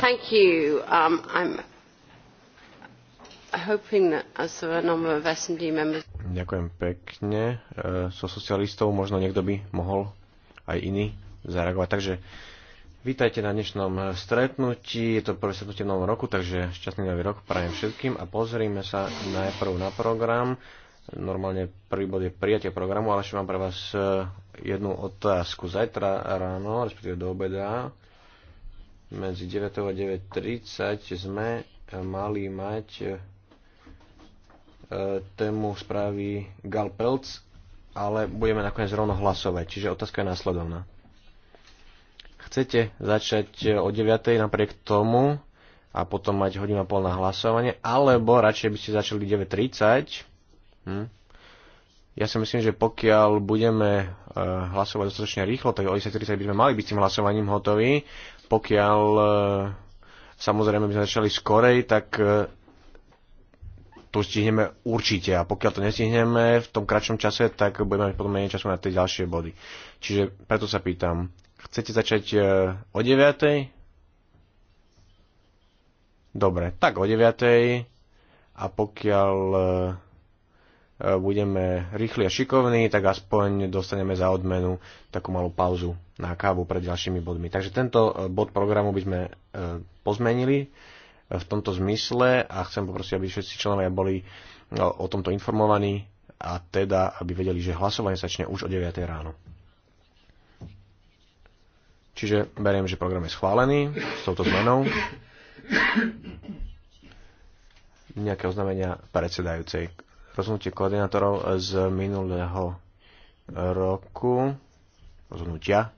Thank you. Um, I'm hoping that as a number of S&D members... Ďakujem pekne. E, so socialistov možno niekto by mohol aj iný zareagovať. Takže vítajte na dnešnom e, stretnutí. Je to prvé stretnutie v novom roku, takže šťastný nový rok prajem všetkým a pozrime sa najprv na program. Normálne prvý bod je prijatie programu, ale ešte mám pre vás e, jednu otázku. Zajtra ráno, respektíve do obeda, medzi 9 a 9.30 sme eh, mali mať eh, tému správy Galpelc, ale budeme nakoniec rovno hlasovať, čiže otázka je následovná. Chcete začať eh, o 9.00 napriek tomu a potom mať hodinu a pol na hlasovanie, alebo radšej by ste začali 9.30? Hm? Ja si myslím, že pokiaľ budeme hlasovať dostatočne rýchlo, tak o 10.30 by sme mali byť s tým hlasovaním hotoví pokiaľ e, samozrejme by sme začali skorej, tak e, to stihneme určite a pokiaľ to nestihneme v tom kratšom čase, tak budeme mať potom menej času na tie ďalšie body. Čiže preto sa pýtam, chcete začať e, o 9? Dobre, tak o 9. A pokiaľ budeme rýchli a šikovní, tak aspoň dostaneme za odmenu takú malú pauzu na kávu pred ďalšími bodmi. Takže tento e, bod programu by sme e, pozmenili e, v tomto zmysle a chcem poprosiť, aby všetci členovia boli o tomto informovaní a teda, aby vedeli, že hlasovanie sa začne už o 9. ráno. Čiže beriem, že program je schválený s touto zmenou. Nejaké oznamenia predsedajúcej rozhodnutie koordinátorov z minulého roku, rozhodnutia,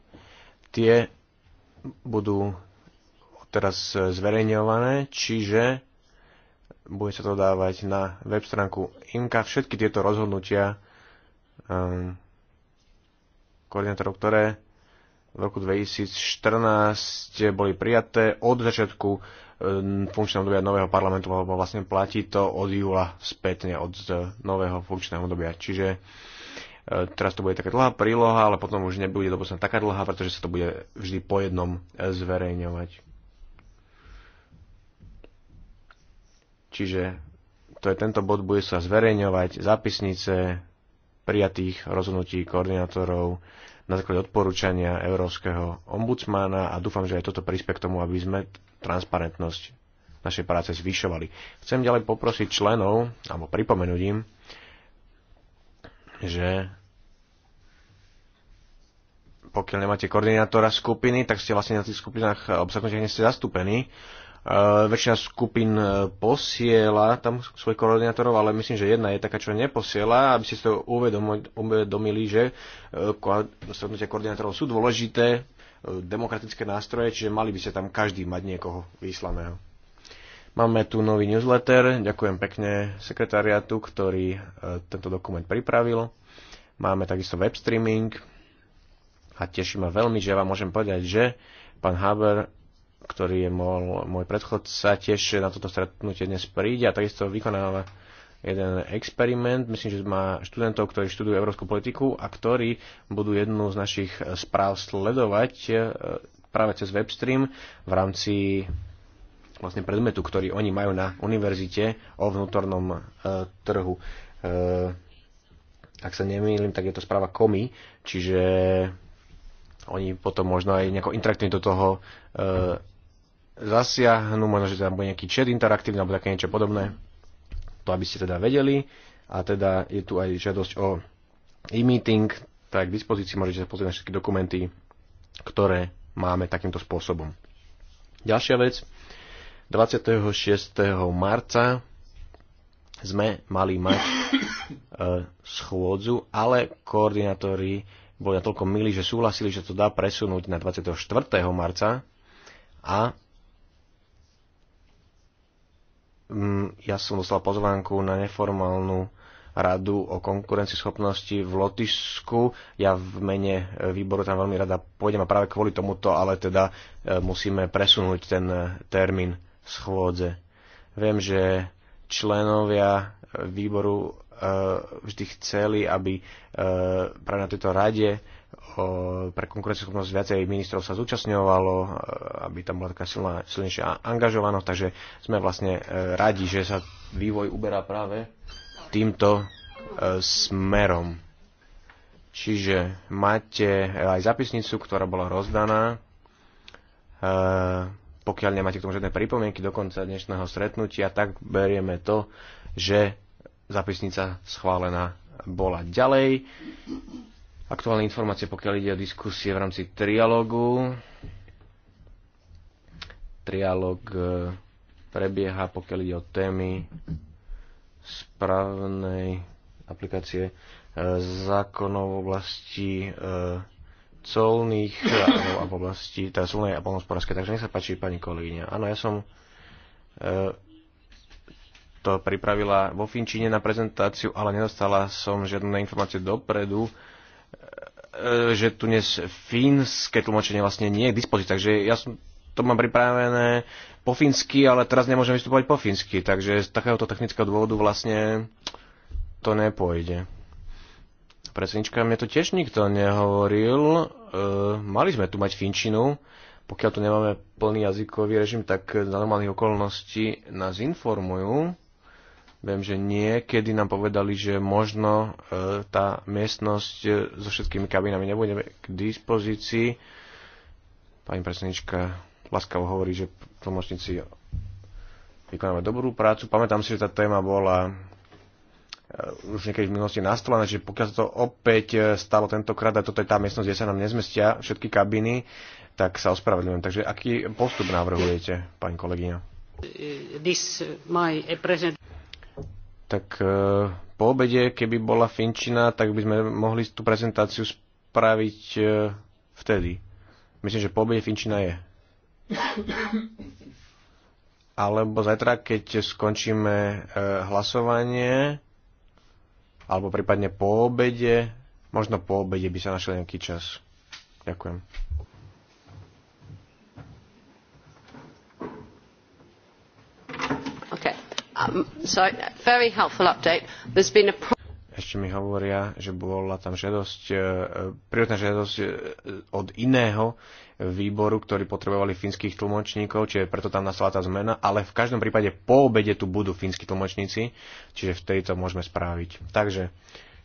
tie budú teraz zverejňované, čiže bude sa to dávať na web stránku IMKA. Všetky tieto rozhodnutia um, koordinátorov, ktoré v roku 2014 boli prijaté od začiatku E, funkčného obdobia nového parlamentu, alebo vlastne platí to od júla spätne, od e, nového funkčného obdobia. Čiže e, teraz to bude taká dlhá príloha, ale potom už nebude doposledná taká dlhá, pretože sa to bude vždy po jednom zverejňovať. Čiže to je tento bod, bude sa zverejňovať zápisnice prijatých rozhodnutí koordinátorov, na základe odporúčania Európskeho ombudsmana a dúfam, že aj toto prispie k tomu, aby sme transparentnosť našej práce zvyšovali. Chcem ďalej poprosiť členov, alebo pripomenúť im, že pokiaľ nemáte koordinátora skupiny, tak ste vlastne na tých skupinách obsahnutých nie ste zastúpení E, väčšina skupín e, posiela tam svojich koordinátorov, ale myslím, že jedna je taká, čo neposiela, aby si to uvedomili, že e, stretnutia koordinátorov sú dôležité, demokratické nástroje, čiže mali by sa tam každý mať niekoho vyslaného. Máme tu nový newsletter, ďakujem pekne sekretariatu, ktorý tento dokument pripravil. Máme takisto web streaming a teší ma veľmi, že ja vám môžem povedať, že pán Haber ktorý je môj, môj predchodca, tiež na toto stretnutie dnes príde a takisto vykonáva jeden experiment. Myslím, že má študentov, ktorí študujú európsku politiku a ktorí budú jednu z našich správ sledovať e, práve cez webstream v rámci vlastne predmetu, ktorý oni majú na univerzite o vnútornom e, trhu. E, ak sa nemýlim, tak je to správa komi, čiže oni potom možno aj nejako interaktívne do toho zasiahnu, možno, že tam bude nejaký chat interaktívny alebo také niečo podobné. To, aby ste teda vedeli. A teda je tu aj žiadosť o e-meeting, tak k dispozícii môžete sa pozrieť na všetky dokumenty, ktoré máme takýmto spôsobom. Ďalšia vec, 26. marca sme mali mať e, schôdzu, ale koordinátori boli natoľko milí, že súhlasili, že to dá presunúť na 24. marca a Mm, ja som dostal pozvánku na neformálnu radu o konkurencieschopnosti v Lotyšsku. Ja v mene e, výboru tam veľmi rada pôjdem a práve kvôli tomuto, ale teda e, musíme presunúť ten e, termín schôdze. Viem, že členovia výboru vždy chceli, aby práve na tejto rade pre schopnosť viacej ministrov sa zúčastňovalo, e, aby tam bola taká silná, silnejšia angažovanosť, takže sme vlastne e, radi, že sa vývoj uberá práve týmto e, smerom. Čiže máte aj zapisnicu, ktorá bola rozdaná. Pokiaľ nemáte k tomu žiadne pripomienky do konca dnešného stretnutia, tak berieme to, že zapisnica schválená bola ďalej aktuálne informácie, pokiaľ ide o diskusie v rámci trialógu. Trialóg e, prebieha, pokiaľ ide o témy správnej aplikácie e, zákonov v oblasti e, colných a v oblasti teda a polnospodárskej. Takže nech sa páči, pani kolegyňa. Áno, ja som to pripravila vo Finčine na prezentáciu, ale nedostala som žiadne informácie dopredu E, že tu dnes fínske tlmočenie vlastne nie je k dispozícii, takže ja som to mám pripravené po fínsky, ale teraz nemôžem vystupovať po fínsky, takže z takéhoto technického dôvodu vlastne to nepôjde. Predsednička, mne to tiež nikto nehovoril. E, mali sme tu mať finčinu, pokiaľ tu nemáme plný jazykový režim, tak za normálnych okolností nás informujú Viem, že niekedy nám povedali, že možno e, tá miestnosť e, so všetkými kabinami nebude k dispozícii. Pani predsednička láskavo hovorí, že tlmočníci vykonáme dobrú prácu. Pamätám si, že tá téma bola e, už niekedy v minulosti nastolené, že pokiaľ sa to opäť stalo tentokrát, a toto je tá miestnosť, kde sa nám nezmestia všetky kabiny, tak sa ospravedlňujem. Takže aký postup navrhujete, pani kolegyňa? This, my present tak e, po obede, keby bola finčina, tak by sme mohli tú prezentáciu spraviť e, vtedy. Myslím, že po obede finčina je. Alebo zajtra, keď skončíme e, hlasovanie, alebo prípadne po obede, možno po obede by sa našiel nejaký čas. Ďakujem. Um, ešte mi hovoria, že bola tam žiadosť, e, e, prírodná žiadosť e, od iného výboru, ktorý potrebovali fínskych tlmočníkov, čiže preto tam nastala tá zmena, ale v každom prípade po obede tu budú fínsky tlmočníci, čiže v tejto môžeme spraviť. Takže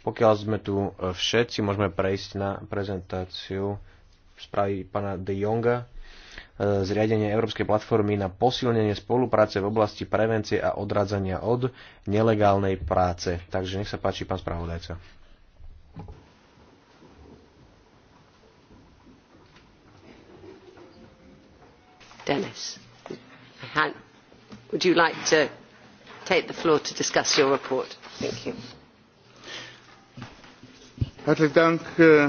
pokiaľ sme tu všetci, môžeme prejsť na prezentáciu správy pána De Jonga zriadenie Európskej platformy na posilnenie spolupráce v oblasti prevencie a odradzania od nelegálnej práce. Takže nech sa páči, pán spravodajca. Dennis, Han, would you like to take the floor to discuss your report? Thank you. Hartelijk dank, eh,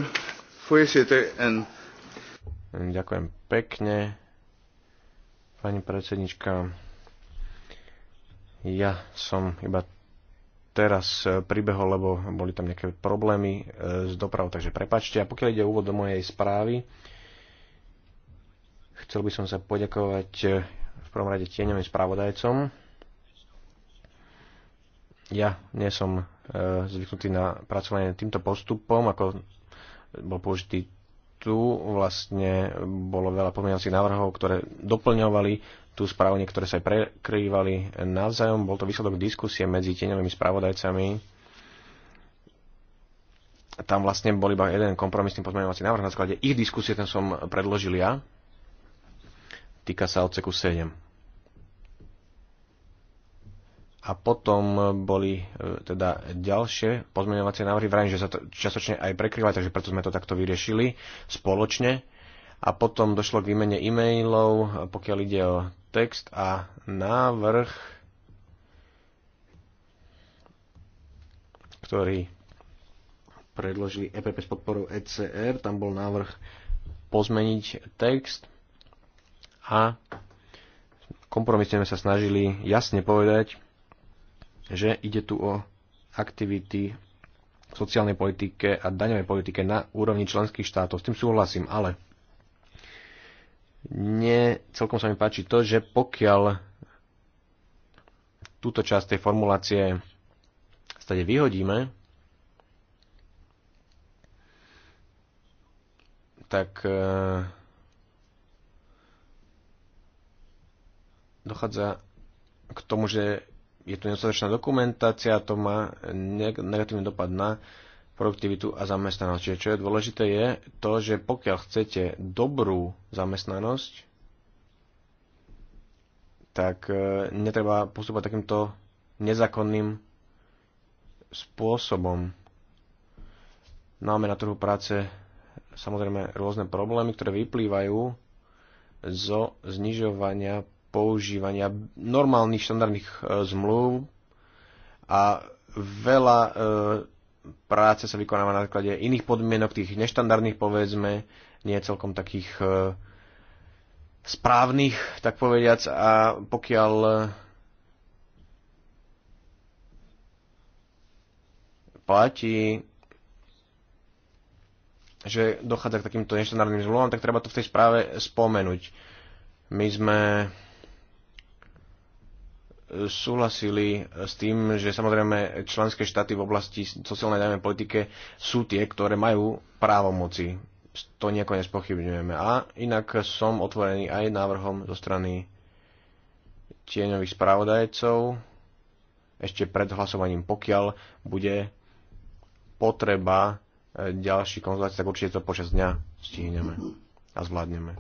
voorzitter. En Ďakujem pekne. Pani predsednička, ja som iba teraz e, pribehol, lebo boli tam nejaké problémy e, s dopravou, takže prepačte. A pokiaľ ide úvod do mojej správy, chcel by som sa poďakovať e, v prvom rade tieňovým spravodajcom. Ja nie som zvyknutý na pracovanie týmto postupom, ako bol použitý tu vlastne bolo veľa pozmeňovacích návrhov, ktoré doplňovali tú správu, niektoré sa aj prekrývali navzájom. Bol to výsledok diskusie medzi tieňovými spravodajcami. Tam vlastne bol iba jeden kompromisný pozmeňovací návrh na sklade ich diskusie, ten som predložil ja. Týka sa odseku 7 a potom boli e, teda ďalšie pozmeňovacie návrhy. Vrajím, že sa to častočne aj prekryva, takže preto sme to takto vyriešili spoločne. A potom došlo k výmene e-mailov, e, pokiaľ ide o text a návrh, ktorý predložili EPP s podporou ECR. Tam bol návrh pozmeniť text a kompromisne sme sa snažili jasne povedať, že ide tu o aktivity v sociálnej politike a daňovej politike na úrovni členských štátov. S tým súhlasím, ale nie, celkom sa mi páči to, že pokiaľ túto časť tej formulácie stade vyhodíme, tak e, dochádza k tomu, že je tu nedostatočná dokumentácia, to má negatívny dopad na produktivitu a zamestnanosť. Čiže čo je dôležité je to, že pokiaľ chcete dobrú zamestnanosť, tak e, netreba postupovať takýmto nezákonným spôsobom. Máme na trhu práce samozrejme rôzne problémy, ktoré vyplývajú zo znižovania používania normálnych štandardných e, zmluv a veľa e, práce sa vykonáva na základe iných podmienok, tých neštandardných povedzme, nie celkom takých e, správnych, tak povediac, a pokiaľ platí, že dochádza k takýmto neštandardným zmluvám, tak treba to v tej správe spomenúť. My sme súhlasili s tým, že samozrejme členské štáty v oblasti sociálnej najmä politike sú tie, ktoré majú právomoci. To nejako nespochybňujeme. A inak som otvorený aj návrhom zo strany tieňových spravodajcov ešte pred hlasovaním, pokiaľ bude potreba ďalší konzultácií, tak určite to počas dňa stihneme a zvládneme.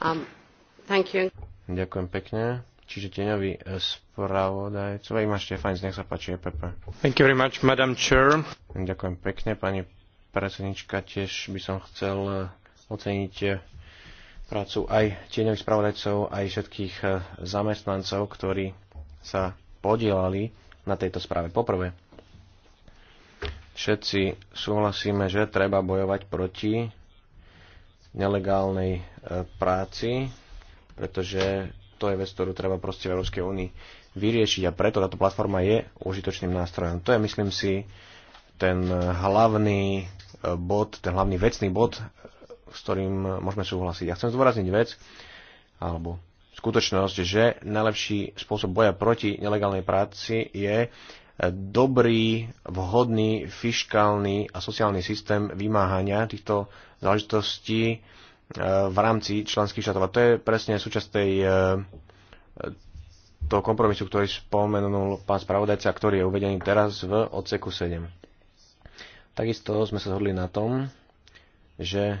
Um, thank you. Ďakujem pekne. Čiže tieňový eh, spravodajcov. Ima Štefan, nech sa páči, EPP. Thank you very much, Madam Chair. Ďakujem pekne, pani predsednička. Tiež by som chcel eh, oceniť eh, prácu aj tieňových spravodajcov, aj všetkých zamestnancov, ktorí sa podielali na tejto správe. Poprvé, všetci súhlasíme, že treba bojovať proti nelegálnej e, práci, pretože to je vec, ktorú treba proste v Európskej únii vyriešiť a preto táto platforma je užitočným nástrojom. To je, myslím si, ten hlavný e, bod, ten hlavný vecný bod, s ktorým môžeme súhlasiť. Ja chcem zdôrazniť vec, alebo skutočnosť, že najlepší spôsob boja proti nelegálnej práci je dobrý, vhodný fiškálny a sociálny systém vymáhania týchto záležitostí eh, v rámci členských štátov. A to je presne súčasť tej, eh, toho kompromisu, ktorý spomenul pán spravodajca, ktorý je uvedený teraz v odseku 7. Takisto sme sa zhodli na tom, že eh,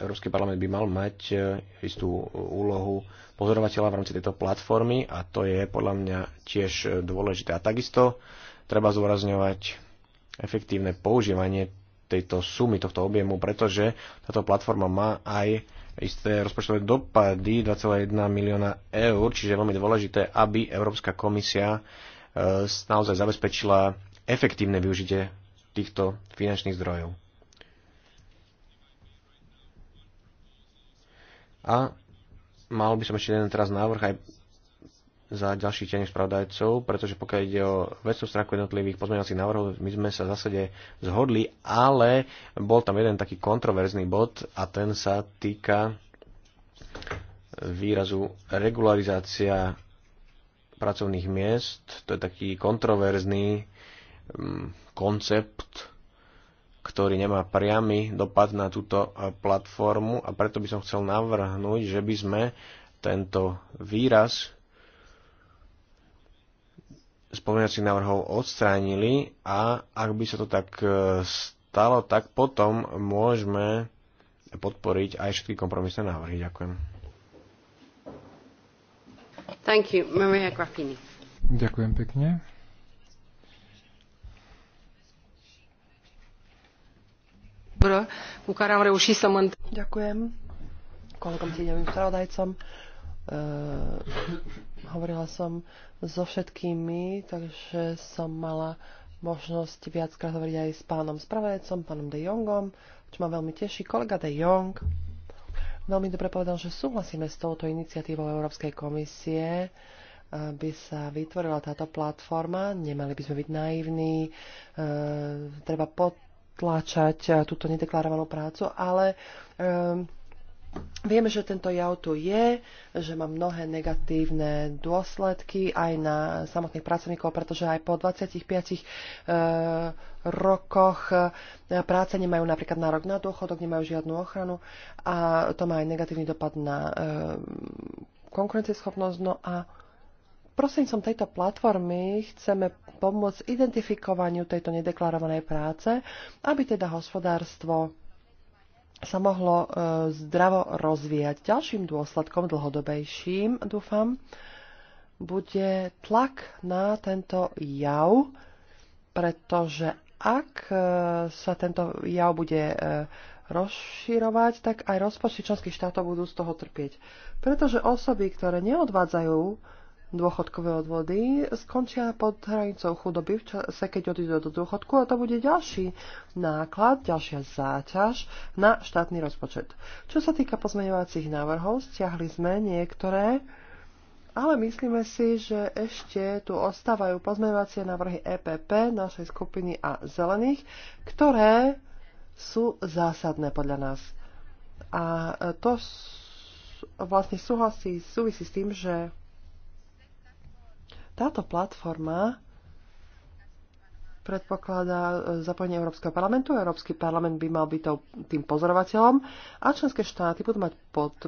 Európsky parlament by mal mať istú úlohu pozorovateľa v rámci tejto platformy a to je podľa mňa tiež dôležité. A takisto treba zúrazňovať efektívne používanie tejto sumy, tohto objemu, pretože táto platforma má aj isté rozpočtové dopady 2,1 milióna eur, čiže je veľmi dôležité, aby Európska komisia e, naozaj zabezpečila efektívne využitie týchto finančných zdrojov. A Mal by som ešte jeden teraz návrh aj za ďalších tieň spravodajcov, pretože pokiaľ ide o vecnú stránku jednotlivých pozmeňovacích návrhov, my sme sa v zásade zhodli, ale bol tam jeden taký kontroverzný bod a ten sa týka výrazu regularizácia pracovných miest. To je taký kontroverzný mm, koncept, ktorý nemá priamy dopad na túto e, platformu a preto by som chcel navrhnúť, že by sme tento výraz spomínacích návrhov odstránili a ak by sa to tak e, stalo, tak potom môžeme podporiť aj všetky kompromisné návrhy. Ďakujem. Thank you, Maria Ďakujem pekne. cu care am reușit să mă Ďakujem kolegom tieňovým spravodajcom. Uh, hovorila som so všetkými, takže som mala možnosť viackrát hovoriť aj s pánom spravodajcom, pánom De Jongom, čo ma veľmi teší. Kolega De Jong veľmi dobre povedal, že súhlasíme s touto iniciatívou Európskej komisie, aby sa vytvorila táto platforma. Nemali by sme byť naivní. Uh, treba pod potláčať eh, túto nedeklarovanú prácu, ale um, Vieme, že tento jav tu je, že má mnohé negatívne dôsledky aj na samotných pracovníkov, pretože aj po 25 uh, eh, rokoch eh, práce nemajú napríklad nárok na dôchodok, nemajú žiadnu ochranu a to má aj negatívny dopad na uh, konkurencieschopnosť. No a Prosím som tejto platformy chceme pomôcť identifikovaniu tejto nedeklarovanej práce, aby teda hospodárstvo sa mohlo e, zdravo rozvíjať. Ďalším dôsledkom, dlhodobejším, dúfam, bude tlak na tento jav, pretože ak e, sa tento jav bude e, rozširovať, tak aj rozpočty členských štátov budú z toho trpieť. Pretože osoby, ktoré neodvádzajú dôchodkové odvody skončia pod hranicou chudoby v čase, keď odídu do dôchodku a to bude ďalší náklad, ďalšia záťaž na štátny rozpočet. Čo sa týka pozmeňovacích návrhov, stiahli sme niektoré, ale myslíme si, že ešte tu ostávajú pozmeňovacie návrhy EPP, našej skupiny a zelených, ktoré sú zásadné podľa nás. A to vlastne súhlasí, súvisí s tým, že táto platforma predpokladá e, zapojenie Európskeho parlamentu. Európsky parlament by mal byť tým pozorovateľom a členské štáty budú mať pod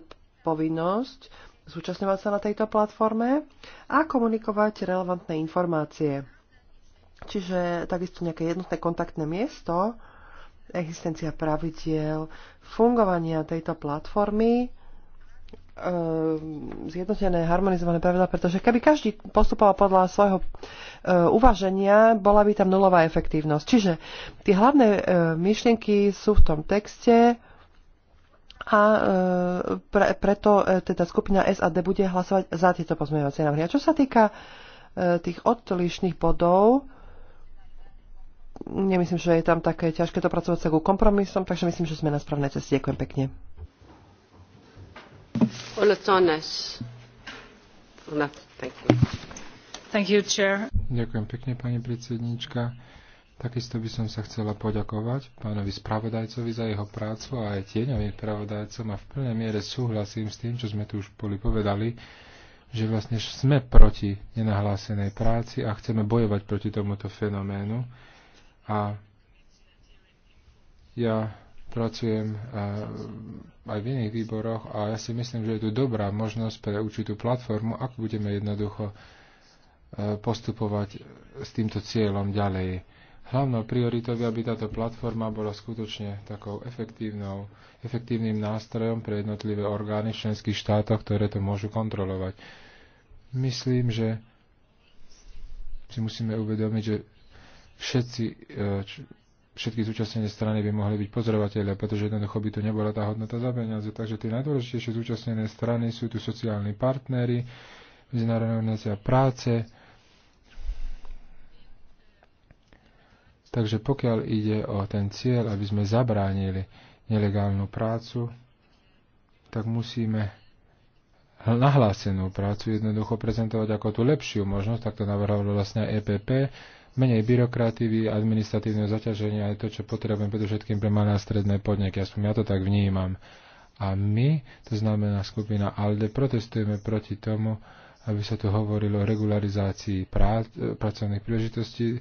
povinnosť zúčastňovať sa na tejto platforme a komunikovať relevantné informácie. Čiže takisto nejaké jednotné kontaktné miesto, existencia pravidiel, fungovania tejto platformy E, zjednotené, harmonizované pravidla, pretože keby každý postupoval podľa svojho e, uvaženia, bola by tam nulová efektívnosť. Čiže tie hlavné e, myšlienky sú v tom texte a pre, preto teda skupina SAD bude hlasovať za tieto pozmeňovacie návrhy. A čo sa týka tých odlišných bodov, nemyslím, že je tam také ťažké pracovať sa ku kompromisom, takže myslím, že sme na správnej ceste. Ďakujem pekne. No, Ďakujem pekne, pani predsednička. Takisto by som sa chcela poďakovať pánovi spravodajcovi za jeho prácu a aj tieňovým spravodajcom a v plnej miere súhlasím s tým, čo sme tu už boli povedali, že vlastne sme proti nenahlásenej práci a chceme bojovať proti tomuto fenoménu. A ja pracujem eh, aj v iných výboroch a ja si myslím, že je tu dobrá možnosť pre určitú platformu, ak budeme jednoducho eh, postupovať s týmto cieľom ďalej. Hlavnou prioritou je, aby táto platforma bola skutočne takou efektívnou, efektívnym nástrojom pre jednotlivé orgány v členských štátoch, ktoré to môžu kontrolovať. Myslím, že si musíme uvedomiť, že všetci eh, všetky zúčastnené strany by mohli byť pozorovateľe, pretože jednoducho by tu nebola tá hodnota za peniaze. Takže tie najdôležitejšie zúčastnené strany sú tu sociálni partnery, Medzinárodná organizácia práce. Takže pokiaľ ide o ten cieľ, aby sme zabránili nelegálnu prácu, tak musíme nahlásenú prácu jednoducho prezentovať ako tú lepšiu možnosť, tak to navrhovalo vlastne EPP, menej byrokratívy administratívneho zaťaženia je to, čo potrebujem predovšetkým pre malé a stredné podniky. Aspoň ja to tak vnímam. A my, to znamená skupina ALDE, protestujeme proti tomu, aby sa tu hovorilo o regularizácii prác, pracovných príležitostí.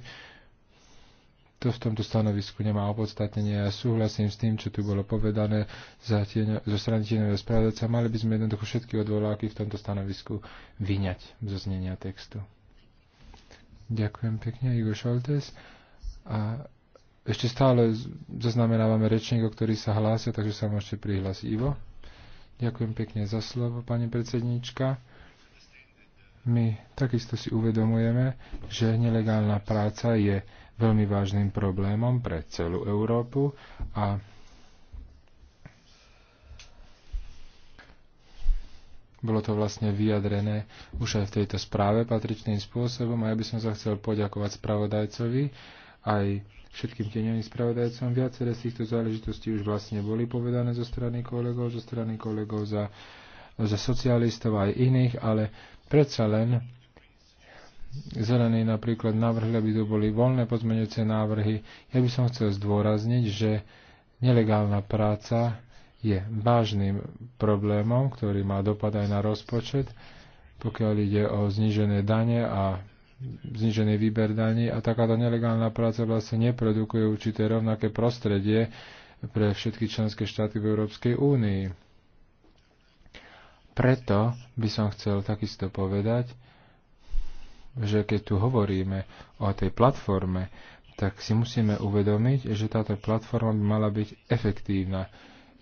To v tomto stanovisku nemá opodstatnenie. Ja súhlasím s tým, čo tu bolo povedané za tieňo, zo strany tieňového spravodajca. Mali by sme jednoducho všetky odvoláky v tomto stanovisku vyňať zo znenia textu. Ďakujem pekne, Igor Šoltes. A ešte stále zaznamenávame rečníkov, ktorí sa hlásia, takže sa môžete prihlásiť. Ivo, ďakujem pekne za slovo, pani predsednička. My takisto si uvedomujeme, že nelegálna práca je veľmi vážnym problémom pre celú Európu a Bolo to vlastne vyjadrené už aj v tejto správe patričným spôsobom a ja by som sa chcel poďakovať spravodajcovi aj všetkým tieňovým spravodajcom. Viaceré z týchto záležitostí už vlastne boli povedané zo strany kolegov, zo strany kolegov za, za socialistov aj iných, ale predsa len zelení napríklad navrhli, aby to boli voľné pozmeňujúce návrhy. Ja by som chcel zdôrazniť, že nelegálna práca je vážnym problémom, ktorý má dopad aj na rozpočet, pokiaľ ide o znížené dane a znižený výber daní a takáto nelegálna práca vlastne neprodukuje určité rovnaké prostredie pre všetky členské štáty v Európskej únii. Preto by som chcel takisto povedať, že keď tu hovoríme o tej platforme, tak si musíme uvedomiť, že táto platforma by mala byť efektívna.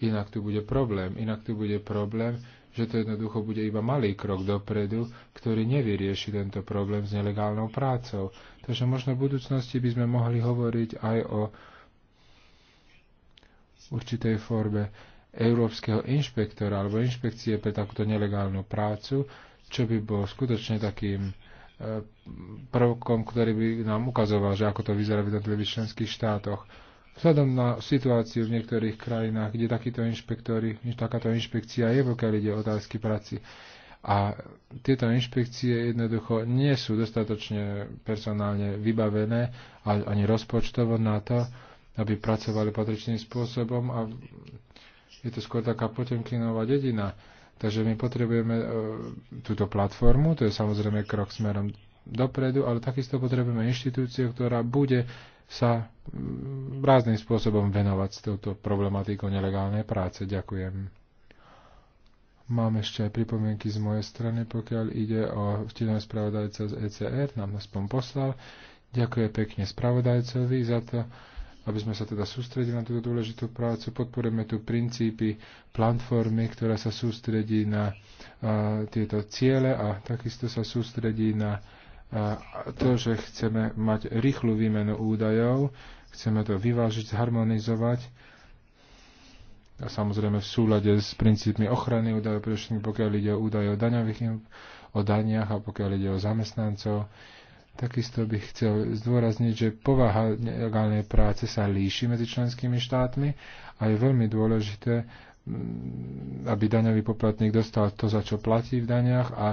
Inak tu bude problém. Inak tu bude problém, že to jednoducho bude iba malý krok dopredu, ktorý nevyrieši tento problém s nelegálnou prácou. Takže možno v budúcnosti by sme mohli hovoriť aj o určitej forme európskeho inšpektora alebo inšpekcie pre takúto nelegálnu prácu, čo by bol skutočne takým e, prvkom, ktorý by nám ukazoval, že ako to vyzerá v jednotlivých členských štátoch Vzhľadom na situáciu v niektorých krajinách, kde takýto inšpektori, takáto inšpekcia je, pokiaľ ide o otázky práci. A tieto inšpekcie jednoducho nie sú dostatočne personálne vybavené ani rozpočtovo na to, aby pracovali patričným spôsobom a je to skôr taká potemkinová dedina. Takže my potrebujeme e, túto platformu, to je samozrejme krok smerom dopredu, ale takisto potrebujeme inštitúciu, ktorá bude sa mm, rázným spôsobom venovať s touto problematikou nelegálnej práce. Ďakujem. Mám ešte aj pripomienky z mojej strany, pokiaľ ide o vtieľného spravodajca z ECR, nám aspoň poslal. Ďakujem pekne spravodajcovi za to, aby sme sa teda sústredili na túto dôležitú prácu. Podporujeme tu princípy platformy, ktorá sa sústredí na a, tieto ciele a takisto sa sústredí na to, že chceme mať rýchlu výmenu údajov, chceme to vyvážiť, zharmonizovať a samozrejme v súlade s princípmi ochrany údajov, predovšetkým pokiaľ ide o údaje o daňových o daniach a pokiaľ ide o zamestnancov. Takisto bych chcel zdôrazniť, že povaha nelegálnej práce sa líši medzi členskými štátmi a je veľmi dôležité, aby daňový poplatník dostal to, za čo platí v daniach a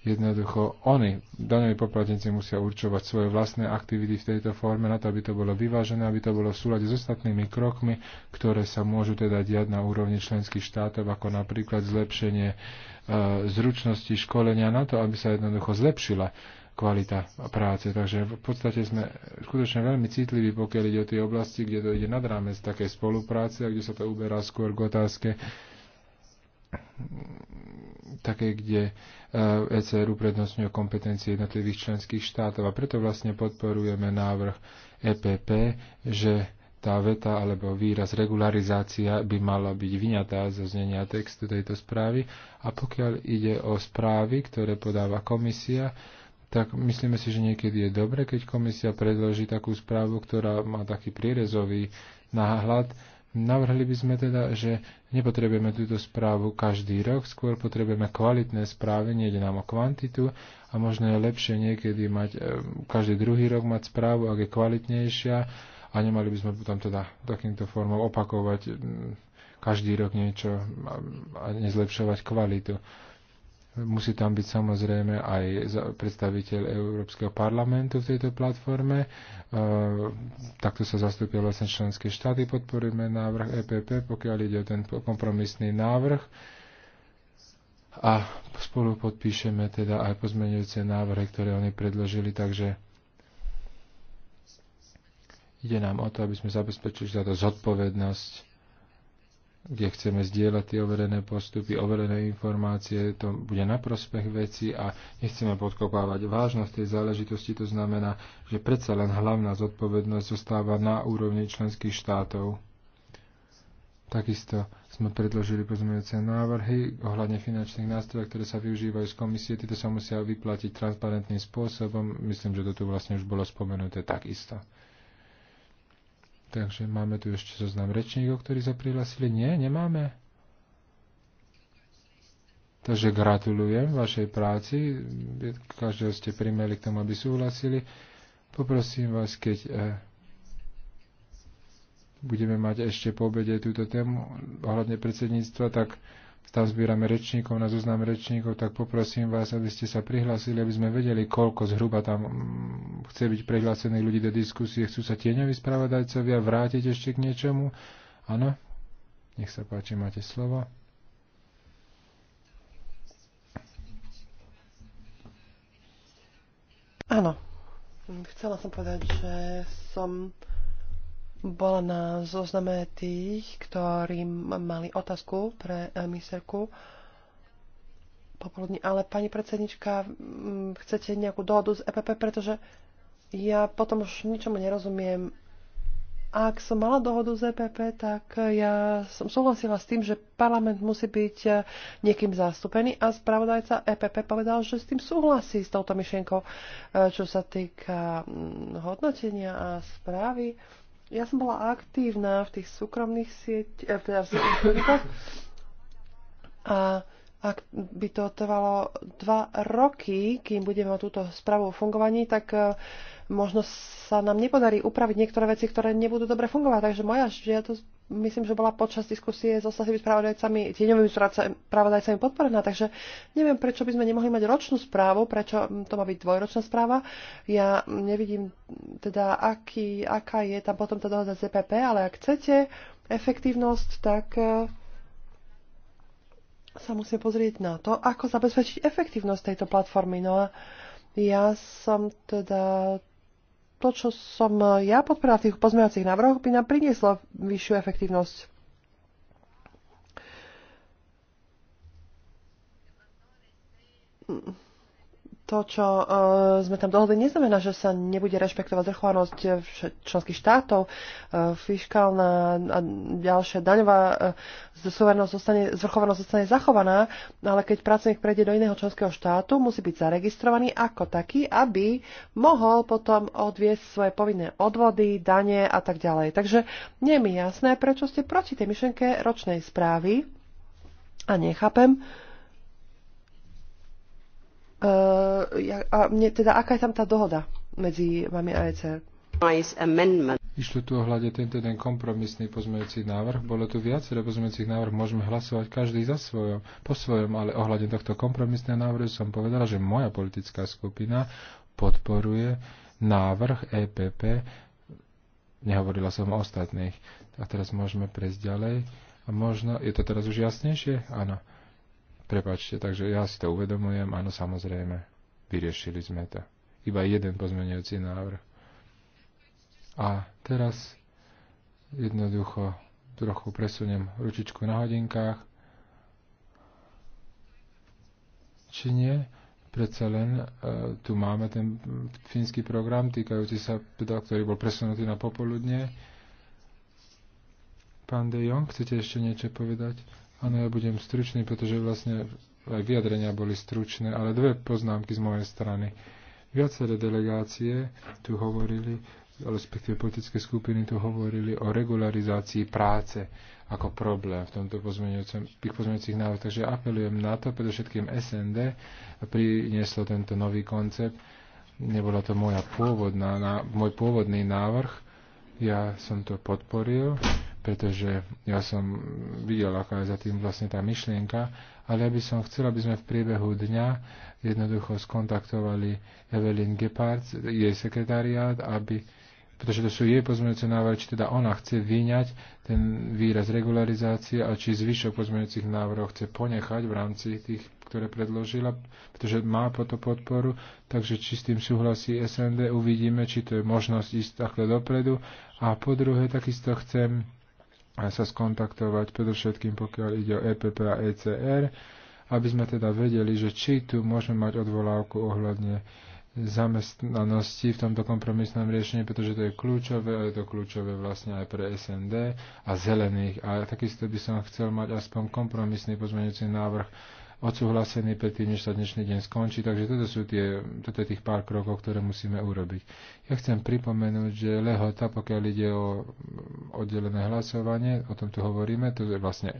Jednoducho oni, daňoví poplatníci, musia určovať svoje vlastné aktivity v tejto forme na to, aby to bolo vyvážené, aby to bolo v súlade s ostatnými krokmi, ktoré sa môžu teda diať na úrovni členských štátov, ako napríklad zlepšenie e, zručnosti školenia na to, aby sa jednoducho zlepšila kvalita práce. Takže v podstate sme skutočne veľmi citliví, pokiaľ ide o tie oblasti, kde to ide nad rámec také spolupráce a kde sa to uberá skôr k otázke také, kde eh, ECR uprednostňuje kompetencie jednotlivých členských štátov. A preto vlastne podporujeme návrh EPP, že tá veta alebo výraz regularizácia by mala byť vyňatá zo znenia textu tejto správy. A pokiaľ ide o správy, ktoré podáva komisia, tak myslíme si, že niekedy je dobre, keď komisia predloží takú správu, ktorá má taký prierezový náhľad, Navrhli by sme teda, že nepotrebujeme túto správu každý rok, skôr potrebujeme kvalitné správy, nejde nám o kvantitu a možno je lepšie niekedy mať, e, každý druhý rok mať správu, ak je kvalitnejšia a nemali by sme potom teda takýmto formou opakovať každý rok niečo a nezlepšovať kvalitu. Musí tam byť samozrejme aj predstaviteľ Európskeho parlamentu v tejto platforme. E, takto sa zastúpia vlastne členské štáty. Podporujeme návrh EPP, pokiaľ ide o ten kompromisný návrh. A spolu podpíšeme teda aj pozmeňujúce návrhy, ktoré oni predložili, takže ide nám o to, aby sme zabezpečili táto zodpovednosť kde chceme zdieľať tie overené postupy, overené informácie, to bude na prospech veci a nechceme podkopávať vážnosť tej záležitosti. To znamená, že predsa len hlavná zodpovednosť zostáva na úrovni členských štátov. Takisto sme predložili pozmeňujúce návrhy ohľadne finančných nástrojov, ktoré sa využívajú z komisie. Tieto sa musia vyplatiť transparentným spôsobom. Myslím, že to tu vlastne už bolo spomenuté takisto. Takže máme tu ešte zoznam rečníkov, ktorí sa prihlasili. Nie, nemáme. Takže gratulujem vašej práci. Každého ste primeli k tomu, aby súhlasili. Poprosím vás, keď eh, budeme mať ešte po obede túto tému ohľadne predsedníctva, tak stav zbierame rečníkov na zoznam rečníkov, tak poprosím vás, aby ste sa prihlásili, aby sme vedeli, koľko zhruba tam mm, chce byť prihlásených ľudí do diskusie. Chcú sa tieňoví spravodajcovia vrátiť ešte k niečomu? Áno? Nech sa páči, máte slovo. Áno. Chcela som povedať, že som bola na zozname tých, ktorí mali otázku pre eh, miserku popoludní. Ale pani predsednička, chcete nejakú dohodu z EPP, pretože ja potom už ničomu nerozumiem. Ak som mala dohodu z EPP, tak ja som súhlasila s tým, že parlament musí byť eh, niekým zastúpený a spravodajca EPP povedal, že s tým súhlasí s touto myšlienkou, eh, čo sa týka mm, hodnotenia a správy. Ja som bola aktívna v tých súkromných sieťach, eh, teda a ak by to trvalo dva roky, kým budeme o túto správu o fungovaní, tak eh, možno sa nám nepodarí upraviť niektoré veci, ktoré nebudú dobre fungovať. Takže moja žiadosť myslím, že bola počas diskusie s ostatnými spravodajcami, tieňovými spravodajcami podporená, takže neviem, prečo by sme nemohli mať ročnú správu, prečo to má byť dvojročná správa. Ja nevidím teda, aký, aká je tam potom tá dohoda z ZPP, e ale ak chcete efektívnosť, tak e, sa musím pozrieť na to, ako zabezpečiť efektívnosť tejto platformy. No a ja som teda to, čo som e, ja podporila v tých pozmeňovacích návrhoch, by nám prinieslo vyššiu efektívnosť. Mm to, čo uh, sme tam dohodli, neznamená, že sa nebude rešpektovať zrchovanosť e, členských štátov, uh, fiskálna a ďalšia daňová uh, zostane, zvrchovanosť zostane zachovaná, ale keď pracovník prejde do iného členského štátu, musí byť zaregistrovaný ako taký, aby mohol potom odviesť svoje povinné odvody, dane a tak ďalej. Takže nie je mi jasné, prečo ste proti tej myšlenke ročnej správy a nechápem, uh, Eh, a mne, teda aká je tam tá dohoda medzi vami a ECR? Išlo tu ohľade tento ten kompromisný pozmeňujúci návrh. Bolo tu viacero pozmeňujúcich návrh, môžeme hlasovať každý za svojom, po svojom, ale ohľade tohto kompromisného návrhu som povedala, že moja politická skupina podporuje návrh EPP. Nehovorila som o ostatných. A teraz môžeme prejsť ďalej. A možno, je to teraz už jasnejšie? Áno. Prepačte, takže ja si to uvedomujem, áno, samozrejme, vyriešili sme to. Iba jeden pozmeňujúci návrh. A teraz jednoducho trochu presuniem ručičku na hodinkách. Či nie? Predsa len e, tu máme ten fínsky program týkajúci sa, teda, ktorý bol presunutý na popoludne. Pán De Jong, chcete ešte niečo povedať? Áno, ja budem stručný, pretože vlastne aj vyjadrenia boli stručné, ale dve poznámky z mojej strany. Viaceré delegácie tu hovorili, respektíve politické skupiny tu hovorili o regularizácii práce ako problém v tomto tých pozmeňujúcich návrhoch. Takže apelujem na to, predovšetkým SND prinieslo tento nový koncept. Nebola to moja pôvodná, na, môj pôvodný návrh, ja som to podporil pretože ja som videl, aká je za tým vlastne tá myšlienka, ale ja by som chcel, aby sme v priebehu dňa jednoducho skontaktovali Evelyn Gepard, jej sekretariát, aby pretože to sú jej pozmeňujúce návrhy, či teda ona chce vyňať ten výraz regularizácie a či zvyšok pozmeňujúcich návrhov chce ponechať v rámci tých, ktoré predložila, pretože má po to podporu, takže či s tým súhlasí SND, uvidíme, či to je možnosť ísť takhle dopredu. A po druhé, takisto chcem sa skontaktovať, predovšetkým pokiaľ ide o EPP a ECR, aby sme teda vedeli, že či tu môžeme mať odvolávku ohľadne zamestnanosti v tomto kompromisnom riešení, pretože to je kľúčové a je to kľúčové vlastne aj pre SND a zelených. A takisto by som chcel mať aspoň kompromisný pozmeňujúci návrh odsúhlasený predtým, než sa dnešný deň skončí. Takže toto sú tie, toto je tých pár krokov, ktoré musíme urobiť. Ja chcem pripomenúť, že lehota, pokiaľ ide o oddelené hlasovanie, o tom tu hovoríme, to je vlastne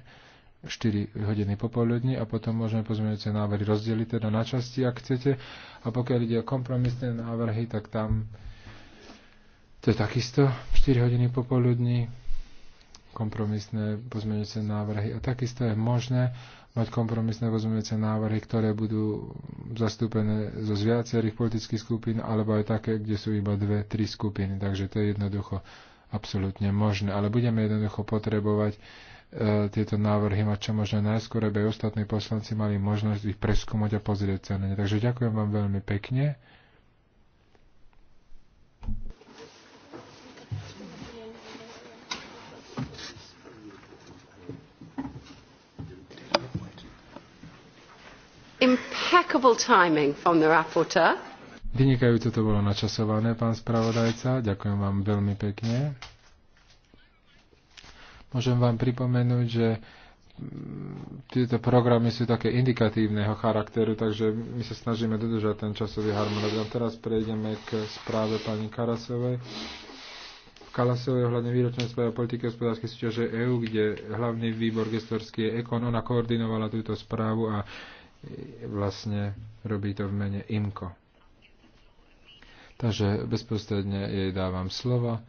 4 hodiny popoludní a potom môžeme pozmeňujúce návrhy rozdeliť teda na časti, ak chcete. A pokiaľ ide o kompromisné návrhy, tak tam to je takisto 4 hodiny popoludní kompromisné pozmeňujúce návrhy. A takisto je možné mať kompromisné rozumiece návrhy, ktoré budú zastúpené zo z viacerých politických skupín, alebo aj také, kde sú iba dve, tri skupiny. Takže to je jednoducho absolútne možné. Ale budeme jednoducho potrebovať e, tieto návrhy mať čo možno najskôr, aby aj ostatní poslanci mali možnosť ich preskúmať a pozrieť sa na ne. Takže ďakujem vám veľmi pekne. impeccable timing from the rapporteur. Vynikajúce to bolo načasované, pán spravodajca. Ďakujem vám veľmi pekne. Môžem vám pripomenúť, že mm, tieto programy sú také indikatívneho charakteru, takže my sa snažíme dodržať ten časový harmonogram. Teraz prejdeme k správe pani Karasovej. Kalasovej ohľadne výročnej správy o politike hospodárskej súťaže EÚ, kde hlavný výbor gestorský je Ekon. Ona koordinovala túto správu a vlastne robí to v mene IMKO. Takže bezprostredne jej dávam slovo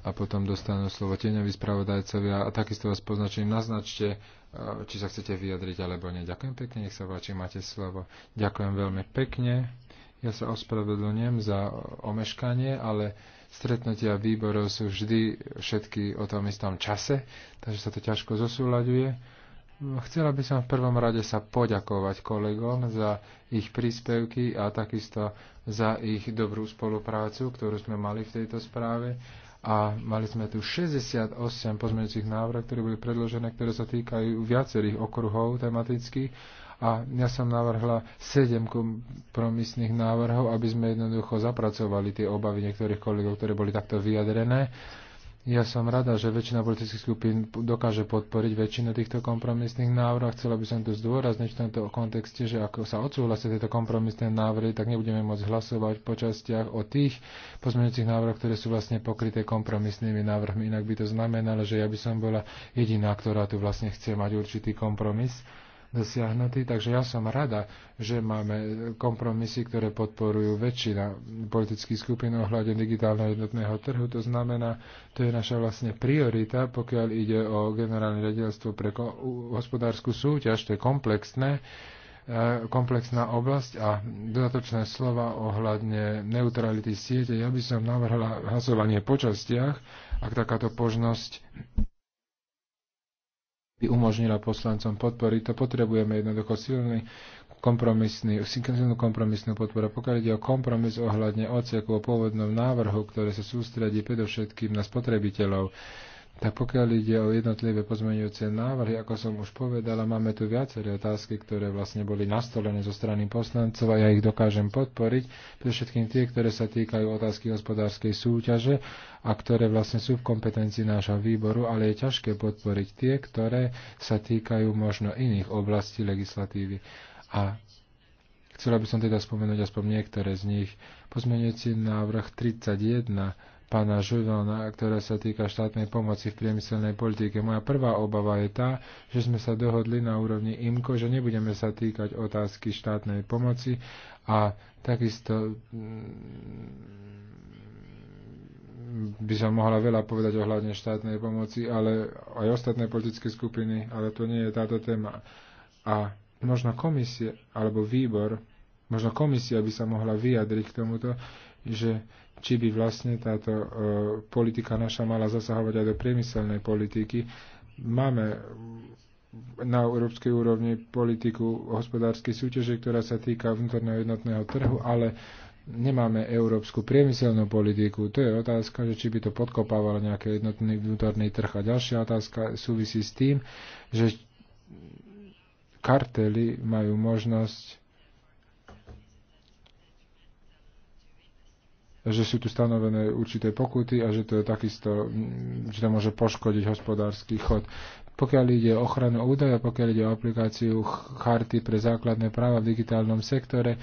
a potom dostanú slovo tieňoví spravodajcovia a takisto vás poznačím. Naznačte, e, či sa chcete vyjadriť alebo nie. Ďakujem pekne, nech sa páči, máte slovo. Ďakujem veľmi pekne. Ja sa ospravedlňujem za omeškanie, ale stretnutia výborov sú vždy všetky o tom istom čase, takže sa to ťažko zosúľaďuje. Chcela by som v prvom rade sa poďakovať kolegom za ich príspevky a takisto za ich dobrú spoluprácu, ktorú sme mali v tejto správe. A mali sme tu 68 pozmeňujúcich návrh, ktoré boli predložené, ktoré sa týkajú viacerých okruhov tematických. A ja som navrhla 7 kompromisných návrhov, aby sme jednoducho zapracovali tie obavy niektorých kolegov, ktoré boli takto vyjadrené ja som rada, že väčšina politických skupín dokáže podporiť väčšinu týchto kompromisných návrhov. Chcela by som tu zdôrazniť v tomto kontexte, že ako sa odsúhlasia tieto kompromisné návrhy, tak nebudeme môcť hlasovať po častiach o tých pozmeňujúcich návrhoch, ktoré sú vlastne pokryté kompromisnými návrhmi. Inak by to znamenalo, že ja by som bola jediná, ktorá tu vlastne chce mať určitý kompromis dosiahnutý, takže ja som rada, že máme kompromisy, ktoré podporujú väčšina politických skupín ohľadne digitálneho jednotného trhu. To znamená, to je naša vlastne priorita, pokiaľ ide o generálne riaditeľstvo pre hospodárskú súťaž, to je komplexné e, komplexná oblasť a dodatočné slova ohľadne neutrality siete. Ja by som navrhla hlasovanie po častiach, ak takáto požnosť by umožnila poslancom podporiť. To potrebujeme jednoducho silný kompromisný, silnú kompromisnú podporu. Pokiaľ ide o kompromis ohľadne odseku o pôvodnom návrhu, ktoré sa sústredí predovšetkým na spotrebiteľov, tak pokiaľ ide o jednotlivé pozmeňujúce návrhy, ako som už povedala, máme tu viaceré otázky, ktoré vlastne boli nastolené zo strany poslancov a ja ich dokážem podporiť, pre všetkým tie, ktoré sa týkajú otázky hospodárskej súťaže a ktoré vlastne sú v kompetencii nášho výboru, ale je ťažké podporiť tie, ktoré sa týkajú možno iných oblastí legislatívy. A chcela by som teda spomenúť aspoň niektoré z nich. Pozmeňujúci návrh 31 pána Žudona, ktorá sa týka štátnej pomoci v priemyselnej politike. Moja prvá obava je tá, že sme sa dohodli na úrovni IMKO, že nebudeme sa týkať otázky štátnej pomoci a takisto mm, by som mohla veľa povedať ohľadne štátnej pomoci, ale aj ostatné politické skupiny, ale to nie je táto téma. A možno komisie alebo výbor, možno komisia by sa mohla vyjadriť k tomuto, že či by vlastne táto e, politika naša mala zasahovať aj do priemyselnej politiky. Máme na európskej úrovni politiku hospodárskej súťaže, ktorá sa týka vnútorného jednotného trhu, ale nemáme európsku priemyselnú politiku. To je otázka, že či by to podkopávalo nejaký jednotný vnútorný trh. A ďalšia otázka súvisí s tým, že kartely majú možnosť že sú tu stanovené určité pokuty a že to je takisto, že to môže poškodiť hospodársky chod. Pokiaľ ide o ochranu údaja, pokiaľ ide o aplikáciu charty pre základné práva v digitálnom sektore,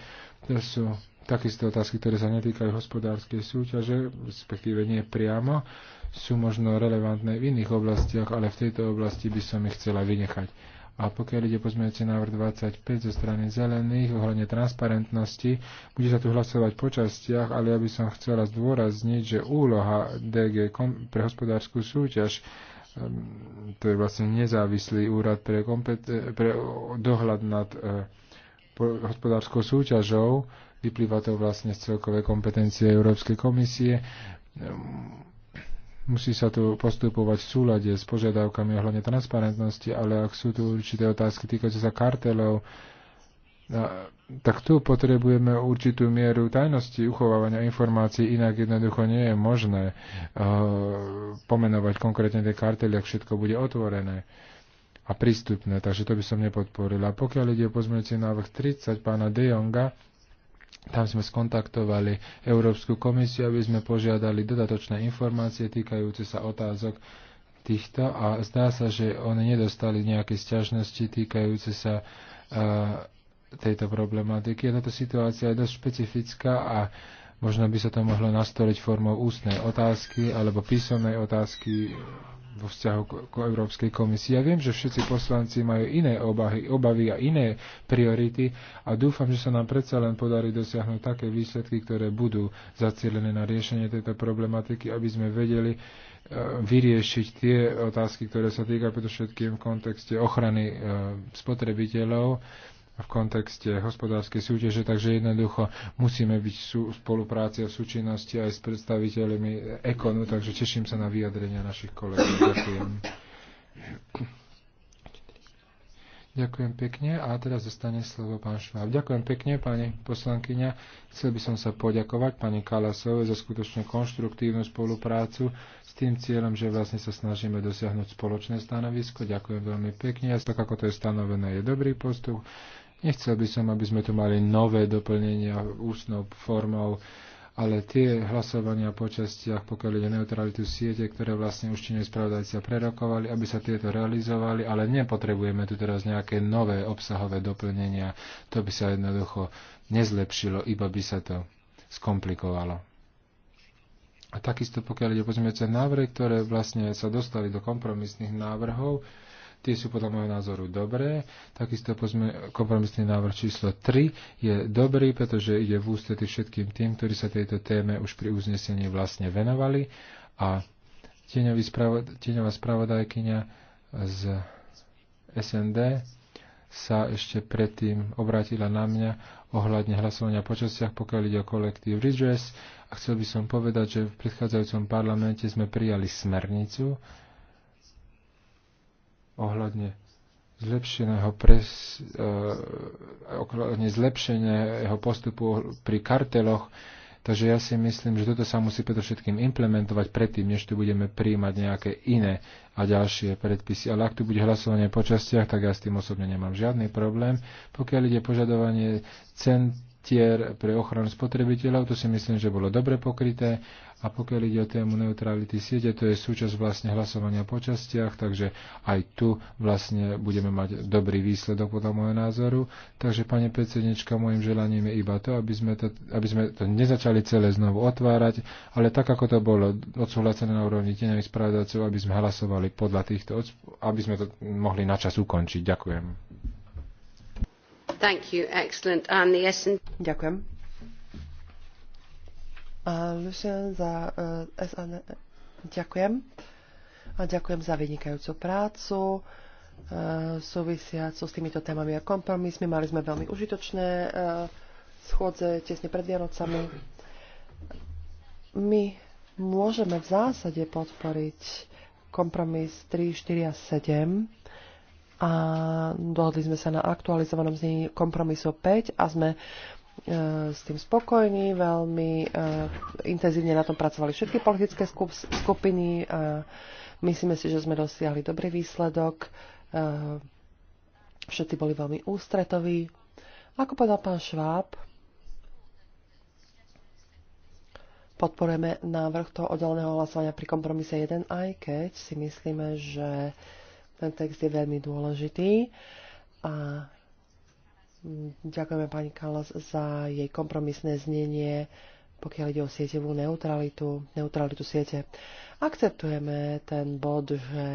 to sú takisto otázky, ktoré sa netýkajú hospodárskej súťaže, respektíve nie priamo, sú možno relevantné v iných oblastiach, ale v tejto oblasti by som ich chcela vynechať. A pokiaľ ide pozmeňujúci návrh 25 zo strany zelených ohľadne transparentnosti, bude sa tu hlasovať po častiach, ale ja by som chcela zdôrazniť, že úloha DG pre hospodárskú súťaž ehm, to je vlastne nezávislý úrad pre, e, pre dohľad nad e, hospodárskou súťažou, vyplýva to vlastne z celkovej kompetencie Európskej komisie ehm, Musí sa tu postupovať v súlade s požiadavkami ohľadne transparentnosti, ale ak sú tu určité otázky týkajúce sa kartelov, tak tu potrebujeme určitú mieru tajnosti uchovávania informácií, inak jednoducho nie je možné uh, pomenovať konkrétne tie kartely, ak všetko bude otvorené a prístupné, takže to by som nepodporila. Pokiaľ ide o pozmeňujúci návrh 30 pána De Jonga, tam sme skontaktovali Európsku komisiu, aby sme požiadali dodatočné informácie týkajúce sa otázok týchto a zdá sa, že oni nedostali nejaké sťažnosti týkajúce sa e, tejto problematiky. Táto situácia je dosť špecifická a možno by sa to mohlo nastoliť formou ústnej otázky alebo písomnej otázky vo vzťahu k Európskej komisii. Ja viem, že všetci poslanci majú iné obahy, obavy a iné priority a dúfam, že sa nám predsa len podarí dosiahnuť také výsledky, ktoré budú zacielené na riešenie tejto problematiky, aby sme vedeli e, vyriešiť tie otázky, ktoré sa týkajú predovšetkým v kontexte ochrany e, spotrebiteľov v kontexte hospodárskej súťaže, takže jednoducho musíme byť v spolupráci a v súčinnosti aj s predstaviteľmi ekonu, takže teším sa na vyjadrenia našich kolegov. Ďakujem. Ďakujem pekne a teraz zostane slovo pán Šváb. Ďakujem pekne, pani poslankyňa. Chcel by som sa poďakovať pani Kalasovej za skutočne konštruktívnu spoluprácu s tým cieľom, že vlastne sa snažíme dosiahnuť spoločné stanovisko. Ďakujem veľmi pekne. tak ako to je stanovené, je dobrý postup. Nechcel by som, aby sme tu mali nové doplnenia ústnou formou, ale tie hlasovania po častiach, pokiaľ ide neutralitu siete, ktoré vlastne už činné spravodajcia prerokovali, aby sa tieto realizovali, ale nepotrebujeme tu teraz nejaké nové obsahové doplnenia. To by sa jednoducho nezlepšilo, iba by sa to skomplikovalo. A takisto pokiaľ ide pozmeňujúce návrhy, ktoré vlastne sa dostali do kompromisných návrhov, Tie sú podľa môjho názoru dobré. Takisto pozme, kompromisný návrh číslo 3 je dobrý, pretože ide v ústrety všetkým tým, ktorí sa tejto téme už pri uznesení vlastne venovali. A tieňová spravodajkyňa z SND sa ešte predtým obrátila na mňa ohľadne hlasovania po častiach, pokiaľ ide o kolektív redress. A chcel by som povedať, že v predchádzajúcom parlamente sme prijali smernicu, ohľadne zlepšeného pres, eh, ohľadne jeho postupu pri karteloch. Takže ja si myslím, že toto sa musí predovšetkým implementovať predtým, než tu budeme príjmať nejaké iné a ďalšie predpisy. Ale ak tu bude hlasovanie po častiach, tak ja s tým osobne nemám žiadny problém. Pokiaľ ide požadovanie centier pre ochranu spotrebiteľov, to si myslím, že bolo dobre pokryté a pokiaľ ide o tému neutrality siete, to je súčasť vlastne hlasovania po častiach, takže aj tu vlastne budeme mať dobrý výsledok podľa môjho názoru. Takže, pani predsednička, môjim želaním je iba to, aby sme to, aby sme to nezačali celé znovu otvárať, ale tak, ako to bolo odsúhlasené na úrovni tenových spravodajcov, aby sme hlasovali podľa týchto, aby sme to mohli na čas ukončiť. Ďakujem. Thank you. Excellent. And the Ďakujem Lucien za e, SN. E. Ďakujem. A ďakujem za vynikajúcu prácu e, súvisiacu s týmito témami a kompromismi. Mali sme veľmi užitočné schôdze tesne pred Vianocami. My môžeme v zásade podporiť kompromis 3, 4 a 7 a dohodli sme sa na aktualizovanom znení kompromisu 5 a sme E, s tým spokojní, veľmi e, intenzívne na tom pracovali všetky politické skupiny. A myslíme si, že sme dosiahli dobrý výsledok. E, všetci boli veľmi ústretoví. Ako povedal pán Šváb, podporujeme návrh toho oddeleného hlasovania pri kompromise 1, aj keď si myslíme, že ten text je veľmi dôležitý a Ďakujeme pani Kalas za jej kompromisné znenie, pokiaľ ide o sieťovú neutralitu, neutralitu siete. Akceptujeme ten bod, že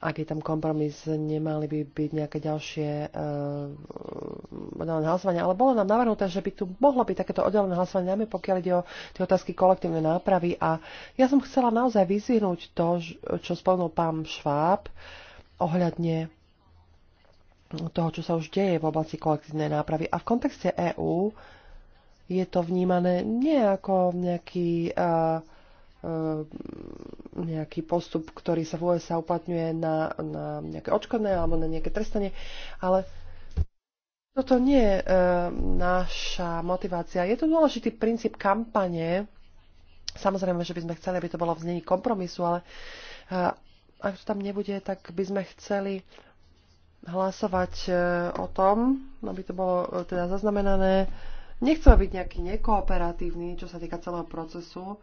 ak je tam kompromis, nemali by byť nejaké ďalšie eh, oddelené uh, hlasovania, ale bolo nám navrhnuté, že by tu mohlo byť takéto oddelené hlasovanie, najmä pokiaľ ide o tie otázky kolektívnej nápravy. A ja som chcela naozaj vyzvihnúť to, čo spomenul pán Šváb ohľadne toho, čo sa už deje v oblasti kolektívnej nápravy. A v kontexte EÚ je to vnímané nie ako nejaký, uh, uh, nejaký postup, ktorý sa v USA uplatňuje na, na nejaké očkodné alebo na nejaké trestanie, ale toto nie je uh, naša motivácia. Je to dôležitý princíp kampane. Samozrejme, že by sme chceli, aby to bolo v znení kompromisu, ale uh, ak to tam nebude, tak by sme chceli uh, hlasovať e, o tom, aby no to bolo e, teda zaznamenané. Nechceme byť nejaký nekooperatívny, čo sa týka celého procesu.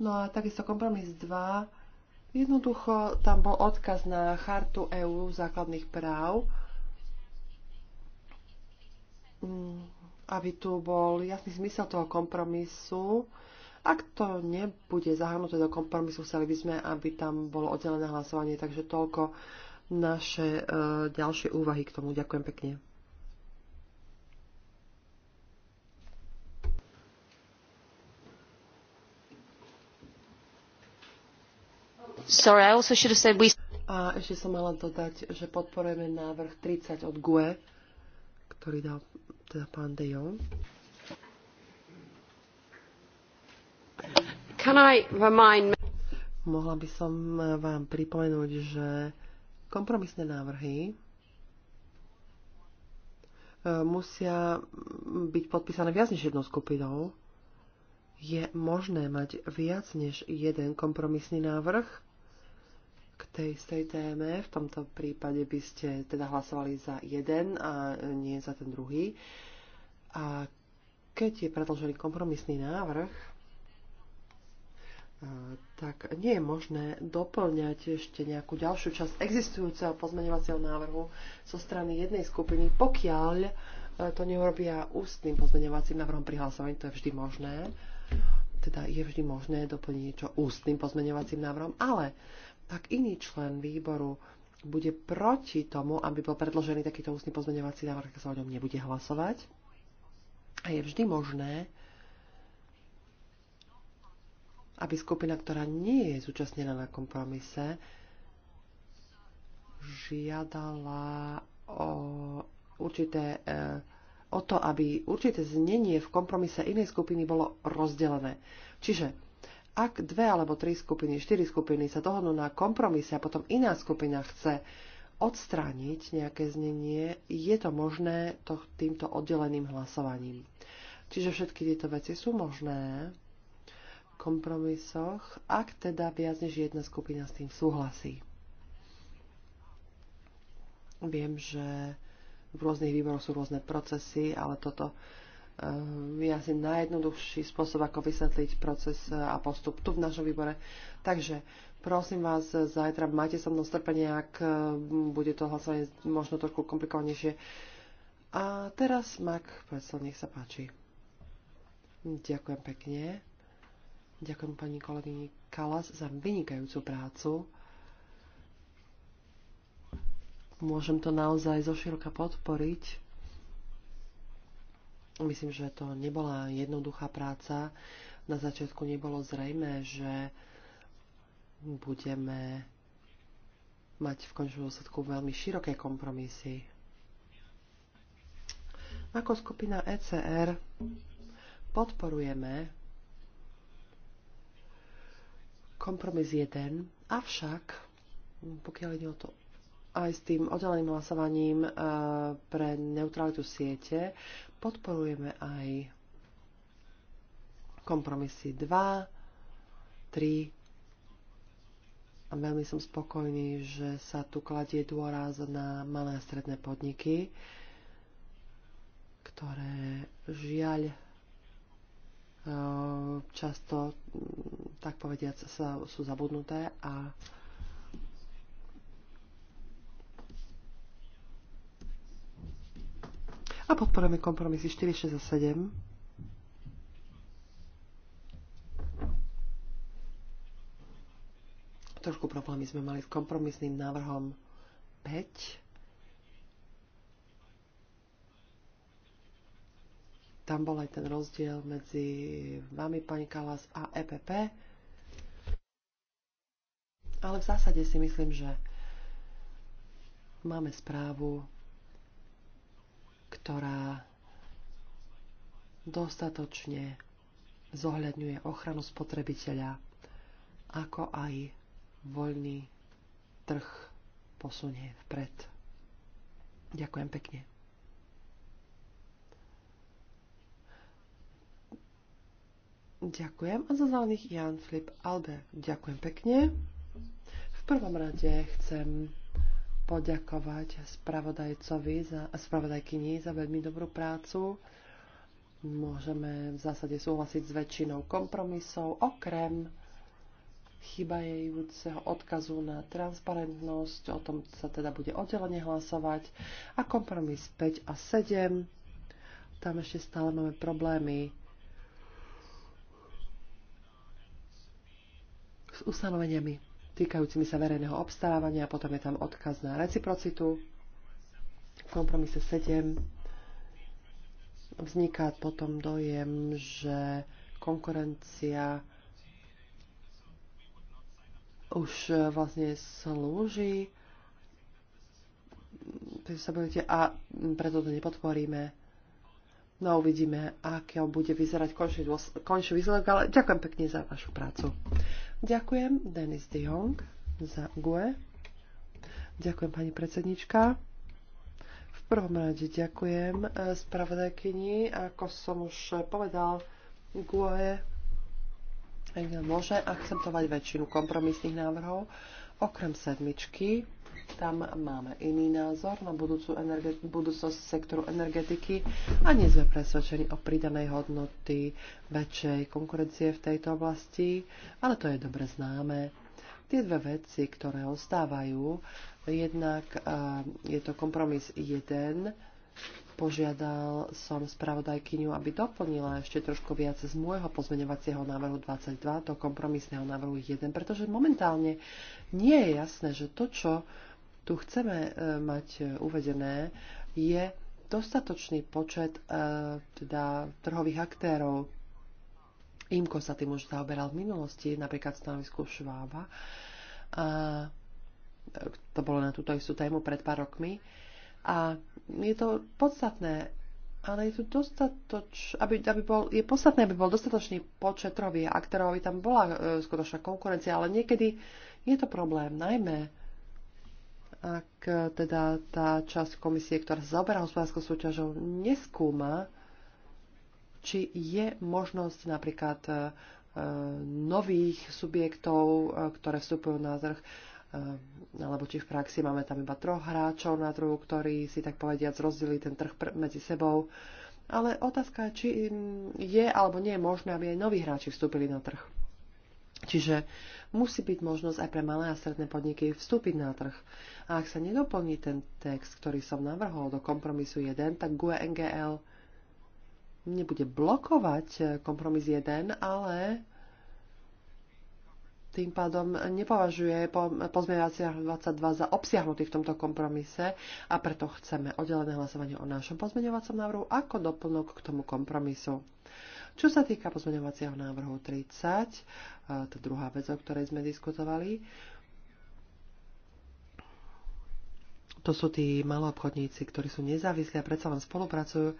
No a takisto kompromis 2. Jednoducho tam bol odkaz na chartu EÚ základných práv, mm, aby tu bol jasný zmysel toho kompromisu. Ak to nebude zahrnuté do kompromisu, chceli by sme, aby tam bolo oddelené hlasovanie, takže toľko naše e, ďalšie úvahy k tomu. Ďakujem pekne. Sorry, I also should have said we... A ešte som mala dodať, že podporujeme návrh 30 od GUE, ktorý dal teda pán De Jong. Can I remind... Mohla by som e, vám pripomenúť, že Kompromisné návrhy e, musia byť podpísané viac než jednou skupinou. Je možné mať viac než jeden kompromisný návrh k tej istej téme. V tomto prípade by ste teda hlasovali za jeden a nie za ten druhý. A keď je predložený kompromisný návrh, tak nie je možné doplňať ešte nejakú ďalšiu časť existujúceho pozmeňovacieho návrhu zo strany jednej skupiny, pokiaľ e, to neurobia ústnym pozmeňovacím návrhom pri hlasovaní, to je vždy možné. Teda je vždy možné doplniť niečo ústnym pozmeňovacím návrhom, ale ak iný člen výboru bude proti tomu, aby bol predložený takýto ústny pozmeňovací návrh, tak sa o ňom nebude hlasovať. A je vždy možné, aby skupina, ktorá nie je zúčastnená na kompromise, žiadala o určité eh, o to, aby určité znenie v kompromise inej skupiny bolo rozdelené. Čiže ak dve alebo tri skupiny, štyri skupiny sa dohodnú na kompromise a potom iná skupina chce odstrániť nejaké znenie, je to možné to, týmto oddeleným hlasovaním. Čiže všetky tieto veci sú možné kompromisoch, ak teda viac než jedna skupina s tým súhlasí. Viem, že v rôznych výboroch sú rôzne procesy, ale toto eh, je asi najjednoduchší spôsob, ako vysvetliť proces a postup tu v našom výbore. Takže prosím vás, zajtra máte so mnou strpenie, ak eh, bude to hlasovanie možno trošku komplikovanejšie. A teraz Mak, predstav, nech sa páči. Hm, ďakujem pekne. Ďakujem pani kolegyni Kalas za vynikajúcu prácu. Môžem to naozaj zoširoka podporiť. Myslím, že to nebola jednoduchá práca. Na začiatku nebolo zrejme, že budeme mať v končnom dôsledku veľmi široké kompromisy. Ako skupina ECR podporujeme kompromis 1, avšak pokiaľ ide o to aj s tým oddeleným hlasovaním eh, pre neutralitu siete, podporujeme aj kompromisy 2, 3, a veľmi som spokojný, že sa tu kladie dôraz na malé a stredné podniky, ktoré žiaľ eh, často tak povediac, sa, sú zabudnuté a a podporujeme kompromisy 4, 6 a 7. Trošku problémy sme mali s kompromisným návrhom 5. Tam bol aj ten rozdiel medzi vami, pani Kalas, a EPP. Ale v zásade si myslím, že máme správu, ktorá dostatočne zohľadňuje ochranu spotrebiteľa, ako aj voľný trh posunie vpred. Ďakujem pekne. Ďakujem a za zelených Jan Flip Albert. Ďakujem pekne prvom rade chcem poďakovať spravodajcovi za, spravodajkyni za veľmi dobrú prácu. Môžeme v zásade súhlasiť s väčšinou kompromisov, okrem chybajúceho odkazu na transparentnosť, o tom sa teda bude oddelenie hlasovať, a kompromis 5 a 7. Tam ešte stále máme problémy s ustanoveniami týkajúcimi sa verejného obstarávania potom je tam odkaz na reciprocitu. V kompromise 7 vzniká potom dojem, že konkurencia už e, vlastne slúži sa budete, a preto to nepodporíme. No uvidíme, aké bude vyzerať končný, končný výsledok, ale ďakujem pekne za vašu prácu. Ďakujem, Denis de Jong za GUE. Ďakujem, pani predsednička. V prvom rade ďakujem e, spravodajkyni, ako som už povedal, GUE môže akcentovať väčšinu kompromisných návrhov, okrem sedmičky, tam máme iný názor na budúcu budúcnosť sektoru energetiky a nie sme presvedčení o pridanej hodnoty väčšej konkurencie v tejto oblasti, ale to je dobre známe. Tie dve veci, ktoré ostávajú, jednak je to kompromis 1, požiadal som spravodajkyňu, aby doplnila ešte trošku viac z môjho pozmeňovacieho návrhu 22 do kompromisného návrhu 1, pretože momentálne nie je jasné, že to, čo tu chceme e, mať e, uvedené, je dostatočný počet e, teda, trhových aktérov. Imko sa tým už zaoberal v minulosti, napríklad stanovisku Švába. A, to bolo na túto istú tému pred pár rokmi. A je to podstatné, ale je tu dostatoč, aby, aby bol, je podstatné, aby bol dostatočný počet trhových aktérov, aby tam bola e, skutočná konkurencia, ale niekedy je to problém, najmä ak teda tá časť komisie, ktorá sa zaoberá hospodárskou súťažou, neskúma, či je možnosť napríklad e, nových subjektov, e, ktoré vstupujú na trh, e, alebo či v praxi máme tam iba troch hráčov na trhu, ktorí si tak povediac rozdelili ten trh medzi sebou. Ale otázka je, či je alebo nie je možné, aby aj noví hráči vstúpili na trh. Čiže musí byť možnosť aj pre malé a stredné podniky vstúpiť na trh. A ak sa nedoplní ten text, ktorý som navrhol do kompromisu 1, tak GUE NGL nebude blokovať kompromis 1, ale tým pádom nepovažuje po, pozmeňovacia 22 za obsiahnutý v tomto kompromise a preto chceme oddelené hlasovanie o našom pozmeňovacom návrhu ako doplnok k tomu kompromisu. Čo sa týka pozmeňovacieho návrhu 30, e, to druhá vec, o ktorej sme diskutovali, to sú tí maloobchodníci, ktorí sú nezávislí a predsa len spolupracujú.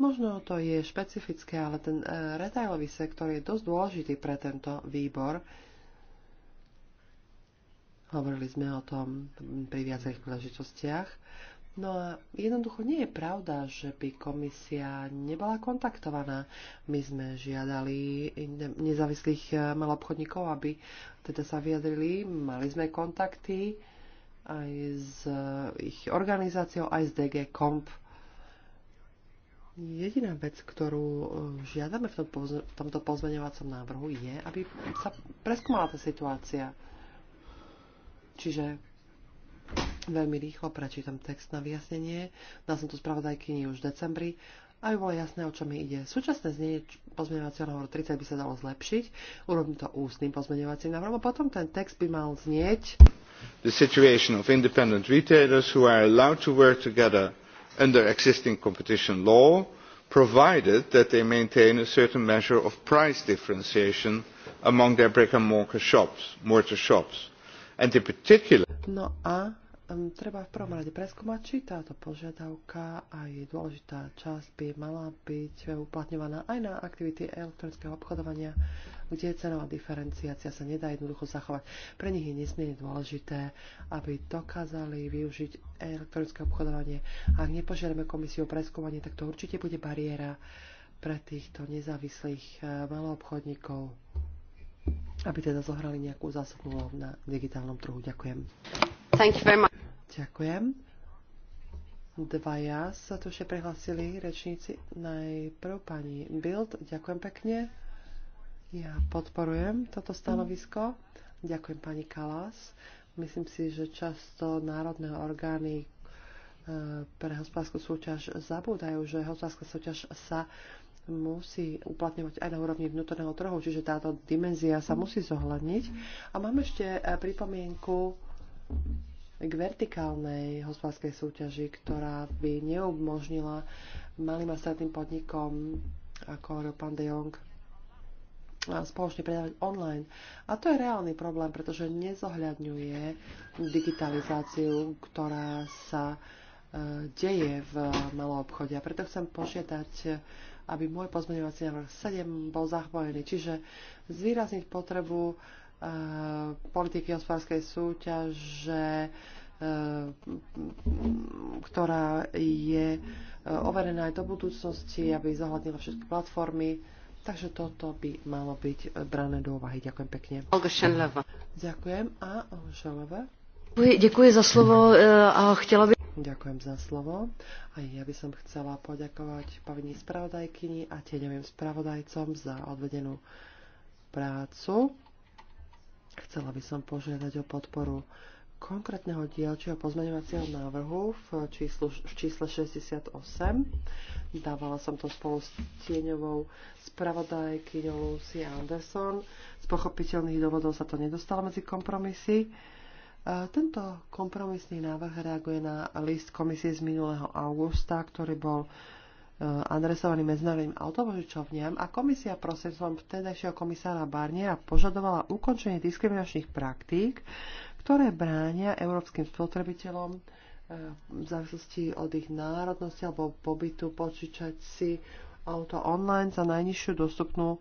Možno to je špecifické, ale ten e, retailový sektor je dosť dôležitý pre tento výbor. Hovorili sme o tom pri viacerých príležitostiach. No a jednoducho nie je pravda, že by komisia nebola kontaktovaná. My sme žiadali nezávislých eh, malobchodníkov, aby teda sa vyjadrili. Mali sme kontakty aj s eh, ich organizáciou, aj s DG Comp. Jediná vec, ktorú eh, žiadame v, tom v tomto pozmeňovacom návrhu, je, aby sa preskúmala tá situácia. Čiže Veľmi rýchlo prečítam text na vyjasnenie. Dal som to spravodajkyni už v decembri aby bolo jasné, o čo mi ide. Súčasné znenie pozmeňovacieho návrhu 30 by sa dalo zlepšiť, urobím to ústnym pozmeňovacím návrhom a potom ten text by mal znieť. The situation of independent retailers who are allowed to work together under existing competition law provided that they maintain a certain measure of price differentiation among their brick and mortar shops, mortar shops. And in particular... No a treba v prvom rade preskúmať, či táto požiadavka a jej dôležitá časť by mala byť uplatňovaná aj na aktivity elektronického obchodovania, kde cenová diferenciácia sa nedá jednoducho zachovať. Pre nich je nesmierne dôležité, aby dokázali využiť elektronické obchodovanie. Ak nepožiadame komisiu o preskúmanie, tak to určite bude bariéra pre týchto nezávislých eh, maloobchodníkov, aby teda zohrali nejakú zásadnú úlohu na digitálnom trhu. Ďakujem. Thank you very much. Ďakujem. Dvaja sa tu ešte prihlasili rečníci. Najprv pani Bild, ďakujem pekne. Ja podporujem toto stanovisko. Ďakujem pani Kalas. Myslím si, že často národné orgány e, pre hospodárskú súťaž zabúdajú, že hospodárska súťaž sa musí uplatňovať aj na úrovni vnútorného trhu, čiže táto dimenzia sa musí zohľadniť. A mám ešte e, pripomienku k vertikálnej hospodárskej súťaži, ktorá by neumožnila malým a stredným podnikom, ako hovoril pán De Jong, spoločne predávať online. A to je reálny problém, pretože nezohľadňuje digitalizáciu, ktorá sa e, deje v malom obchode. A preto chcem požiadať, aby môj pozmeňovací návrh 7 bol zachovaný. Čiže zvýrazniť potrebu Eh, politiky hospodárskej súťaže, eh, ktorá je eh, overená aj do budúcnosti, aby zohľadnila všetky platformy. Takže toto by malo byť brané do úvahy. Ďakujem pekne. Olga Ďakujem. A Olga Šenleva? Ďakujem za slovo a chcela by... Ďakujem za slovo. A ja by som chcela poďakovať pani spravodajkyni a tieňovým spravodajcom za odvedenú prácu. Chcela by som požiadať o podporu konkrétneho dielčieho pozmeňovacieho návrhu v, číslu, v čísle 68. Dávala som to spolu s tieňovou spravodajkyňou Lucy Anderson. Z pochopiteľných dôvodov sa to nedostalo medzi kompromisy. E, tento kompromisný návrh reaguje na list komisie z minulého augusta, ktorý bol adresovaný medzinárodným automožičovniam a komisia prostredstvom vtedajšieho komisára Barniera požadovala ukončenie diskriminačných praktík, ktoré bránia európskym spotrebiteľom eh, v závislosti od ich národnosti alebo pobytu počičať si auto online za najnižšiu dostupnú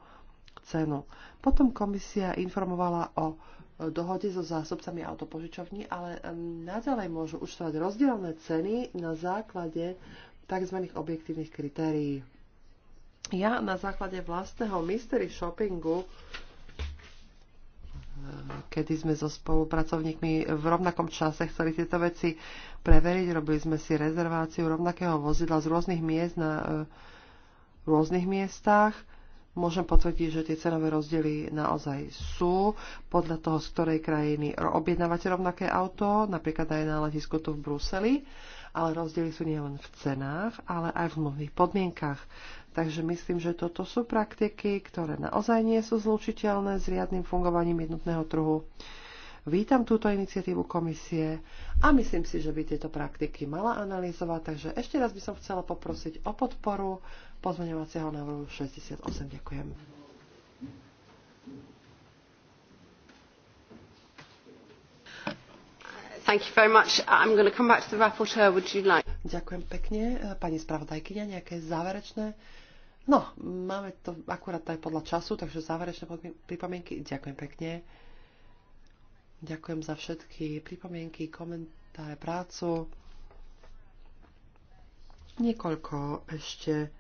cenu. Potom komisia informovala o eh, dohode so zásobcami autopožičovní, ale eh, nadalej môžu účtovať rozdielne ceny na základe tzv. objektívnych kritérií. Ja na základe vlastného mystery shoppingu eh, kedy sme so spolupracovníkmi v rovnakom čase chceli tieto veci preveriť. Robili sme si rezerváciu rovnakého vozidla z rôznych miest na eh, rôznych miestach. Môžem potvrdiť, že tie cenové rozdiely naozaj sú. Podľa toho, z ktorej krajiny objednávate rovnaké auto, napríklad aj na letisku tu v Bruseli ale rozdiely sú nielen v cenách, ale aj v mnohých podmienkach. Takže myslím, že toto sú praktiky, ktoré naozaj nie sú zlučiteľné s riadnym fungovaním jednotného trhu. Vítam túto iniciatívu komisie a myslím si, že by tieto praktiky mala analyzovať, takže ešte raz by som chcela poprosiť o podporu pozmeňovacieho návrhu 68. Ďakujem. Ďakujem pekne. E, pani spravodajkynia, nejaké záverečné? No, máme to akurát aj podľa času, takže záverečné pripomienky. Ďakujem pekne. Ďakujem za všetky pripomienky, komentáre, prácu. Niekoľko ešte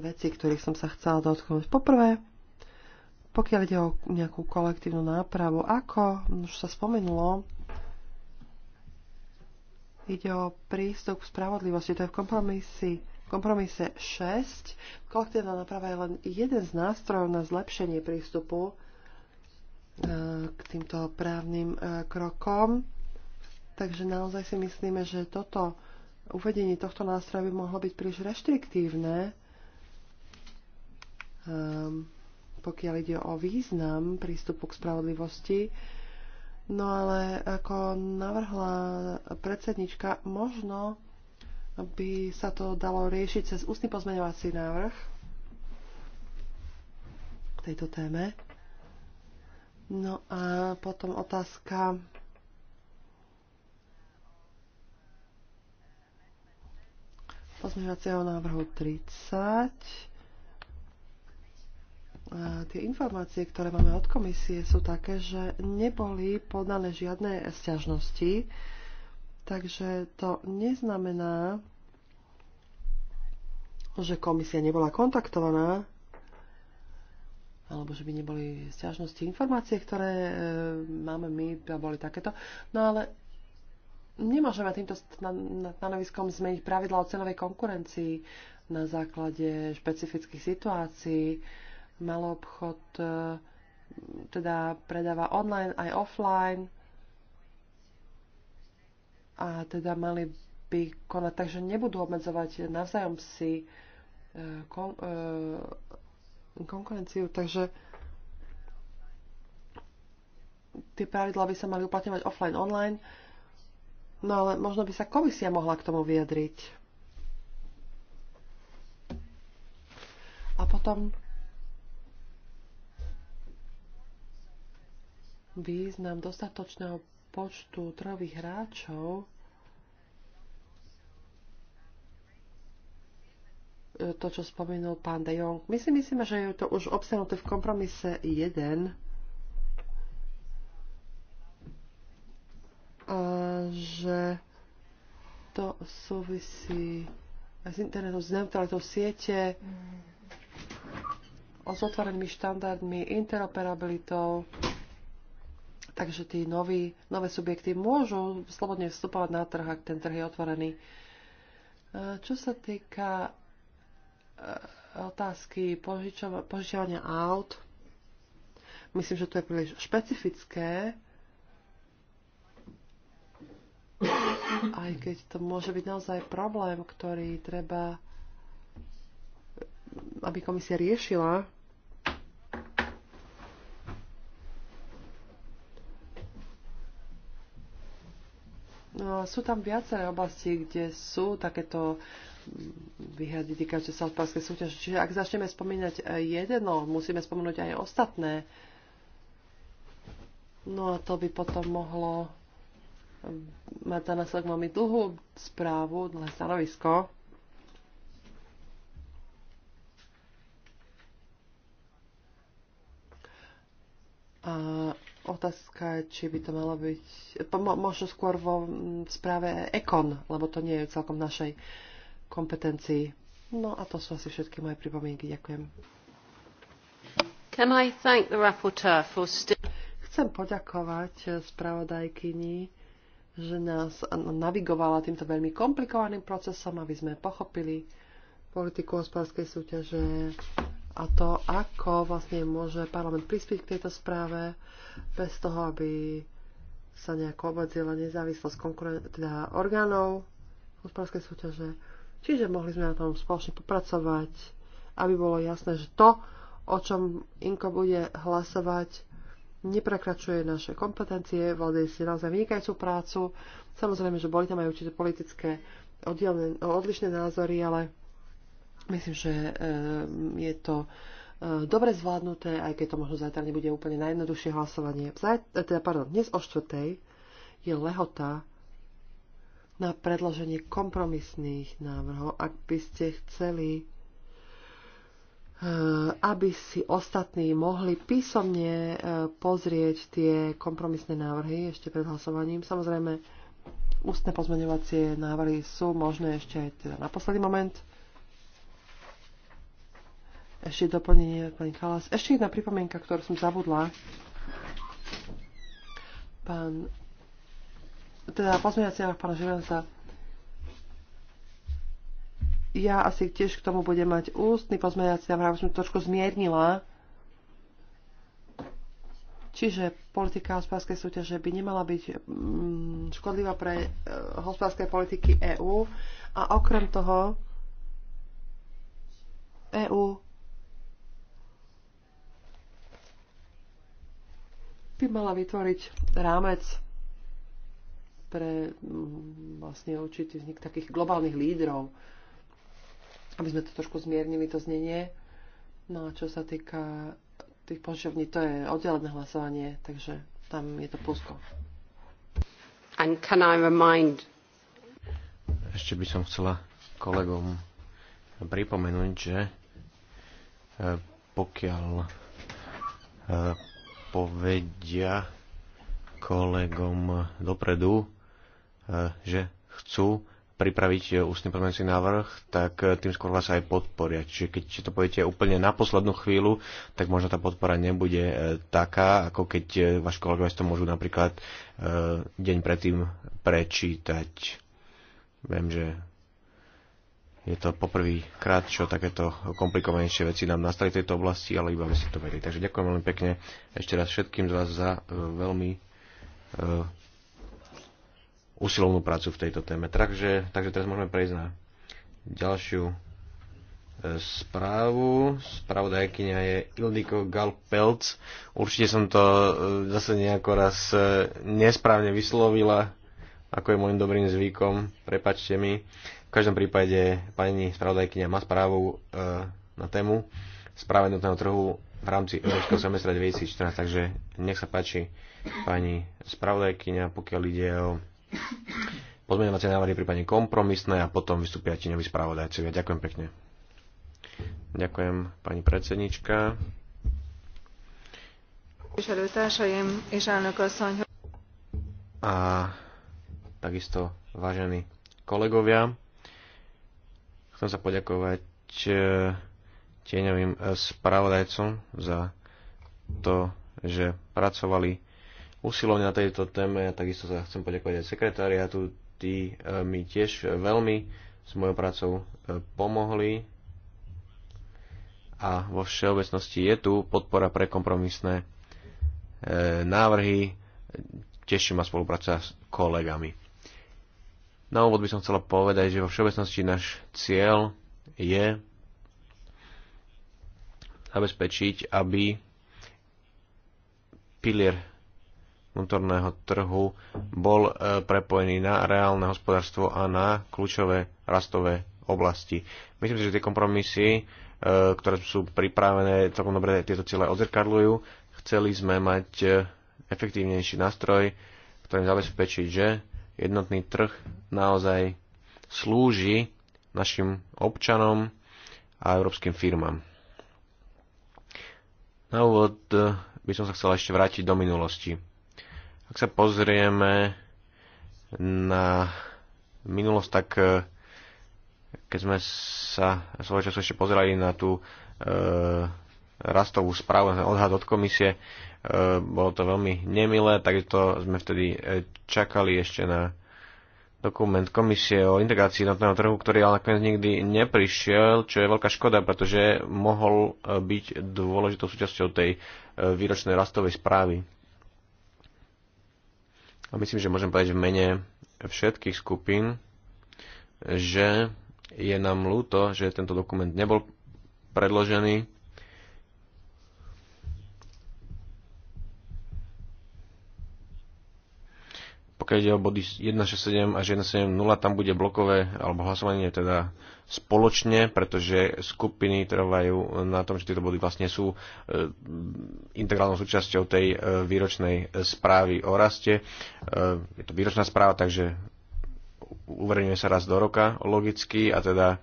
vecí, ktorých som sa chcela dotknúť. Poprvé, pokiaľ ide o nejakú kolektívnu nápravu, ako už sa spomenulo, Ide o prístup k spravodlivosti. To je v kompromisi, kompromise 6. Kolektívna naprava je len jeden z nástrojov na zlepšenie prístupu e, k týmto právnym e, krokom. Takže naozaj si myslíme, že toto uvedenie tohto nástroja by mohlo byť príliš reštriktívne, e, pokiaľ ide o význam prístupu k spravodlivosti No ale ako navrhla predsednička, možno by sa to dalo riešiť cez ústny pozmeňovací návrh k tejto téme. No a potom otázka pozmeňovacieho návrhu 30 tie informácie, ktoré máme od komisie, sú také, že neboli podané žiadne sťažnosti, takže to neznamená, že komisia nebola kontaktovaná, alebo že by neboli sťažnosti informácie, ktoré e, máme my, a boli takéto. No ale nemôžeme týmto stanoviskom zmeniť pravidla o cenovej konkurencii na základe špecifických situácií obchod, e, teda predáva online aj offline a teda mali by konať takže nebudú obmedzovať navzájom si e, kon, e, konkurenciu, takže tie pravidlá by sa mali uplatňovať offline, online. No ale možno by sa komisia mohla k tomu vyjadriť. A potom význam dostatočného počtu trhových hráčov e, to, čo spomenul pán De Jong. My si myslíme, že je to už obsahnuté v kompromise 1. A že to súvisí s internetom, s neutralitou siete, s otvorenými štandardmi, interoperabilitou, Takže tí noví, nové subjekty môžu slobodne vstupovať na trh, ak ten trh je otvorený. E, čo sa týka e, otázky požičiavania aut, myslím, že to je príliš špecifické, aj keď to môže byť naozaj problém, ktorý treba, aby komisia riešila. No sú tam viaceré oblasti, kde sú takéto výhrady týkajúce sa hospodárskej súťaže. Čiže ak začneme spomínať jedno, musíme spomenúť aj ostatné. No a to by potom mohlo mať na následok veľmi dlhú správu, dlhé stanovisko. A Otázka je, či by to malo byť, možno skôr vo správe Ekon, lebo to nie je celkom našej kompetencii. No a to sú asi všetky moje pripomienky. Ďakujem. Can I thank the rapporteur for still... Chcem poďakovať spravodajkyni, že nás navigovala týmto veľmi komplikovaným procesom, aby sme pochopili politiku hospodárskej súťaže, a to, ako vlastne môže parlament prispieť k tejto správe bez toho, aby sa nejako obmedzila nezávislosť konkuren- teda orgánov hospodárskej súťaže. Čiže mohli sme na tom spoločne popracovať, aby bolo jasné, že to, o čom Inko bude hlasovať, neprekračuje naše kompetencie, vlády si naozaj vynikajúcu prácu. Samozrejme, že boli tam aj určite politické oddielne, odlišné názory, ale Myslím, že eh, je to eh, dobre zvládnuté, aj keď to možno zajtra nebude úplne najjednoduchšie hlasovanie. Zaj, eh, teda, pardon, dnes o štvrtej je lehota na predloženie kompromisných návrhov, ak by ste chceli, aby si ostatní mohli písomne pozrieť tie kompromisné návrhy ešte pred hlasovaním. Samozrejme, ústne pozmeňovacie návrhy sú možné ešte aj teda na posledný moment. Ešte doplnenie, pani Kalas. Ešte jedna pripomienka, ktorú som zabudla. Pán, teda pozmeňovací návrh pána Živenca. Ja asi tiež k tomu budem mať ústny pozmeňací návrh, aby som to trošku zmiernila. Čiže politika hospodárskej súťaže by nemala byť mm, škodlivá pre e, hospodárske politiky EÚ a okrem toho EÚ by mala vytvoriť rámec pre mm, vlastne určitý vznik takých globálnych lídrov, aby sme to trošku zmiernili, to znenie. No a čo sa týka tých požiovní, to je oddelené hlasovanie, takže tam je to plusko. And can I remind... Ešte by som chcela kolegom pripomenúť, že eh, pokiaľ eh, povedia kolegom dopredu, e, že chcú pripraviť e, ústny pozmeňujúci návrh, tak e, tým skôr vás aj podporia. Čiže keď to poviete úplne na poslednú chvíľu, tak možno tá podpora nebude taká, ako keď vaši kolegovia to môžu napríklad deň predtým prečítať. Viem, že je to poprvý krát, čo takéto komplikovanejšie veci nám nastali v tejto oblasti, ale iba by si to vedeli. Takže ďakujem veľmi pekne ešte raz všetkým z vás za e, veľmi e, usilovnú prácu v tejto téme. Takže, takže teraz môžeme prejsť na ďalšiu e, správu. Spravodajkynia je Ildiko Galpelc. Určite som to e, zase nejako raz nesprávne vyslovila, ako je môjim dobrým zvykom. Prepačte mi každom prípade pani spravodajkynia má správu e, na tému správa jednotného trhu v rámci Európskeho semestra 2014, takže nech sa páči pani spravodajkyňa, pokiaľ ide o pozmeňovacie návrhy, prípadne kompromisné a potom vystúpia tieňoví spravodajcovia. Ďakujem pekne. Ďakujem pani predsednička. A takisto vážení kolegovia, Chcem sa poďakovať e, tieňovým e, spravodajcom za to, že pracovali usilovne na tejto téme a takisto sa chcem poďakovať aj sekretariatu. Tí e, mi tiež veľmi s mojou prácou pomohli a vo všeobecnosti je tu podpora pre kompromisné návrhy. teším ma spolupráca s kolegami. Na úvod by som chcela povedať, že vo všeobecnosti náš cieľ je zabezpečiť, aby pilier vnútorného trhu bol e, prepojený na reálne hospodárstvo a na kľúčové rastové oblasti. Myslím si, že tie kompromisy, e, ktoré sú pripravené, celkom dobre tieto ciele odzrkadľujú. Chceli sme mať e, efektívnejší nástroj, ktorým zabezpečiť, že jednotný trh naozaj slúži našim občanom a európskym firmám. Na úvod eh, by som sa chcel ešte vrátiť do minulosti. Ak sa pozrieme na minulosť, tak eh, keď sme sa svojho času ešte pozerali na tú e, rastovú správu, odhad od komisie. E, bolo to veľmi nemilé, takisto sme vtedy e, čakali ešte na dokument komisie o integrácii jednotného trhu, ktorý ale nakoniec nikdy neprišiel, čo je veľká škoda, pretože mohol e, byť dôležitou súčasťou tej výročnej rastovej správy. A myslím, že môžem povedať v mene všetkých skupín, že je nám ľúto, že tento dokument nebol predložený Pokiaľ ide o body 167 až 170, tam bude blokové alebo hlasovanie teda spoločne, pretože skupiny trvajú na tom, že tieto body vlastne sú e, integrálnou súčasťou tej e, výročnej e, správy o raste. je to výročná správa, takže uverejňuje sa raz do roka logicky a teda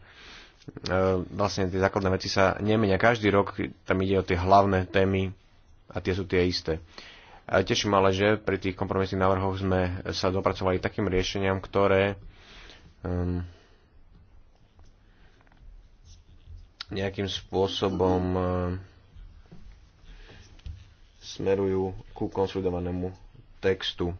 vlastne tie základné veci sa nemenia. Každý rok tam ide o tie hlavné témy a tie sú tie isté. Teším ale, že pri tých kompromisných návrhoch sme sa dopracovali takým riešeniam, ktoré um, nejakým spôsobom uh, smerujú ku konsolidovanému textu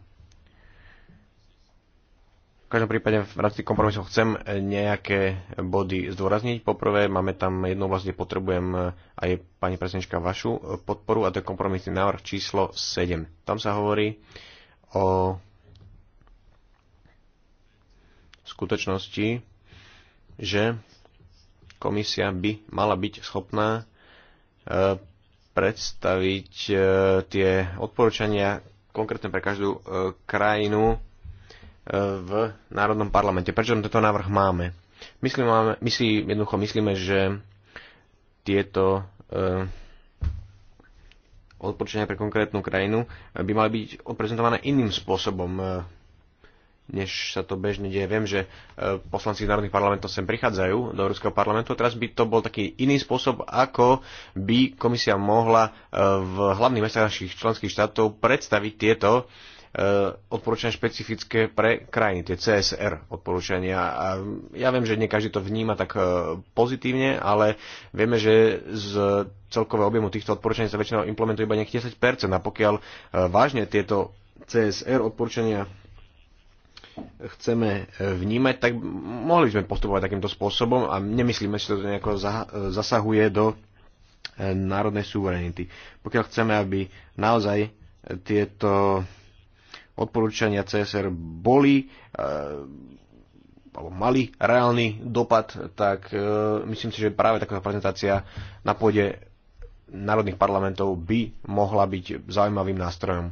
každom prípade v rámci kompromisov chcem nejaké body zdôrazniť. Poprvé, máme tam jednu oblasť, kde potrebujem e, aj pani prezidentka vašu podporu a to je kompromisný návrh číslo 7. Tam sa hovorí o skutočnosti, že komisia by mala byť schopná e, predstaviť e, tie odporúčania konkrétne pre každú krajinu v Národnom parlamente. Prečo tento návrh máme? Myslím, máme, myslí, jednoducho myslíme, že tieto e, eh, odporúčania pre konkrétnu krajinu eh, by mali byť odprezentované iným spôsobom, eh, než sa to bežne deje. Viem, že poslanci z národných parlamentov sem prichádzajú do Európskeho parlamentu a teraz by to bol taký iný spôsob, ako by komisia mohla v hlavných mestách našich členských štátov predstaviť tieto Eh, odporúčania špecifické pre krajiny, tie CSR odporúčania. A ja viem, že nie každý to vníma tak eh, pozitívne, ale vieme, že z celkového objemu týchto odporúčaní sa väčšinou implementuje iba nejakých 10%. A pokiaľ eh, vážne tieto CSR odporúčania chceme vnímať, tak mohli sme postupovať takýmto spôsobom a nemyslíme že to nejako zasahuje do národnej suverenity. Pokiaľ chceme, aby naozaj tieto odporúčania CSR boli eh, alebo mali reálny dopad, tak eh, myslím si, že práve taká prezentácia na pôde národných parlamentov by mohla byť zaujímavým nástrojom.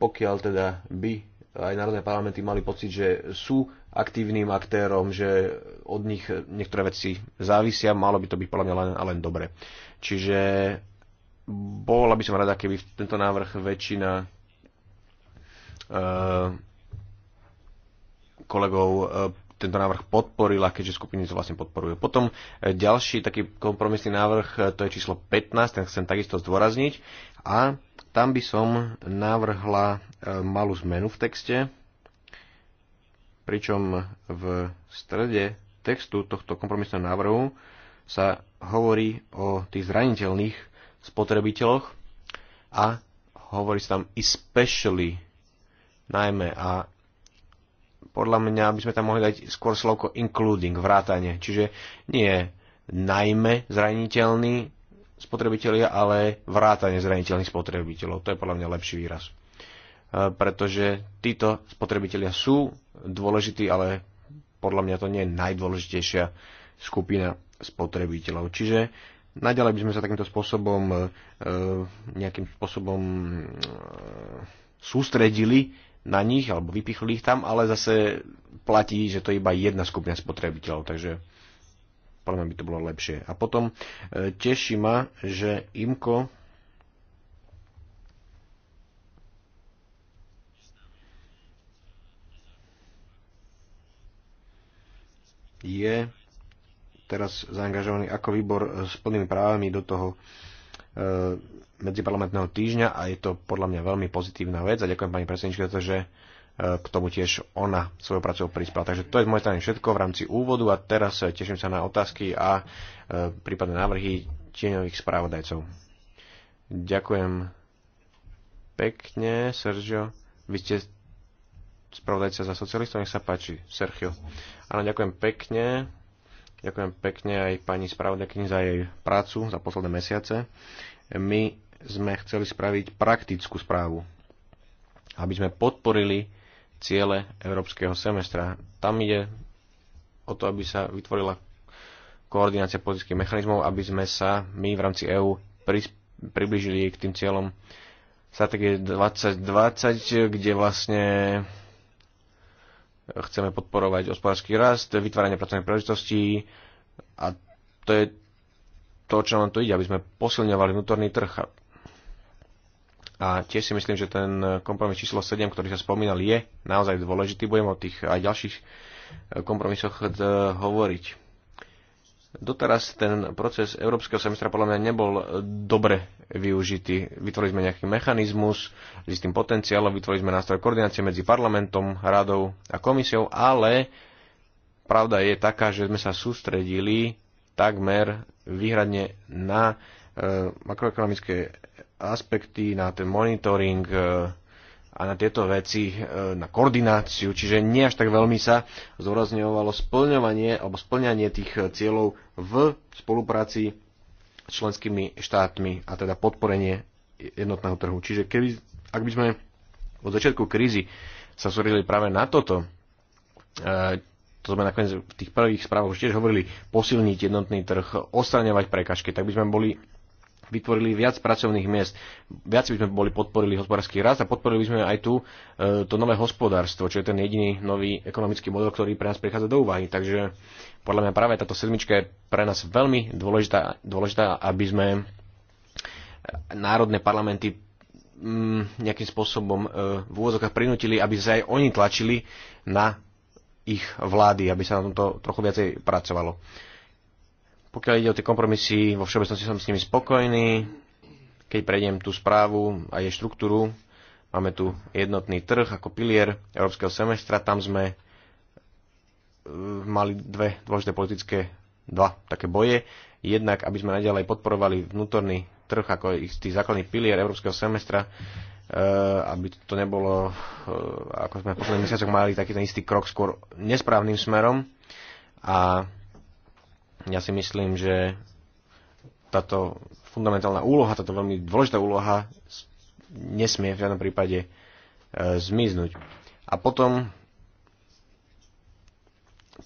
Pokiaľ teda by aj národné parlamenty mali pocit, že sú aktívnym aktérom, že od nich niektoré veci závisia, malo by to byť podľa mňa len, len dobre. Čiže bola by som rada, keby tento návrh väčšina Eh, kolegov eh, tento návrh podporila, keďže skupiny to vlastne podporujú. Potom eh, ďalší taký kompromisný návrh, to je číslo 15, ten chcem takisto zdôrazniť. A tam by som navrhla malú zmenu v texte, pričom v strede textu tohto kompromisného návrhu sa hovorí o tých zraniteľných spotrebiteľoch a hovorí sa tam especially najmä a podľa mňa by sme tam mohli dať skôr slovko including, vrátanie. Čiže nie najmä zraniteľní spotrebitelia, ale vrátanie zraniteľných spotrebiteľov. To je podľa mňa lepší výraz. E, pretože títo spotrebitelia sú dôležití, ale podľa mňa to nie je najdôležitejšia skupina spotrebiteľov. Čiže naďalej by sme sa takýmto spôsobom e, nejakým spôsobom e, sústredili na nich, alebo vypichli ich tam, ale zase platí, že to je iba jedna skupina spotrebiteľov, takže podľa mňa by to bolo lepšie. A potom e, teší ma, že IMKO je teraz zaangažovaný ako výbor s plnými právami do toho e, medziparlamentného týždňa a je to podľa mňa veľmi pozitívna vec a ďakujem pani predsedničke za to, že e, k tomu tiež ona svojou pracou prispela. Takže to je z mojej strany všetko v rámci úvodu a teraz e, teším sa na otázky a e, prípadné návrhy tieňových správodajcov. Ďakujem pekne, Sergio. Vy ste spravodajca za socialistov, nech sa páči, Sergio. Áno, ďakujem pekne. Ďakujem pekne aj pani spravodajkyni za jej prácu za posledné mesiace. My sme chceli spraviť praktickú správu, aby sme podporili ciele európskeho semestra. Tam ide o to, aby sa vytvorila koordinácia politických mechanizmov, aby sme sa my v rámci EÚ približili k tým cieľom stratégie 2020, kde vlastne chceme podporovať hospodársky rast, vytváranie pracovných príležitostí a to je to, čo nám to ide, aby sme posilňovali vnútorný trh. A tiež si myslím, že ten kompromis číslo 7, ktorý sa spomínal, je naozaj dôležitý. Budem o tých aj ďalších e, kompromisoch e, hovoriť. Doteraz ten proces európskeho semestra podľa mňa nebol dobre využitý. Vytvorili sme nejaký mechanizmus s istým potenciálom, vytvorili sme nástroj koordinácie medzi parlamentom, radou a komisiou, ale pravda je taká, že sme sa sústredili takmer výhradne na e, makroekonomické aspekty, na ten monitoring e, a na tieto veci, e, na koordináciu, čiže nie až tak veľmi sa zdôrazňovalo splňovanie alebo splňanie tých e, cieľov v spolupráci s členskými štátmi a teda podporenie jednotného trhu. Čiže keby, ak by sme od začiatku krízy sa súrili práve na toto, to sme nakoniec v tých prvých správach už tiež hovorili, posilniť jednotný trh, ostraňovať prekažky, tak by sme boli vytvorili viac pracovných miest, viac by sme boli podporili hospodársky rast a podporili by sme aj tu e, to nové hospodárstvo, čo je ten jediný nový ekonomický model, ktorý pre nás prichádza do úvahy. Takže podľa mňa práve táto sedmička je pre nás veľmi dôležitá, dôležitá aby sme národné parlamenty m, mm, nejakým spôsobom e, v úvozokách prinútili, aby sa aj oni tlačili na ich vlády, aby sa na tomto trochu viacej pracovalo. Pokiaľ ide o tie kompromisy, vo všeobecnosti som s nimi spokojný. Keď prejdem tú správu a jej štruktúru, máme tu jednotný trh ako pilier európskeho semestra, tam sme e, mali dve dôležité politické dva také boje. Jednak, aby sme naďalej podporovali vnútorný trh ako istý základný pilier európskeho semestra, e, aby to nebolo, e, ako sme v posledných mesiacoch mali taký ten istý krok skôr nesprávnym smerom. A ja si myslím, že táto fundamentálna úloha, táto veľmi dôležitá úloha nesmie v žiadnom prípade e, zmiznúť. A potom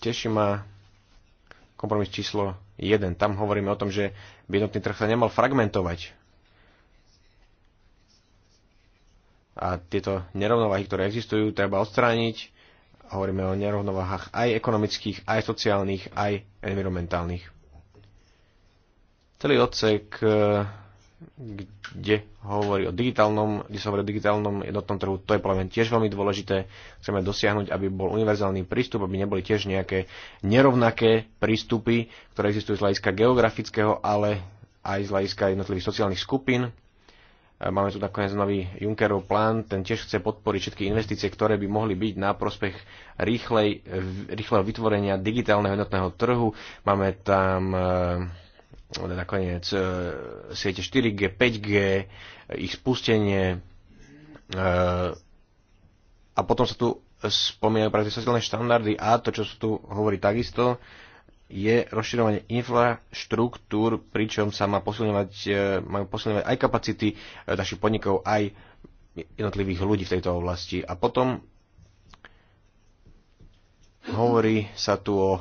teší ma kompromis číslo 1. Tam hovoríme o tom, že by jednotný trh sa nemal fragmentovať. A tieto nerovnováhy, ktoré existujú, treba odstrániť hovoríme o nerovnováhach aj ekonomických, aj sociálnych, aj environmentálnych. Celý odsek, e, kde hovorí o digitálnom, kde sa hovorí o digitálnom jednotnom trhu, to je podľa tiež veľmi dôležité. Chceme dosiahnuť, aby bol univerzálny prístup, aby neboli tiež nejaké nerovnaké prístupy, ktoré existujú z hľadiska geografického, ale aj z hľadiska jednotlivých sociálnych skupín Máme tu nakoniec nový Junckerov plán, ten tiež chce podporiť všetky investície, ktoré by mohli byť na prospech rýchlej, rýchleho vytvorenia digitálneho jednotného trhu. Máme tam e, nakoniec e, siete 4G, 5G, ich spustenie e, a potom sa tu spomínajú praktické sociálne štandardy a to, čo sa tu hovorí takisto, je rozširovanie infraštruktúr, pričom sa má posilňovať, e, majú posilňovať aj kapacity e, našich podnikov, aj jednotlivých ľudí v tejto oblasti. A potom hovorí sa tu o e,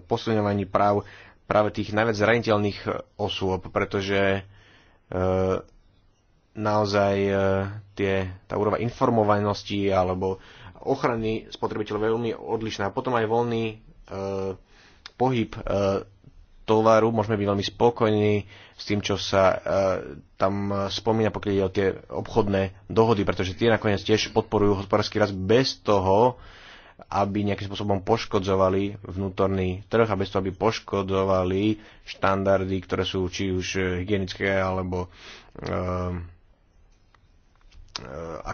posilňovaní práv práve tých najviac zraniteľných osôb, pretože naozaj tie, tá úroveň informovanosti alebo ochrany spotrebiteľov je veľmi odlišná. A potom aj voľný pohyb e, tovaru, môžeme byť veľmi spokojní s tým, čo sa e, tam spomína, pokiaľ ide o tie obchodné dohody, pretože tie nakoniec tiež podporujú hospodársky rast bez toho, aby nejakým spôsobom poškodzovali vnútorný trh a bez toho, aby poškodzovali štandardy, ktoré sú či už hygienické alebo e, e,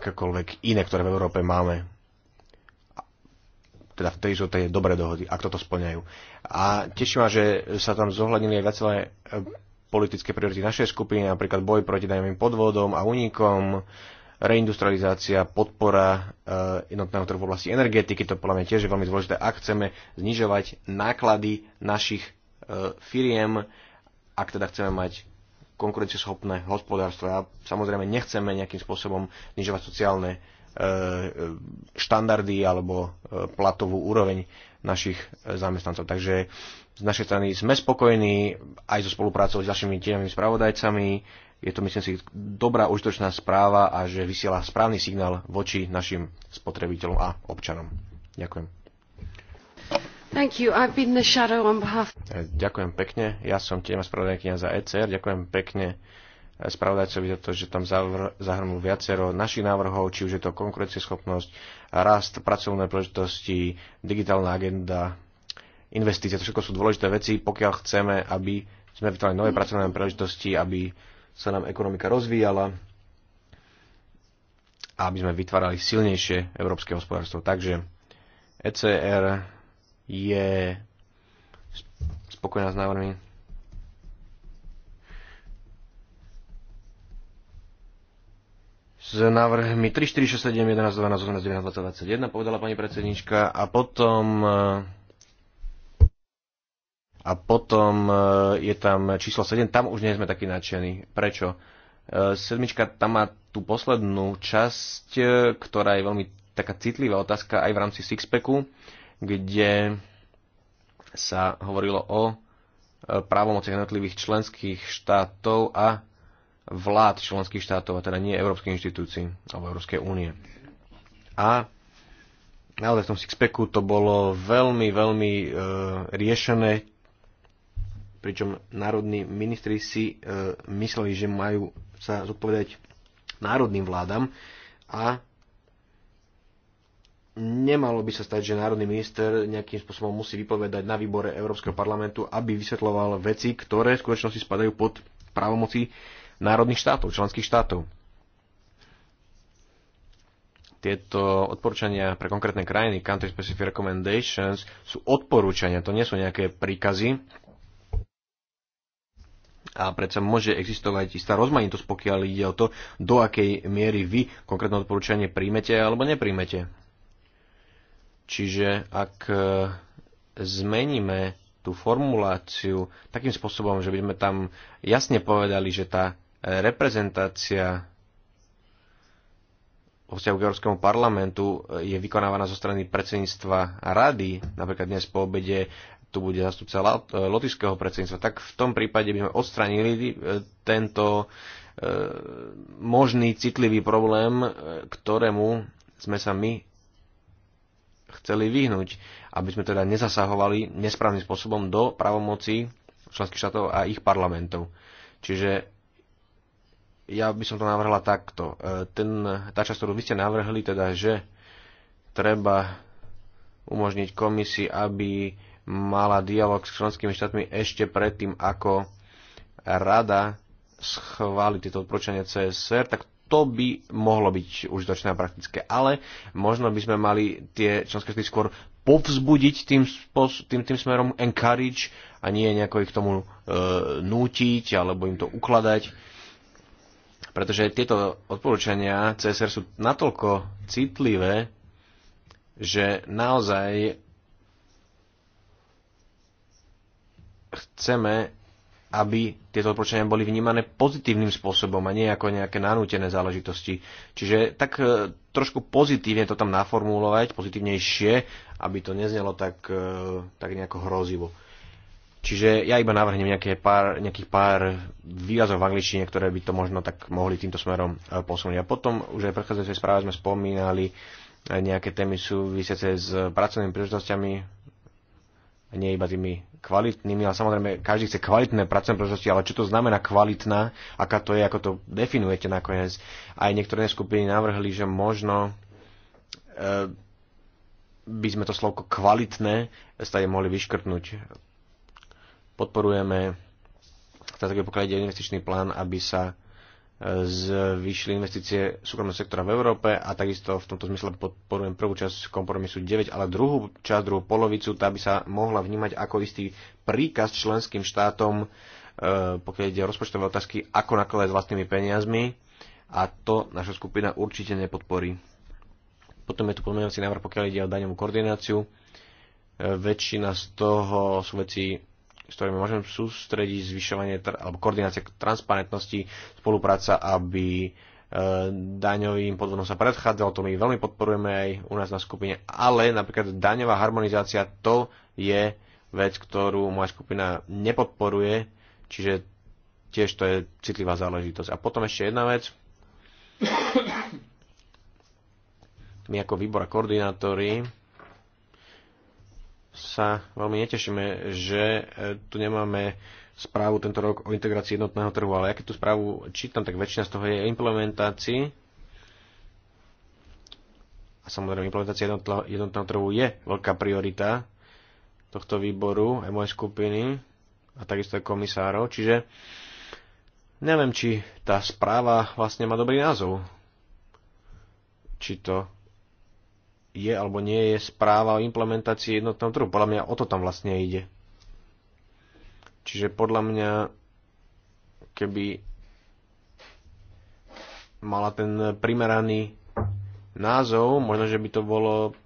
akékoľvek iné, ktoré v Európe máme teda tej sú tej dobré dohody, ak toto splňajú. A teším ma, že sa tam zohľadnili aj viacelé e, politické priority našej skupiny, napríklad boj proti daňovým podvodom a únikom, reindustrializácia, podpora e, jednotného trhu v oblasti energetiky, to podľa mňa tiež je veľmi dôležité, ak chceme znižovať náklady našich e, firiem, ak teda chceme mať konkurencieschopné hospodárstvo. A samozrejme nechceme nejakým spôsobom znižovať sociálne E, štandardy alebo e, platovú úroveň našich e, zamestnancov. Takže z našej strany sme spokojní aj so spoluprácou s našimi tieňovými spravodajcami. Je to, myslím si, dobrá užitočná správa a že vysiela správny signál voči našim spotrebiteľom a občanom. Ďakujem. Thank you. I've been the shadow on behalf... Ďakujem pekne. Ja som tieňová spravodajkynia za ECR. Ďakujem pekne spravodajcovi za to, že tam zahrnul viacero našich návrhov, či už je to konkurencieschopnosť, rast, pracovné príležitosti, digitálna agenda, investície. To všetko sú dôležité veci, pokiaľ chceme, aby sme vytvárali nové pracovné príležitosti, aby sa nám ekonomika rozvíjala a aby sme vytvárali silnejšie európske hospodárstvo. Takže ECR je spokojná s návrhmi s návrhmi 3, 4, 6, 7, 11, 12, 18, 19, 20, 21, povedala pani predsednička, a potom a potom e, je tam číslo 7, tam už nie sme takí nadšení. Prečo? E, sedmička tam má tú poslednú časť, e, ktorá je veľmi taká citlivá otázka aj v rámci Sixpacku, kde sa hovorilo o právomoci jednotlivých členských štátov a vlád členských štátov, a teda nie európskej inštitúcii alebo Európskej únie. A naozaj v tom Sixpacku to bolo veľmi, veľmi e, riešené, pričom národní ministri si e, mysleli, že majú sa zodpovedať národným vládam a nemalo by sa stať, že národný minister nejakým spôsobom musí vypovedať na výbore Európskeho parlamentu, aby vysvetloval veci, ktoré v skutočnosti spadajú pod právomoci národných štátov, členských štátov. Tieto odporúčania pre konkrétne krajiny, country specific recommendations, sú odporúčania, to nie sú nejaké príkazy. A predsa môže existovať istá rozmanitosť, pokiaľ ide o to, do akej miery vy konkrétne odporúčanie príjmete alebo nepríjmete. Čiže ak e, zmeníme tú formuláciu takým spôsobom, že by sme tam jasne povedali, že tá reprezentácia vo vzťahu k Európskemu parlamentu je vykonávaná zo strany predsedníctva rady, napríklad dnes po obede tu bude zastupca lotyšského predsedníctva, tak v tom prípade by sme odstranili eh, tento eh, možný citlivý problém, eh, ktorému sme sa my chceli vyhnúť, aby sme teda nezasahovali nesprávnym spôsobom do pravomoci členských štátov a ich parlamentov. Čiže ja by som to navrhla takto. E, ten, tá časť, ktorú vy ste navrhli, teda, že treba umožniť komisii, aby mala dialog s členskými štátmi ešte predtým, ako rada schváli tieto odporúčania CSR, tak to by mohlo byť užitočné a praktické. Ale možno by sme mali tie členské štáty skôr povzbudiť tým, tým, tým smerom encourage a nie nejako ich k tomu e, nútiť alebo im to ukladať pretože tieto odporúčania CSR sú natoľko citlivé, že naozaj chceme, aby tieto odporúčania boli vnímané pozitívnym spôsobom a nie ako nejaké nanútené záležitosti. Čiže tak e, trošku pozitívne to tam naformulovať, pozitívnejšie, aby to neznelo tak, e, tak nejako hrozivo. Čiže ja iba navrhnem nejaké pár, nejakých pár výrazov v angličtine, ktoré by to možno tak mohli týmto smerom e, posunúť. A potom už aj v predchádzajúcej správe sme spomínali e, nejaké témy súvisiace s pracovnými príležitostiami, nie iba tými kvalitnými, ale samozrejme každý chce kvalitné pracovné príležitosti, ale čo to znamená kvalitná, aká to je, ako to definujete nakoniec. Aj niektoré skupiny navrhli, že možno e, by sme to slovko kvalitné stále mohli vyškrtnúť podporujeme strategiu pokiaľ ide investičný plán, aby sa e, zvýšili investície súkromného sektora v Európe a takisto v tomto zmysle podporujem prvú časť kompromisu 9, ale druhú časť, druhú polovicu, tá by sa mohla vnímať ako istý príkaz členským štátom, e, pokiaľ ide o rozpočtové otázky, ako nakladať s vlastnými peniazmi a to naša skupina určite nepodporí. Potom je tu pomenovací návrh, pokiaľ ide o daňovú koordináciu. E, väčšina z toho sú veci s ktorými môžeme sústrediť zvyšovanie alebo koordinácia transparentnosti, spolupráca, aby e, daňovým podvodom sa predchádzalo, to my veľmi podporujeme aj u nás na skupine, ale napríklad daňová harmonizácia to je vec, ktorú moja skupina nepodporuje, čiže tiež to je citlivá záležitosť. A potom ešte jedna vec. My ako výbor a koordinátori sa veľmi netešíme, že e, tu nemáme správu tento rok o integrácii jednotného trhu, ale ja keď tú správu čítam, tak väčšina z toho je implementácii. A samozrejme, implementácia jednotného trhu je veľká priorita tohto výboru, aj mojej skupiny a takisto aj komisárov. Čiže neviem, či tá správa vlastne má dobrý názov. Či to je alebo nie je správa o implementácii jednotného trhu. Podľa mňa o to tam vlastne ide. Čiže podľa mňa, keby mala ten primeraný názov, možno, že by to bolo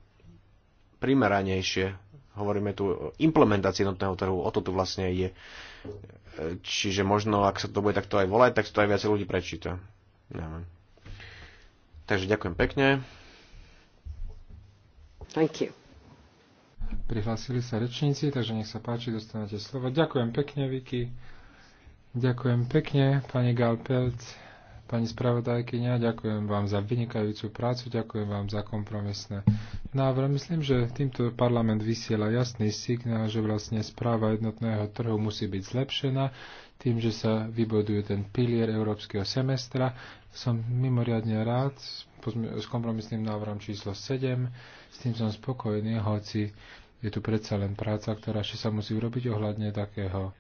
primeranejšie. Hovoríme tu o implementácii jednotného trhu, o to tu vlastne ide. Čiže možno, ak sa to bude takto aj volať, tak to aj viac ľudí prečíta. Ja. Takže ďakujem pekne. Thank you. Prihlásili sa rečníci, takže nech sa páči, dostanete slovo. Ďakujem pekne, Vicky. Ďakujem pekne, pani Galpelt, pani spravodajkynia. Ďakujem vám za vynikajúcu prácu, ďakujem vám za kompromisné návrh. Myslím, že týmto parlament vysiela jasný signál, že vlastne správa jednotného trhu musí byť zlepšená tým, že sa vyboduje ten pilier európskeho semestra. Som mimoriadne rád, s kompromisným návrhom číslo 7. S tým som spokojný, hoci je tu predsa len práca, ktorá ešte sa musí urobiť ohľadne takého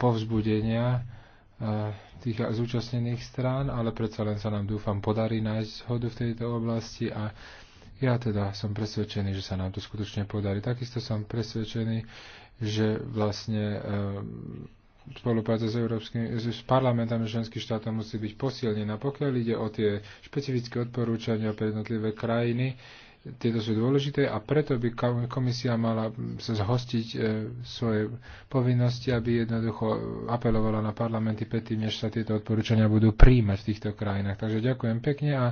povzbudenia eh, tých zúčastnených strán, ale predsa len sa nám dúfam podarí nájsť zhodu v tejto oblasti a ja teda som presvedčený, že sa nám to skutočne podarí. Takisto som presvedčený, že vlastne eh, spolupráca s, Európskym, s parlamentami členských štátov musí byť posilnená. Pokiaľ ide o tie špecifické odporúčania pre jednotlivé krajiny, tieto sú dôležité a preto by komisia mala sa zhostiť e, svoje povinnosti, aby jednoducho apelovala na parlamenty predtým, než sa tieto odporúčania budú príjmať v týchto krajinách. Takže ďakujem pekne a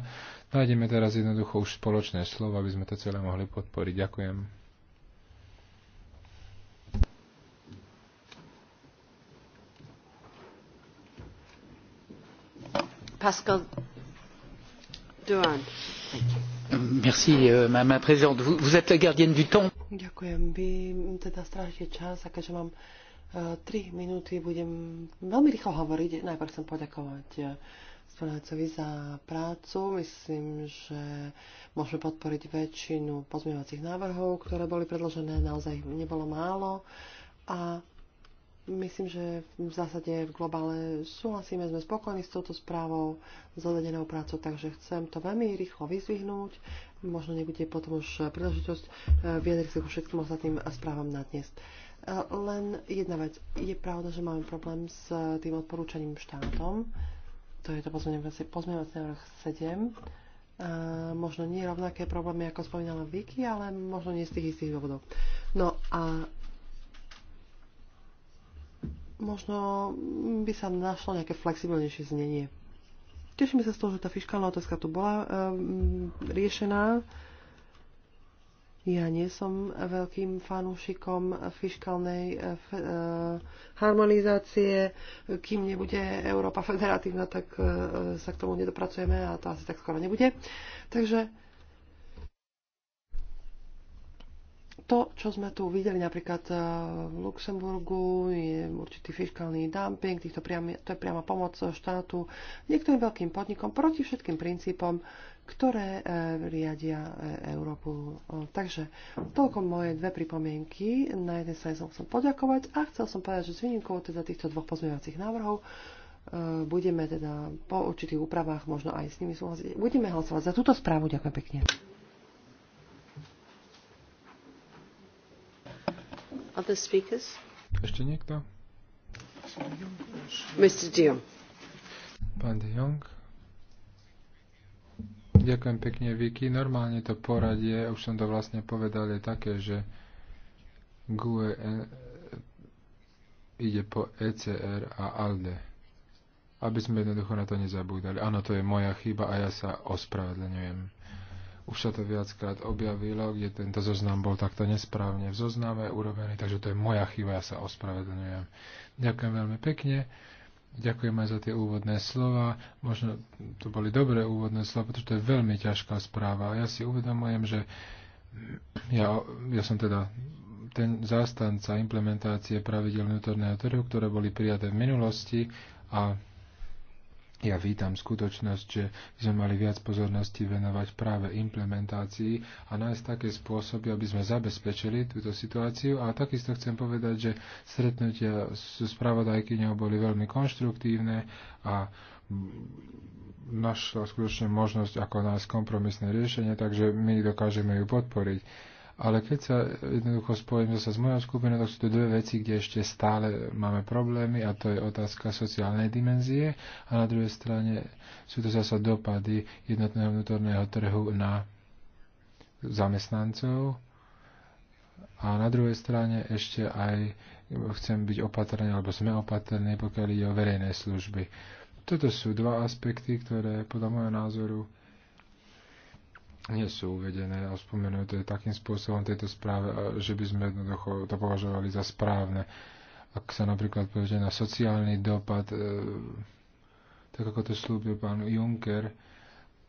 nájdeme teraz jednoducho už spoločné slovo, aby sme to celé mohli podporiť. Ďakujem. Euh, madame la présidente. Vous, êtes la gardienne du temps. Ďakujem. Vy teda strážite čas a keďže mám e, tri minúty, budem veľmi rýchlo hovoriť. Najprv chcem poďakovať uh, za prácu. Myslím, že môžeme podporiť väčšinu pozmeňovacích návrhov, ktoré boli predložené. Naozaj nebolo málo. A Myslím, že v zásade v globále súhlasíme, sme spokojní s touto správou, s odvedenou prácou, takže chcem to veľmi rýchlo vyzvihnúť. Možno nebude potom už príležitosť e, vyjadriť sa ku všetkým ostatným správam na dnes. E, len jedna vec. Je pravda, že máme problém s tým odporúčaním štátom. To je to pozmeňovací návrh 7. A e, možno nie rovnaké problémy, ako spomínala Vicky, ale možno nie z tých istých dôvodov. No a možno by sa našlo nejaké flexibilnejšie znenie. Teším sa z toho, že tá fiskálna otázka tu bola um, riešená. Ja nie som veľkým fanúšikom fiskálnej uh, harmonizácie. Kým nebude Európa federatívna, tak uh, sa k tomu nedopracujeme a to asi tak skoro nebude. Takže to, čo sme tu videli napríklad eh, v Luxemburgu, je určitý fiskálny dumping, týchto priamy, to je priama pomoc štátu niektorým veľkým podnikom proti všetkým princípom, ktoré eh, riadia eh, Európu. Takže toľko moje dve pripomienky. Na jednej strane som chcel poďakovať a chcel som povedať, že s výnimkou teda týchto dvoch pozmeňovacích návrhov budeme teda po určitých úpravách možno aj s nimi súhlasiť. Budeme hlasovať za túto správu. Ďakujem pekne. Other speakers? Ešte niekto? Mr. De Jong. Pán De Jong. Ďakujem pekne, Vicky. Normálne to poradie, už som to vlastne povedal, je také, že GUE eh, ide po ECR a ALDE. Aby sme jednoducho na to nezabúdali. Áno, to je moja chyba a ja sa ospravedlňujem. Už sa to viackrát objavilo, kde tento zoznam bol takto nesprávne v zozname urobený, takže to je moja chyba, ja sa ospravedlňujem. Ďakujem veľmi pekne. Ďakujem aj za tie úvodné slova. Možno to boli dobré úvodné slova, pretože to je veľmi ťažká správa. A ja si uvedomujem, že ja, ja som teda ten zástanca implementácie pravidel vnútorného trhu, ktoré boli prijaté v minulosti a ja vítam skutočnosť, že sme mali viac pozornosti venovať práve implementácii a nájsť také spôsoby, aby sme zabezpečili túto situáciu. A takisto chcem povedať, že stretnutia s spravodajkyňou boli veľmi konštruktívne a našla skutočne možnosť, ako nájsť kompromisné riešenie, takže my dokážeme ju podporiť. Ale keď sa jednoducho spojím zase s mojou skupinou, tak sú to dve veci, kde ešte stále máme problémy a to je otázka sociálnej dimenzie a na druhej strane sú to zase dopady jednotného vnútorného trhu na zamestnancov a na druhej strane ešte aj chcem byť opatrný, alebo sme opatrní, pokiaľ ide o verejné služby. Toto sú dva aspekty, ktoré podľa môjho názoru nie sú uvedené a spomenuté takým spôsobom tejto správe, že by sme jednoducho to považovali za správne. Ak sa napríklad povede na sociálny dopad, e, tak ako to slúbil pán Juncker,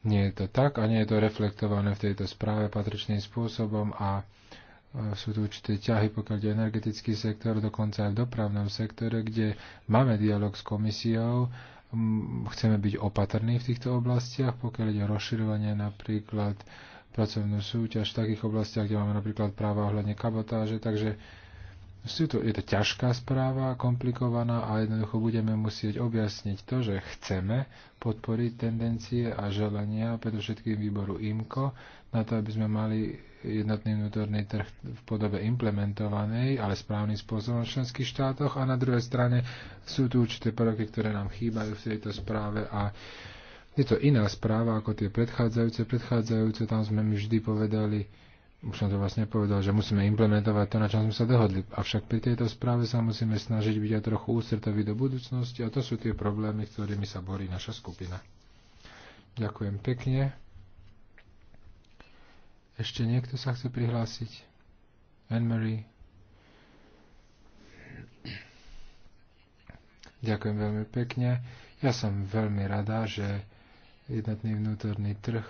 nie je to tak a nie je to reflektované v tejto správe patričným spôsobom a e, sú tu určité ťahy, pokiaľ je energetický sektor, dokonca aj v dopravnom sektore, kde máme dialog s komisiou, chceme byť opatrní v týchto oblastiach, pokiaľ ide o rozširovanie napríklad pracovnú súťaž v takých oblastiach, kde máme napríklad práva ohľadne kabotáže, takže sú to, je to ťažká správa, komplikovaná a jednoducho budeme musieť objasniť to, že chceme podporiť tendencie a želania predovšetkým výboru IMCO na to, aby sme mali jednotný vnútorný trh v podobe implementovanej, ale správnym spôsobom v členských štátoch a na druhej strane sú tu určité prvky, ktoré nám chýbajú v tejto správe a je to iná správa ako tie predchádzajúce. Predchádzajúce tam sme my vždy povedali, už som to vlastne povedal, že musíme implementovať to, na čom sme sa dohodli. Avšak pri tejto správe sa musíme snažiť byť aj trochu ústretoví do budúcnosti a to sú tie problémy, ktorými sa borí naša skupina. Ďakujem pekne. Ešte niekto sa chce prihlásiť? Anne-Marie? Ďakujem veľmi pekne. Ja som veľmi rada, že jednotný vnútorný trh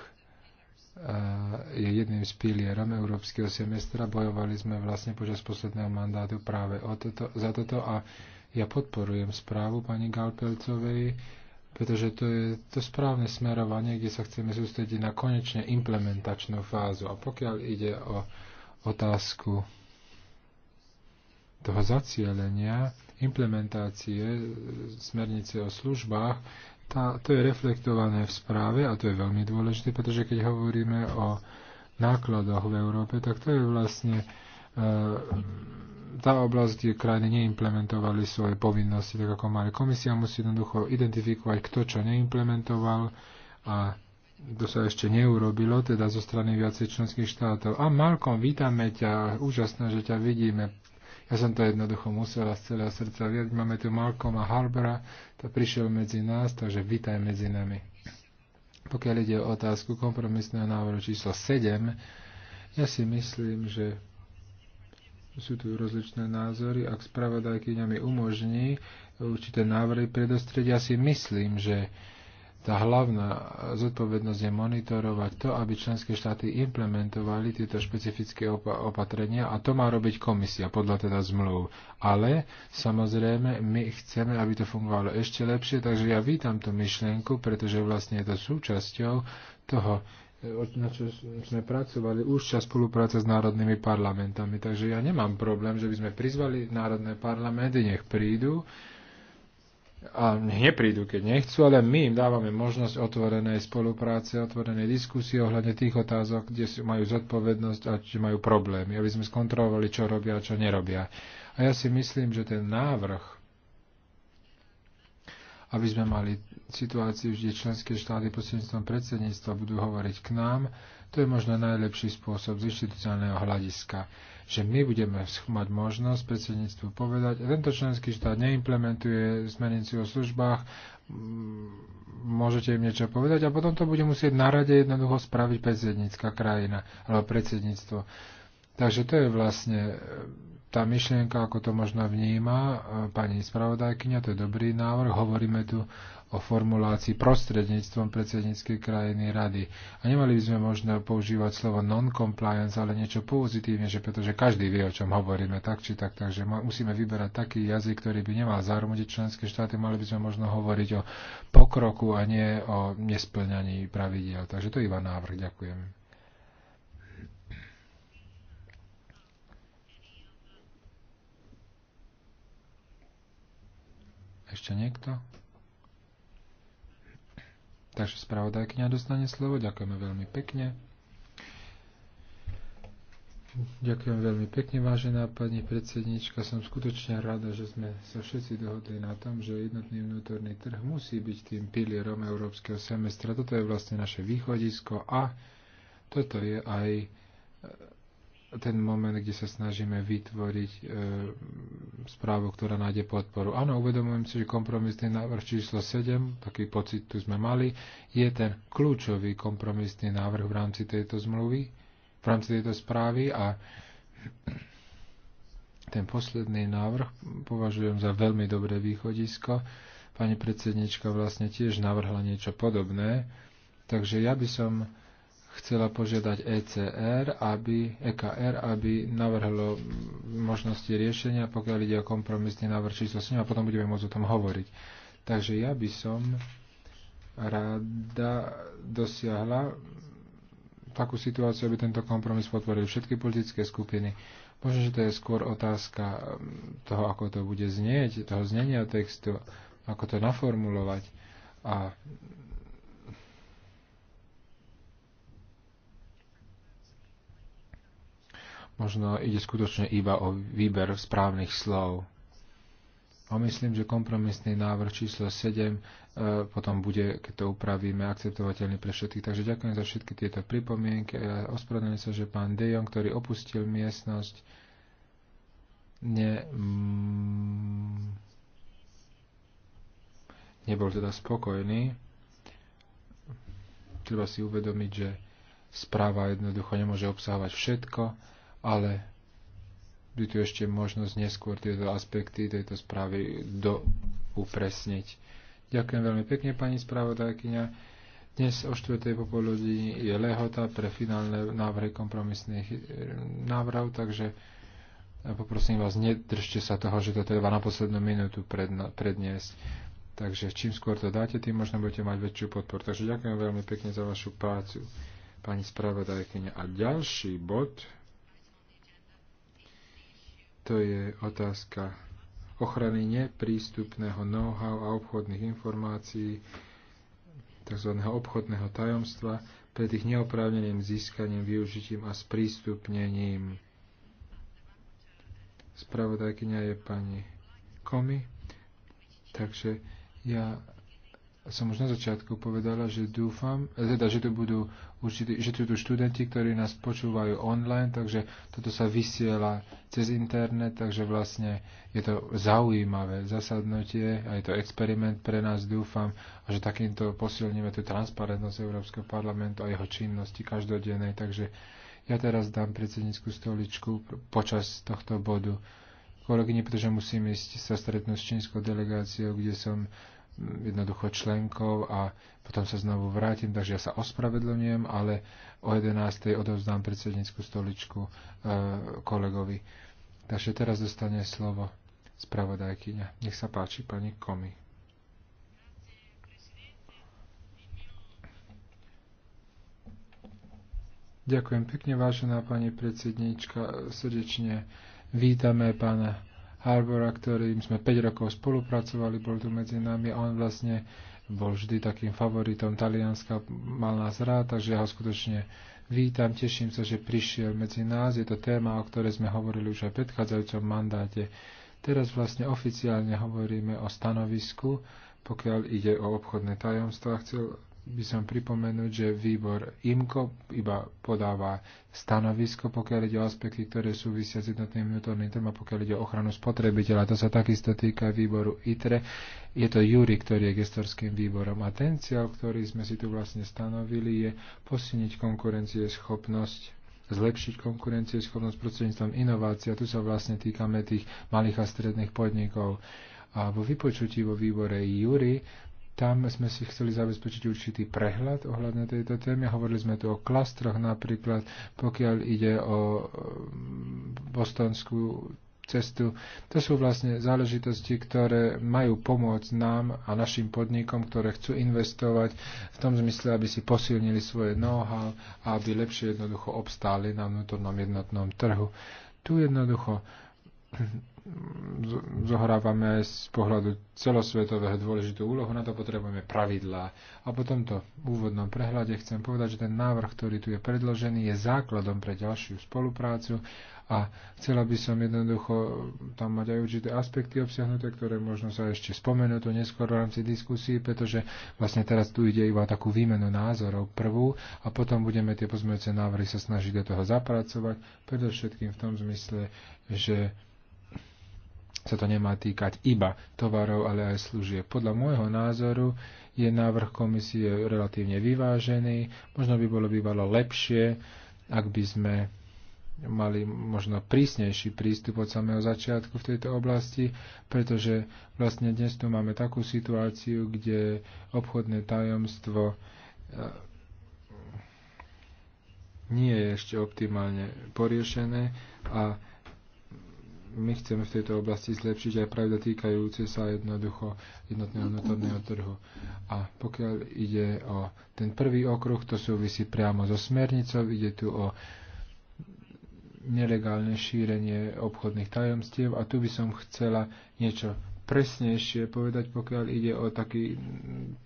je jedným z pilierom európskeho semestra. Bojovali sme vlastne počas posledného mandátu práve o toto, za toto a ja podporujem správu pani Galpelcovej pretože to je to správne smerovanie, kde sa chceme sústrediť na konečne implementačnú fázu. A pokiaľ ide o otázku toho zacielenia, implementácie smernice o službách, tá, to je reflektované v správe a to je veľmi dôležité, pretože keď hovoríme o nákladoch v Európe, tak to je vlastne uh, tá oblasť, kde krajiny neimplementovali svoje povinnosti, tak ako mali. Komisia musí jednoducho identifikovať, kto čo neimplementoval a to sa ešte neurobilo, teda zo strany viacej členských štátov. A Malkom, vítame ťa, úžasné, že ťa vidíme. Ja som to jednoducho musela z celého srdca vieť. Máme tu Malcolm a Harbora, to prišiel medzi nás, takže vítaj medzi nami. Pokiaľ ide o otázku kompromisného návrhu číslo 7, ja si myslím, že sú tu rozličné názory. Ak spravodajkyňa mi umožní určité návrhy predostrieť, ja si myslím, že tá hlavná zodpovednosť je monitorovať to, aby členské štáty implementovali tieto špecifické opa- opatrenia a to má robiť komisia podľa teda zmluv. Ale samozrejme my chceme, aby to fungovalo ešte lepšie, takže ja vítam tú myšlienku, pretože vlastne je to súčasťou toho na čo sme pracovali, už čas spolupráca s národnými parlamentami. Takže ja nemám problém, že by sme prizvali národné parlamenty, nech prídu. A neprídu, keď nechcú, ale my im dávame možnosť otvorenej spolupráce, otvorenej diskusie ohľadne tých otázok, kde majú zodpovednosť a či majú problémy, aby sme skontrolovali, čo robia a čo nerobia. A ja si myslím, že ten návrh, aby sme mali situácii vždy členské štáty prostredníctvom predsedníctva budú hovoriť k nám, to je možno najlepší spôsob z inštitucionálneho hľadiska, že my budeme mať možnosť predsedníctvu povedať, a tento členský štát neimplementuje smernicu o službách, môžete im niečo povedať a potom to bude musieť na rade jednoducho spraviť predsednícka krajina alebo predsedníctvo. Takže to je vlastne e, tá myšlienka, ako to možno vníma e, pani spravodajkyňa, to je dobrý návrh. Hovoríme tu o formulácii prostredníctvom predsedníckej krajiny rady. A nemali by sme možno používať slovo non-compliance, ale niečo pozitívne, že pretože každý vie, o čom hovoríme, tak či tak. Takže musíme vyberať taký jazyk, ktorý by nemal zarmudiť členské štáty. Mali by sme možno hovoriť o pokroku a nie o nesplňaní pravidiel. Takže to je iba návrh. Ďakujem. Ešte niekto? Takže spravodajkňa dostane slovo. Ďakujeme veľmi pekne. Ďakujem veľmi pekne, vážená pani predsednička. Som skutočne rada, že sme sa všetci dohodli na tom, že jednotný vnútorný trh musí byť tým pilierom európskeho semestra. Toto je vlastne naše východisko a toto je aj ten moment, kde sa snažíme vytvoriť e, správu, ktorá nájde podporu. Áno, uvedomujem si, že kompromisný návrh číslo 7, taký pocit tu sme mali, je ten kľúčový kompromisný návrh v rámci tejto zmluvy, v rámci tejto správy a ten posledný návrh považujem za veľmi dobré východisko. Pani predsednička vlastne tiež navrhla niečo podobné, takže ja by som chcela požiadať ECR, aby, EKR, aby navrhlo možnosti riešenia, pokiaľ ide o kompromisný návrh číslo 7 a potom budeme môcť o tom hovoriť. Takže ja by som rada dosiahla takú situáciu, aby tento kompromis potvoril všetky politické skupiny. Možno, že to je skôr otázka um, toho, ako to bude znieť, toho znenia textu, ako to naformulovať. A Možno ide skutočne iba o výber správnych slov. A myslím, že kompromisný návrh číslo 7 e, potom bude, keď to upravíme, akceptovateľný pre všetkých. Takže ďakujem za všetky tieto pripomienky. Ja e, ospravedlňujem sa, že pán Dejon, ktorý opustil miestnosť, ne, mm, nebol teda spokojný. Treba si uvedomiť, že správa jednoducho nemôže obsahovať všetko ale by tu ešte možnosť neskôr tieto aspekty tejto správy do upresniť. Ďakujem veľmi pekne, pani spravodajkyňa. Dnes o 4. popoludní je lehota pre finálne návrhy kompromisných eh, návrhov, takže eh, poprosím vás, nedržte sa toho, že to treba na poslednú minútu predniesť. Takže čím skôr to dáte, tým možno budete mať väčšiu podporu. Takže ďakujem veľmi pekne za vašu prácu, pani spravodajkyňa. A ďalší bod to je otázka ochrany neprístupného know-how a obchodných informácií, tzv. obchodného tajomstva, pred ich neoprávneným získaním, využitím a sprístupnením. Spravodajkynia je pani Komi, takže ja som už na začiatku povedala, že dúfam, eh, teda, že tu budú určití, že tu študenti, ktorí nás počúvajú online, takže toto sa vysiela cez internet, takže vlastne je to zaujímavé zasadnutie a je to experiment pre nás, dúfam, a že takýmto posilníme tú transparentnosť Európskeho parlamentu a jeho činnosti každodennej, takže ja teraz dám predsedníckú stoličku počas tohto bodu kolegyne, pretože musím ísť sa stretnúť s čínskou delegáciou, kde som jednoducho členkov a potom sa znovu vrátim, takže ja sa ospravedlňujem, ale o 11. odovzdám predsednícku stoličku e, kolegovi. Takže teraz dostane slovo spravodajkyňa. Nech sa páči, pani Komi. Ďakujem pekne, vážená pani predsednička. Srdečne vítame pána Harbora, ktorým sme 5 rokov spolupracovali, bol tu medzi nami a on vlastne bol vždy takým favoritom Talianska, mal nás rád, takže ja ho skutočne vítam, teším sa, že prišiel medzi nás. Je to téma, o ktorej sme hovorili už aj v predchádzajúcom mandáte. Teraz vlastne oficiálne hovoríme o stanovisku, pokiaľ ide o obchodné tajomstvo. Chcel by som pripomenúť, že výbor IMKO iba podáva stanovisko, pokiaľ ide o aspekty, ktoré súvisia s jednotným vnútorným trhom a pokiaľ ide o ochranu spotrebiteľa. To sa takisto týka výboru ITRE. Je to Júri, ktorý je gestorským výborom. A ten cieľ, ktorý sme si tu vlastne stanovili, je posilniť schopnosť, zlepšiť konkurencieschopnosť prostredníctvom inovácia. Tu sa vlastne týkame tých malých a stredných podnikov. A vo vypočutí vo výbore Júri tam sme si chceli zabezpečiť určitý prehľad ohľadne tejto témy. Hovorili sme tu o klastroch napríklad, pokiaľ ide um, o bostonskú cestu. To sú vlastne záležitosti, ktoré majú pomôcť nám a našim podnikom, ktoré chcú investovať v tom zmysle, aby si posilnili svoje know-how a aby lepšie jednoducho obstáli na vnútornom jednotnom trhu. Tu jednoducho zohrávame z pohľadu celosvetového dôležitú úlohu, na to potrebujeme pravidlá. A po tomto úvodnom prehľade chcem povedať, že ten návrh, ktorý tu je predložený, je základom pre ďalšiu spoluprácu a chcela by som jednoducho tam mať aj určité aspekty obsiahnuté, ktoré možno sa ešte spomenú tu neskôr v rámci diskusí, pretože vlastne teraz tu ide iba takú výmenu názorov prvú a potom budeme tie pozmeňujúce návrhy sa snažiť do toho zapracovať, predovšetkým v tom zmysle, že sa to nemá týkať iba tovarov, ale aj služieb. Podľa môjho názoru je návrh komisie relatívne vyvážený. Možno by bolo bývalo lepšie, ak by sme mali možno prísnejší prístup od samého začiatku v tejto oblasti, pretože vlastne dnes tu máme takú situáciu, kde obchodné tajomstvo eh, nie je ešte optimálne poriešené a my chceme v tejto oblasti zlepšiť aj pravda týkajúce sa jednoducho jednotného vnútorného trhu. A pokiaľ ide o ten prvý okruh, to súvisí priamo so smernicou, ide tu o nelegálne šírenie obchodných tajomstiev a tu by som chcela niečo presnejšie povedať, pokiaľ ide o taký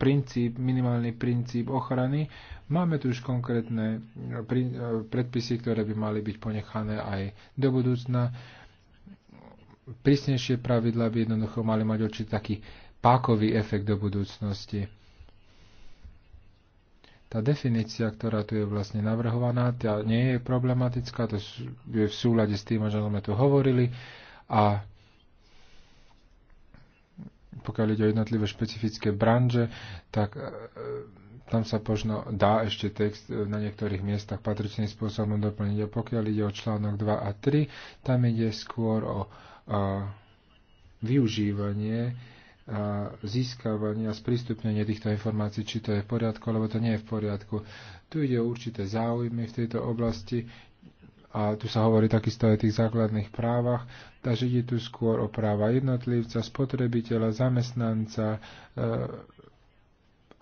princíp, minimálny princíp ochrany. Máme tu už konkrétne predpisy, ktoré by mali byť ponechané aj do budúcna prísnejšie pravidla by jednoducho mali mať určitý taký pákový efekt do budúcnosti. Tá definícia, ktorá tu je vlastne navrhovaná, tá nie je problematická, to je v súlade s tým, o čom sme tu hovorili a pokiaľ ide o jednotlivé špecifické branže, tak e, e, tam sa možno dá ešte text e, na niektorých miestach patričným spôsobom doplniť. A pokiaľ ide o článok 2 a 3, tam ide skôr o využívanie a získavanie a sprístupnenie týchto informácií, či to je v poriadku, alebo to nie je v poriadku. Tu ide o určité záujmy v tejto oblasti a tu sa hovorí takisto aj o tých základných právach, takže ide tu skôr o práva jednotlivca, spotrebiteľa, zamestnanca e,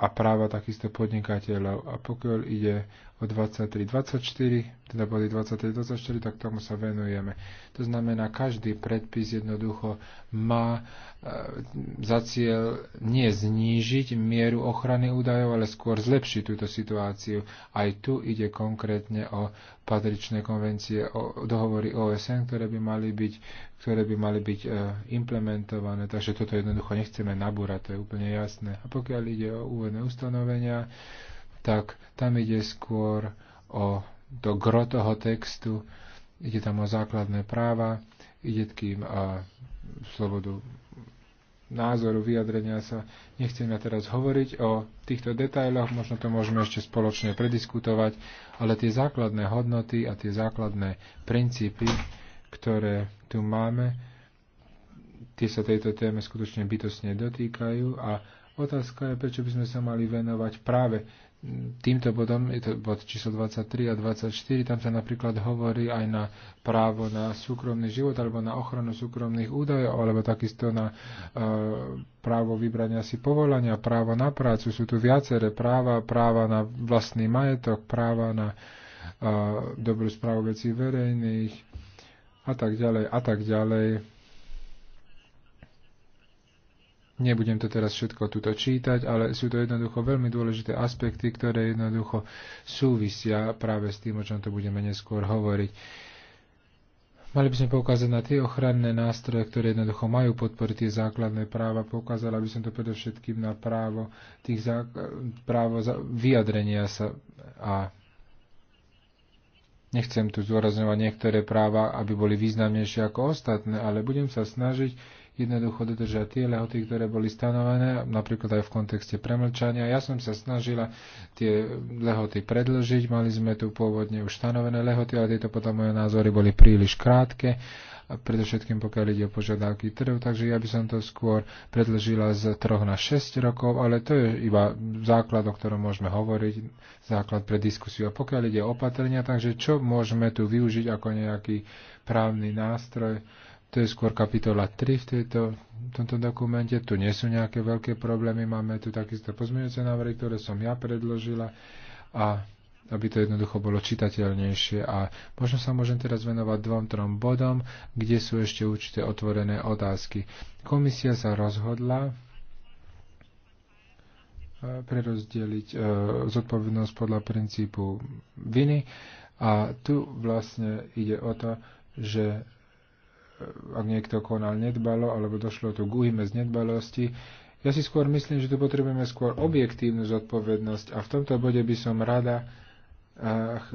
a práva takisto podnikateľov. A pokiaľ ide o 2324, teda boli 23.24, tak tomu sa venujeme. To znamená, každý predpis jednoducho má e, za cieľ nie znížiť mieru ochrany údajov, ale skôr zlepšiť túto situáciu. Aj tu ide konkrétne o patričné konvencie, o dohovory OSN, ktoré by mali byť, ktoré by mali byť e, implementované. Takže toto jednoducho nechceme nabúrať, to je úplne jasné. A pokiaľ ide o úvodné ustanovenia, tak tam ide skôr o do gro toho textu, ide tam o základné práva, ide tým a slobodu názoru, vyjadrenia sa. Nechcem ja teraz hovoriť o týchto detailoch, možno to môžeme ešte spoločne prediskutovať, ale tie základné hodnoty a tie základné princípy, ktoré tu máme, tie sa tejto téme skutočne bytostne dotýkajú a otázka je, prečo by sme sa mali venovať práve týmto bodom, je to bod číslo 23 a 24, tam sa napríklad hovorí aj na právo na súkromný život alebo na ochranu súkromných údajov, alebo takisto na e, právo vybrania si povolania, právo na prácu. Sú tu viaceré práva, práva na vlastný majetok, práva na e, dobrú správu vecí verejných a tak ďalej a tak ďalej. Nebudem to teraz všetko tuto čítať, ale sú to jednoducho veľmi dôležité aspekty, ktoré jednoducho súvisia práve s tým, o čom to budeme neskôr hovoriť. Mali by sme poukázať na tie ochranné nástroje, ktoré jednoducho majú podporiť tie základné práva. Poukázala by som to predovšetkým na právo, tých zá... právo vyjadrenia sa a nechcem tu zdôrazňovať niektoré práva, aby boli významnejšie ako ostatné, ale budem sa snažiť jednoducho dodržať tie lehoty, ktoré boli stanovené, napríklad aj v kontexte premlčania. Ja som sa snažila tie lehoty predlžiť, mali sme tu pôvodne už stanovené lehoty, ale tieto potom moje názory boli príliš krátke, a predovšetkým pokiaľ ide o požiadavky trhu, takže ja by som to skôr predlžila z 3 na 6 rokov, ale to je iba základ, o ktorom môžeme hovoriť, základ pre diskusiu. A pokiaľ ide o opatrenia, takže čo môžeme tu využiť ako nejaký právny nástroj, to je skôr kapitola 3 v, tejto, v tomto dokumente. Tu nie sú nejaké veľké problémy. Máme tu takisto pozmeňujúce návrhy, ktoré som ja predložila. A aby to jednoducho bolo čitateľnejšie. A možno sa môžem teraz venovať dvom, trom bodom, kde sú ešte určité otvorené otázky. Komisia sa rozhodla e, prerozdeliť e, zodpovednosť podľa princípu viny a tu vlastne ide o to, že ak niekto konal nedbalo alebo došlo tu k újme z nedbalosti. Ja si skôr myslím, že tu potrebujeme skôr objektívnu zodpovednosť a v tomto bode by som rada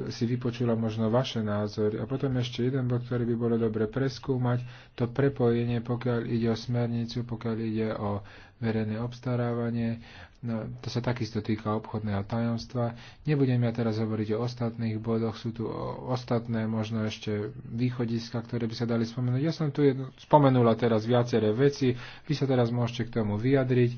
si vypočula možno vaše názory. A potom ešte jeden bod, ktorý by bolo dobre preskúmať, to prepojenie, pokiaľ ide o smernicu, pokiaľ ide o verejné obstarávanie no, to sa takisto týka obchodného tajomstva. Nebudem ja teraz hovoriť o ostatných bodoch, sú tu ostatné možno ešte východiska, ktoré by sa dali spomenúť. Ja som tu jedno, spomenula teraz viaceré veci, vy sa teraz môžete k tomu vyjadriť, e,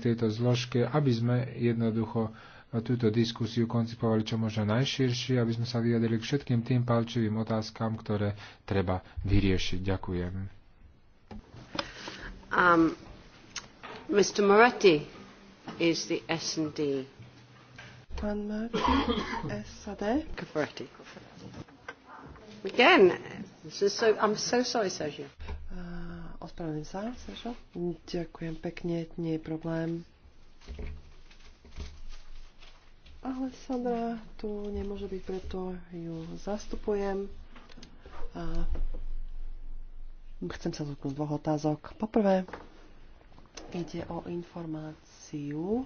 k tejto zložke, aby sme jednoducho e, túto diskusiu koncipovali čo možno najširšie, aby sme sa vyjadrili k všetkým tým palčivým otázkam, ktoré treba vyriešiť. Ďakujem. Um, Mr. Moretti is the S&D. Pán Again, this is so, I'm so sorry, Sergio. Uh, ospravedlňujem sa, Sergio. Ďakujem pekne, nie je problém. Ale Sandra tu nemôže byť, preto ju zastupujem. A chcem sa dotknúť dvoch otázok. Poprvé, ide o informácie komisiu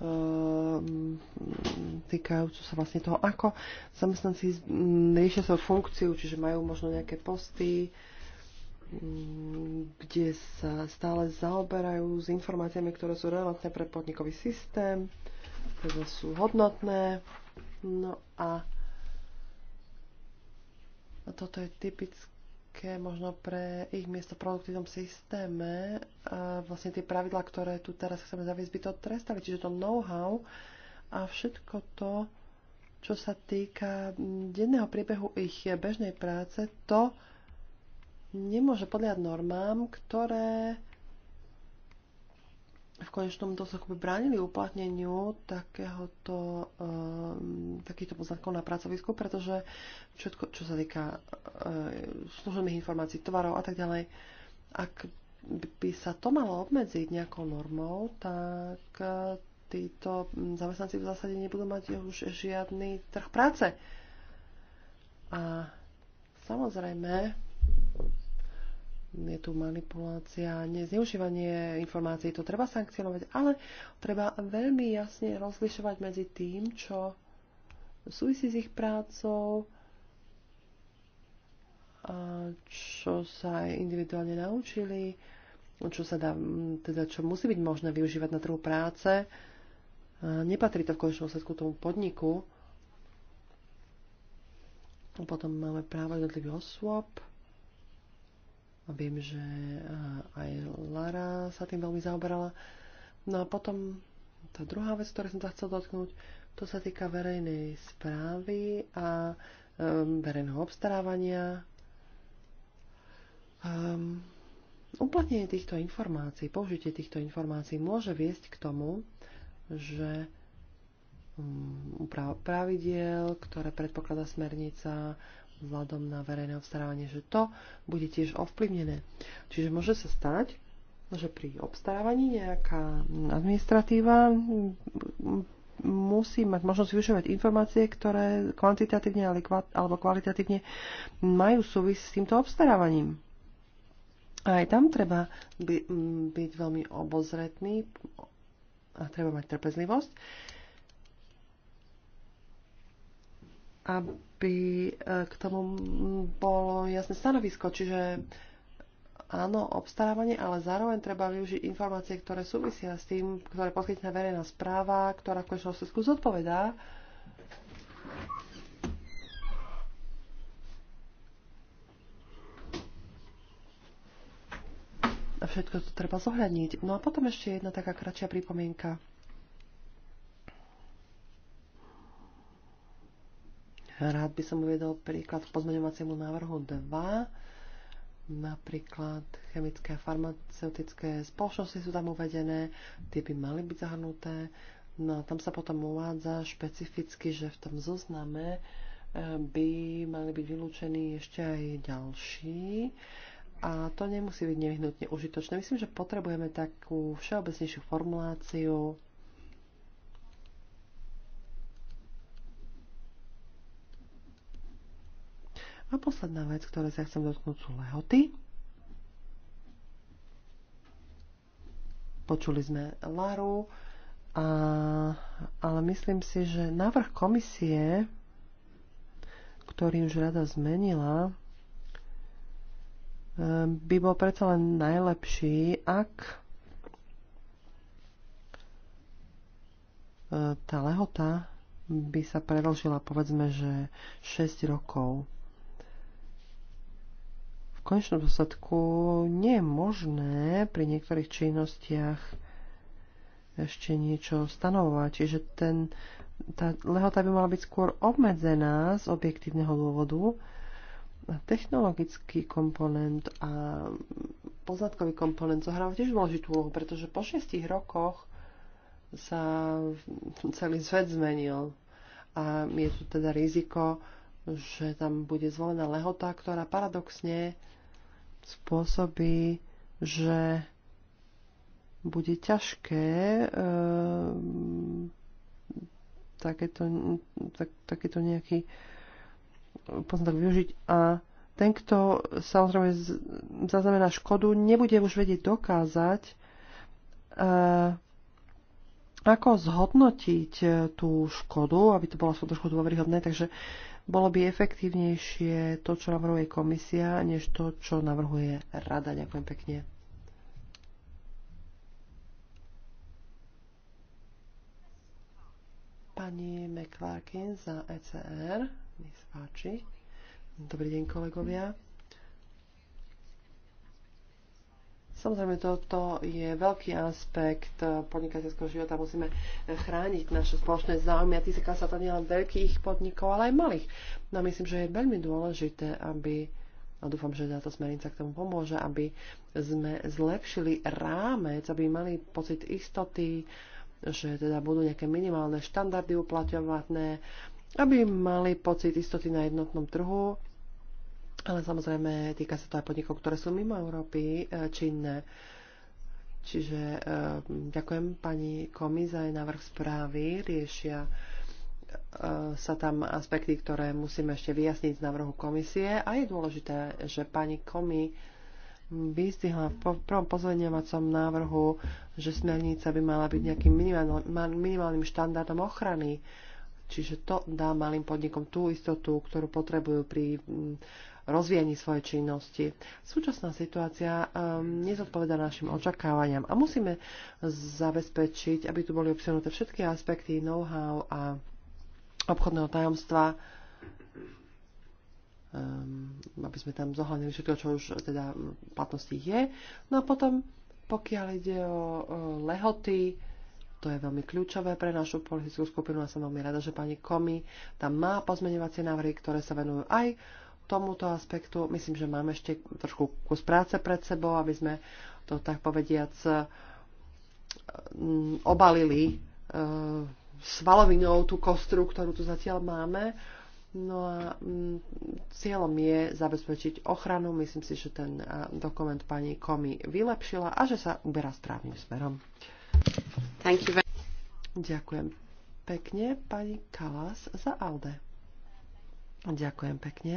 ehm, týkajúcu sa vlastne toho, ako zamestnanci riešia svoju funkciu, čiže majú možno nejaké posty, mm, kde sa stále zaoberajú s informáciami, ktoré sú relevantné pre podnikový systém, ktoré sú hodnotné. No a toto je typické také možno pre ich miesto v produktívnom systéme a vlastne tie pravidlá, ktoré tu teraz chceme zaviesť, by to trestali. Čiže to know-how a všetko to, čo sa týka denného priebehu ich bežnej práce, to nemôže podľať normám, ktoré v konečnom dôsledku by bránili uplatneniu takéhoto, um, takýchto poznatkov na pracovisku, pretože všetko, čo sa týka uh, služobných informácií, tovarov a tak ďalej, ak by sa to malo obmedziť nejakou normou, tak uh, títo zamestnanci v zásade nebudú mať už žiadny trh práce. A samozrejme, je tu manipulácia, nezneužívanie informácií, to treba sankcionovať, ale treba veľmi jasne rozlišovať medzi tým, čo súvisí s ich prácou, a čo sa aj individuálne naučili, čo sa dá, teda čo musí byť možné využívať na trhu práce. A nepatrí to v konečnom sledku tomu podniku. A potom máme právo jednotlivých osôb, Viem, že eh, aj Lara sa tým veľmi zaoberala. No a potom tá druhá vec, ktorú som sa chcel dotknúť, to sa týka verejnej správy a um, verejného obstarávania. Um, uplatnenie týchto informácií, použitie týchto informácií môže viesť k tomu, že um, pravidiel, ktoré predpokladá smernica vzhľadom na verejné obstarávanie, že to bude tiež ovplyvnené. Čiže môže sa stať, že pri obstarávaní nejaká administratíva musí mať možnosť využívať informácie, ktoré kvantitatívne alebo kvalitatívne majú súvisť s týmto obstarávaním. A aj tam treba by, byť veľmi obozretný a treba mať trpezlivosť, A aby e, k tomu bolo jasné stanovisko. Čiže áno, obstarávanie, ale zároveň treba využiť informácie, ktoré súvisia s tým, ktoré poskytne verejná správa, ktorá v konečnom dôsledku zodpovedá všetko to treba zohľadniť. No a potom ešte jedna taká kratšia pripomienka. Rád by som uvedol príklad k pozmeňovaciemu návrhu 2. Napríklad chemické a farmaceutické spoločnosti sú tam uvedené, tie by mali byť zahrnuté. No a tam sa potom uvádza špecificky, že v tom zozname eh, by mali byť vylúčení ešte aj ďalší a to nemusí byť nevyhnutne užitočné. Myslím, že potrebujeme takú všeobecnejšiu formuláciu, A posledná vec, ktoré sa chcem dotknúť, sú lehoty. Počuli sme Laru, a, ale myslím si, že návrh komisie, ktorý už rada zmenila, e, by bol predsa len najlepší, ak e, tá lehota by sa predlžila povedzme, že 6 rokov konečnom dôsledku nie je možné pri niektorých činnostiach ešte niečo stanovovať. Čiže ten, tá lehota by mala byť skôr obmedzená z objektívneho dôvodu. Technologický komponent a poznatkový komponent zohráva tiež dôležitú úlohu, pretože po šestich rokoch sa celý svet zmenil a je tu teda riziko, že tam bude zvolená lehota, ktorá paradoxne spôsobí, že bude ťažké e, takéto, tak, takýto nejaký poznatok využiť a ten, kto samozrejme zaznamená škodu, nebude už vedieť dokázať, e, ako zhodnotiť eh, tú škodu, aby to bolo trošku dôveryhodné. Takže bolo by efektívnejšie to, čo navrhuje komisia, než to, čo navrhuje rada. Ďakujem pekne. Pani McClarkin za ECR. Nech sa páči. Dobrý deň, kolegovia. Samozrejme, toto je veľký aspekt eh, podnikateľského života. Musíme eh, chrániť naše spoločné záujmy a týka sa to nielen veľkých podnikov, ale aj malých. No myslím, že je veľmi dôležité, aby a dúfam, že táto smernica k tomu pomôže, aby sme zlepšili rámec, aby mali pocit istoty, že teda budú nejaké minimálne štandardy uplatňovatné, aby mali pocit istoty na jednotnom trhu ale samozrejme týka sa to aj podnikov, ktoré sú mimo Európy e, činné. Čiže e, ďakujem pani Komi za jej návrh správy. Riešia e, sa tam aspekty, ktoré musíme ešte vyjasniť z návrhu komisie a je dôležité, že pani Komi vyzdihla v prvom pozvaniavacom návrhu, že smernica by mala byť nejakým minimálnym štandardom ochrany. Čiže to dá malým podnikom tú istotu, ktorú potrebujú pri rozvíjaní svojej činnosti. Súčasná situácia um, nezodpoveda našim očakávaniam a musíme zabezpečiť, aby tu boli obsiahnuté všetky aspekty know-how a obchodného tajomstva, um, aby sme tam zohľadnili všetko, čo už teda v platnosti je. No a potom, pokiaľ ide o uh, lehoty, to je veľmi kľúčové pre našu politickú skupinu a som veľmi rada, že pani Komi tam má pozmeňovacie návrhy, ktoré sa venujú aj tomuto aspektu myslím, že máme ešte trošku kus práce pred sebou, aby sme to tak povediac e, mm, obalili e, svalovinou tú kostru, ktorú tu zatiaľ máme. No a mm, cieľom je zabezpečiť ochranu. Myslím si, že ten dokument pani Komi vylepšila a že sa uberá správnym smerom. Thank you very- Ďakujem pekne pani Kalas za Alde. Ďakujem pekne.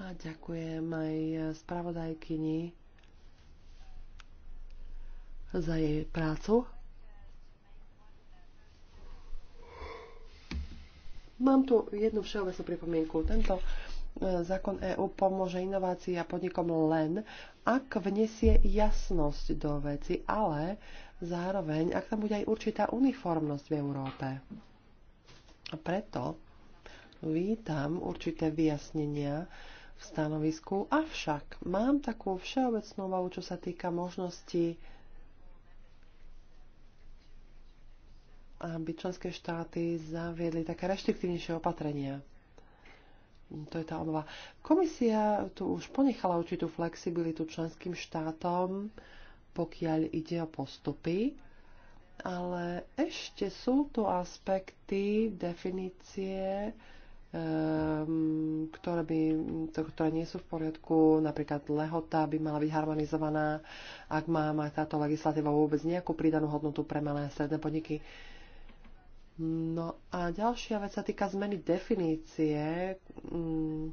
A ďakujem aj spravodajkyni za jej prácu. Mám tu jednu všeobecnú pripomienku. Tento e, zákon EÚ pomôže inovácii a podnikom len, ak vnesie jasnosť do veci, ale zároveň, ak tam bude aj určitá uniformnosť v Európe. A preto vítam určité vyjasnenia, v stanovisku, avšak mám takú všeobecnú obavu, čo sa týka možnosti, aby členské štáty zaviedli také reštriktívnejšie opatrenia. To je tá obava. Komisia tu už ponechala určitú flexibilitu členským štátom, pokiaľ ide o postupy, ale ešte sú tu aspekty definície, Ehm, ktoré, by, ktoré nie sú v poriadku. Napríklad lehota by mala byť harmonizovaná, ak má mať táto legislatíva vôbec nejakú pridanú hodnotu pre malé a stredné podniky. No a ďalšia vec sa týka zmeny definície, mm,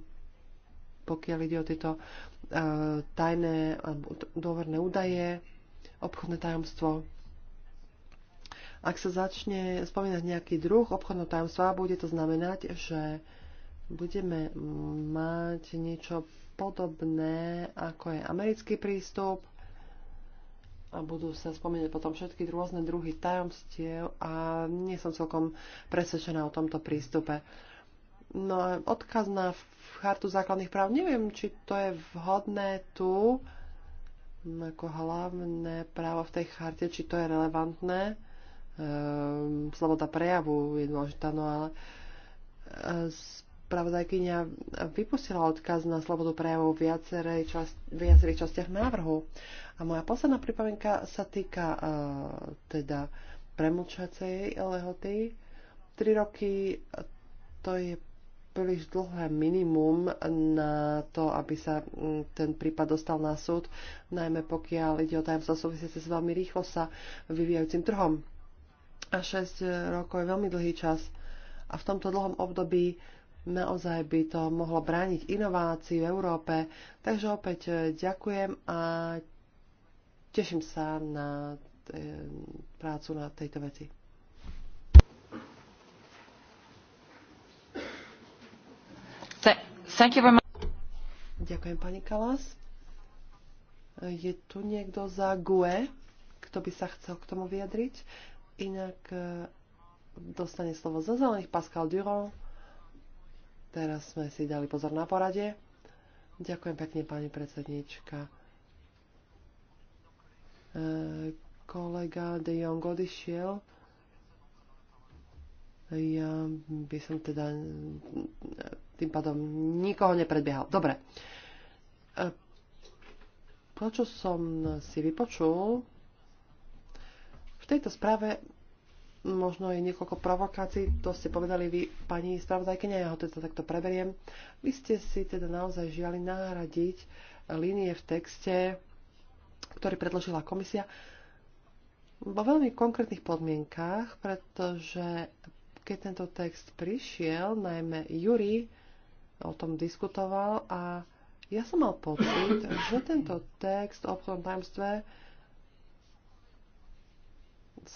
pokiaľ ide o tieto e, tajné alebo dôverné údaje, obchodné tajomstvo. Ak sa začne spomínať nejaký druh obchodného tajomstva, bude to znamenať, že budeme mať niečo podobné, ako je americký prístup a budú sa spomínať potom všetky rôzne druhy tajomstiev a nie som celkom presvedčená o tomto prístupe. No a odkaz na chartu základných práv, neviem, či to je vhodné tu ako hlavné právo v tej charte, či to je relevantné Ehm, sloboda prejavu je dôležitá, no ale e, spravodajkynia vypustila odkaz na slobodu prejavu v, viacerej čas, v viacerých častiach návrhu. A moja posledná pripomienka sa týka uh, teda premlčacej lehoty. 3 roky to je príliš dlhé minimum na to, aby sa ten prípad dostal na súd, najmä pokiaľ ide o tajomstvo súvisiace s veľmi rýchlo sa vyvíjajúcim trhom. 6 rokov je veľmi dlhý čas a v tomto dlhom období naozaj by to mohlo brániť inovácii v Európe. Takže opäť eh, ďakujem a teším sa na eh, prácu na tejto veci. Ďakujem, pani Kalas. Je tu niekto za GUE, kto by sa chcel k tomu vyjadriť? Inak e, dostane slovo za zelených Pascal Durand. Teraz sme si dali pozor na porade. Ďakujem pekne, pani predsednička. E, kolega De Jong odišiel. Ja by som teda e, tým pádom nikoho nepredbiehal. Dobre. To, čo som si vypočul, v tejto správe možno je niekoľko provokácií, to ste povedali vy, pani spravodajkynia, ja ho teda takto preberiem. Vy ste si teda naozaj žiali nahradiť línie v texte, ktorý predložila komisia, vo veľmi konkrétnych podmienkách, pretože keď tento text prišiel, najmä Juri o tom diskutoval a ja som mal pocit, že tento text o obchodnom tajomstve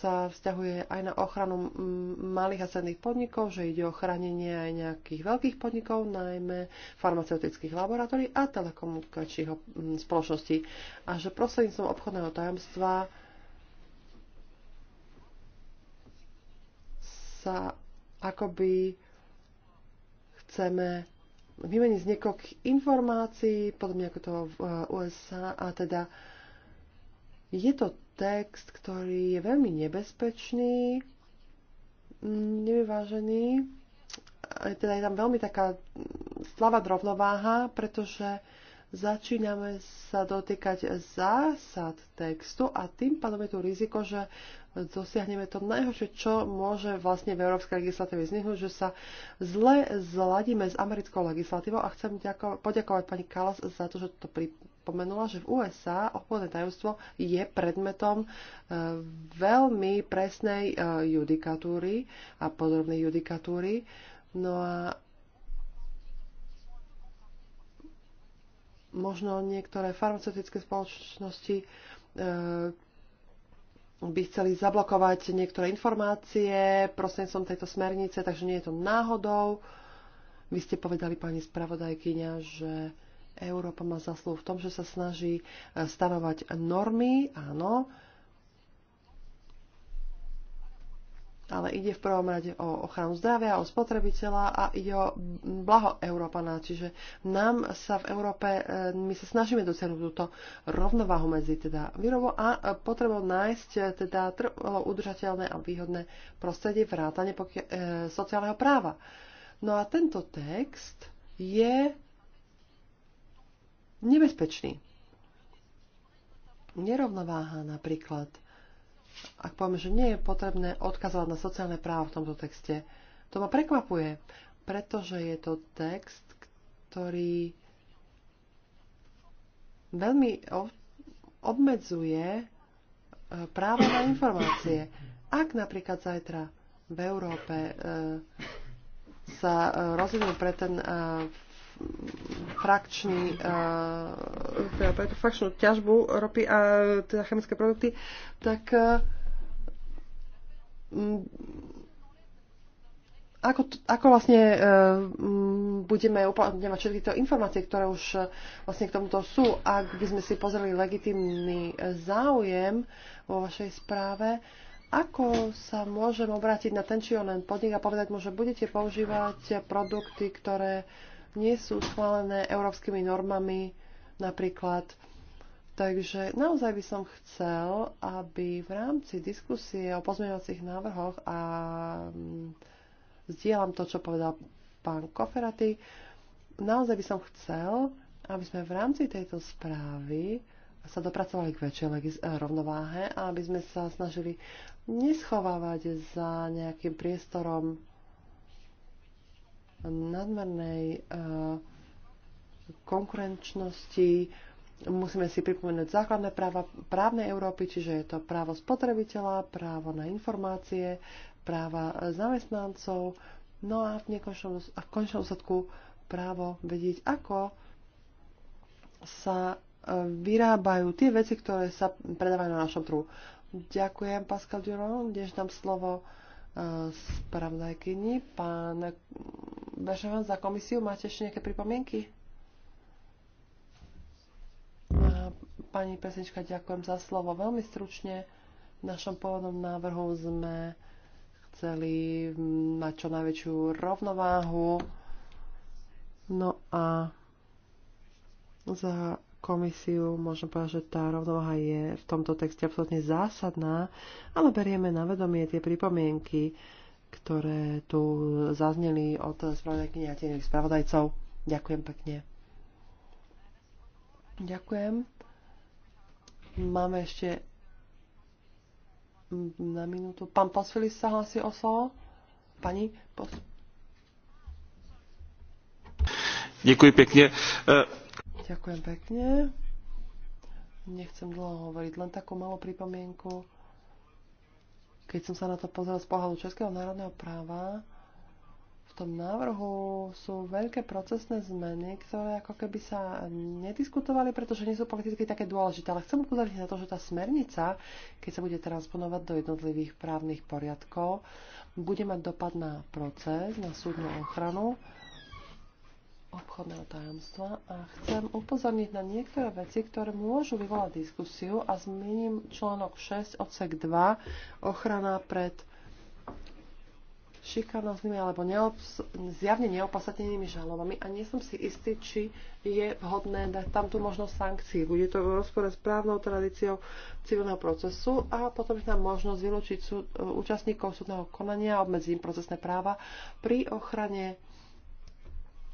sa vzťahuje aj na ochranu malých a stredných podnikov, že ide o chránenie aj nejakých veľkých podnikov, najmä farmaceutických laboratórií a telekomunikačných spoločností. A že prostredníctvom obchodného tajomstva sa akoby chceme vymeniť z niekoľkých informácií, podobne ako to v e, USA, a teda je to text, ktorý je veľmi nebezpečný, nevyvážený. E, teda je tam veľmi taká slava rovnováha, pretože začíname sa dotýkať zásad textu a tým pádom je tu riziko, že dosiahneme to najhoršie, čo môže vlastne v európskej legislatíve vzniknúť, že sa zle zladíme s americkou legislatívou a chcem poďakovať pani Kalas za to, že to pri- spomenula, že v USA obchodné tajomstvo je predmetom e, veľmi presnej e, judikatúry a podrobnej judikatúry. No a možno niektoré farmaceutické spoločnosti e, by chceli zablokovať niektoré informácie prostredníctvom tejto smernice, takže nie je to náhodou. Vy ste povedali, pani spravodajkyňa, že Európa má zaslúhu v tom, že sa snaží e, stanovať normy, áno, ale ide v prvom rade o ochranu zdravia, o spotrebiteľa a ide o blaho Európana. Čiže nám sa v Európe, e, my sa snažíme docenúť túto rovnováhu medzi teda výrobou a e, potrebou nájsť teda trvalo udržateľné a výhodné prostredie vrátane e, sociálneho práva. No a tento text je nebezpečný. Nerovnováha napríklad. Ak poviem, že nie je potrebné odkazovať na sociálne právo v tomto texte, to ma prekvapuje, pretože je to text, ktorý veľmi obmedzuje e, právo na informácie. Ak napríklad zajtra v Európe e, sa e, rozhodnú pre ten frakčný, eh, teda pre tú frakčnú ťažbu ropy a teda chemické produkty, tak eh, ako, ako vlastne uh, budeme uplatňovať všetky tie informácie, ktoré už vlastne k tomuto sú, ak by sme si pozreli legitimný záujem vo vašej správe, ako sa môžem obrátiť na ten či onen podnik a povedať mu, že budete používať produkty, ktoré nie sú schválené európskymi normami napríklad. Takže naozaj by som chcel, aby v rámci diskusie o pozmeňovacích návrhoch a mm, zdieľam to, čo povedal pán Koferaty, naozaj by som chcel, aby sme v rámci tejto správy sa dopracovali k väčšej eh, rovnováhe a aby sme sa snažili neschovávať za nejakým priestorom nadmernej eh, konkurenčnosti. Musíme si pripomenúť základné práva právnej Európy, čiže je to právo spotrebiteľa, právo na informácie, práva zamestnancov, no a v, nekončnom, v končnom úsledku právo vedieť, ako sa eh, vyrábajú tie veci, ktoré sa predávajú na našom trhu. Ďakujem, Pascal Duron. Dnes dám slovo uh, spravodajkyni, pán vám za komisiu. Máte ešte nejaké pripomienky? Pani pesnička, ďakujem za slovo. Veľmi stručne v našom pôvodnom návrhu sme chceli mať čo najväčšiu rovnováhu. No a za komisiu môžem povedať, že tá rovnováha je v tomto texte absolútne zásadná, ale berieme na vedomie tie pripomienky, ktoré tu zazneli od spravodajkyne a tých spravodajcov. Ďakujem pekne. Ďakujem. Máme ešte na minútu. Pán Posfilis sa hlasí o slovo. Pani Pos... Ďakujem pekne. E, Ďakujem pekne. Nechcem dlho hovoriť, len takú malú pripomienku keď som sa na to pozrel z pohľadu Českého národného práva, v tom návrhu sú veľké procesné zmeny, ktoré ako keby sa nediskutovali, pretože nie sú politicky také dôležité. Ale chcem upozorniť na to, že tá smernica, keď sa bude transponovať do jednotlivých právnych poriadkov, bude mať dopad na proces, na súdnu ochranu obchodného tajomstva a chcem upozorniť na niektoré veci, ktoré môžu vyvolať diskusiu a zmením článok 6 odsek 2 ochrana pred šikanoznými alebo neobs- zjavne neopasatenými žalobami a nie som si istý, či je vhodné dať tam tú možnosť sankcií. Bude to v rozpore s právnou tradíciou civilného procesu a potom je tam možnosť vylúčiť súd, účastníkov súdneho konania a obmedziť im procesné práva pri ochrane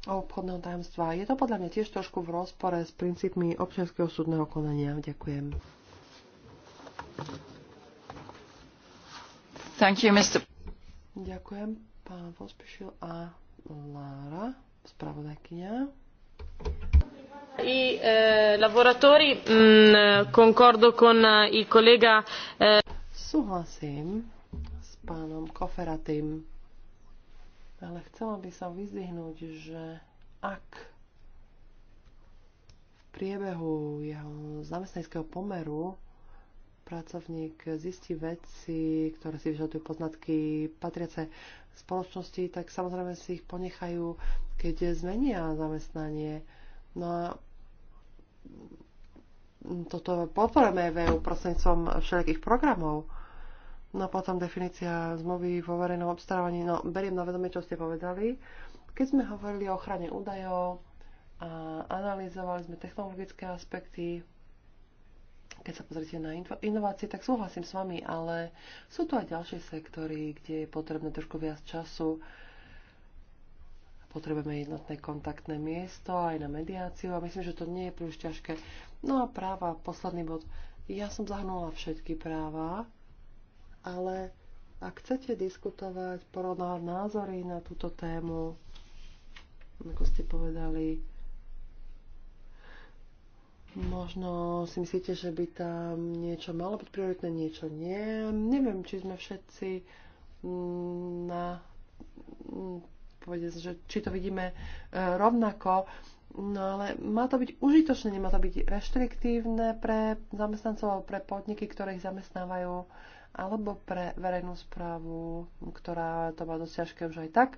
o obchodného tajomstva. Je to podľa mňa tiež trošku v rozpore s princípmi občianského súdneho konania. Ďakujem. Thank you, Mr. Ďakujem, pán Pospešil a Lara, spravodajkynia. I eh, lavoratori, mh, concordo con e, il collega... Eh... Súhlasím s pánom Koferatým ale chcela by som vyzdvihnúť, že ak v priebehu jeho zamestnanského pomeru pracovník zistí veci, ktoré si vyžadujú poznatky patriace spoločnosti, tak samozrejme si ich ponechajú, keď zmenia zamestnanie. No a toto podporujeme VU prostredníctvom všetkých programov. No potom definícia zmluvy vo verejnom obstarávaní. No, beriem na vedomie, čo ste povedali. Keď sme hovorili o ochrane údajov a analyzovali sme technologické aspekty, keď sa pozrite na inovácie, tak súhlasím s vami, ale sú tu aj ďalšie sektory, kde je potrebné trošku viac času. Potrebujeme jednotné kontaktné miesto aj na mediáciu a myslím, že to nie je príliš ťažké. No a práva, posledný bod. Ja som zahrnula všetky práva, ale ak chcete diskutovať, porovnávať názory na túto tému, ako ste povedali, možno si myslíte, že by tam niečo malo byť prioritné, niečo nie. Neviem, či sme všetci na povedať, že či to vidíme e, rovnako, no ale má to byť užitočné, nemá to byť reštriktívne pre zamestnancov alebo pre podniky, ktoré ich zamestnávajú alebo pre verejnú správu, ktorá to má dosť ťažké už aj tak.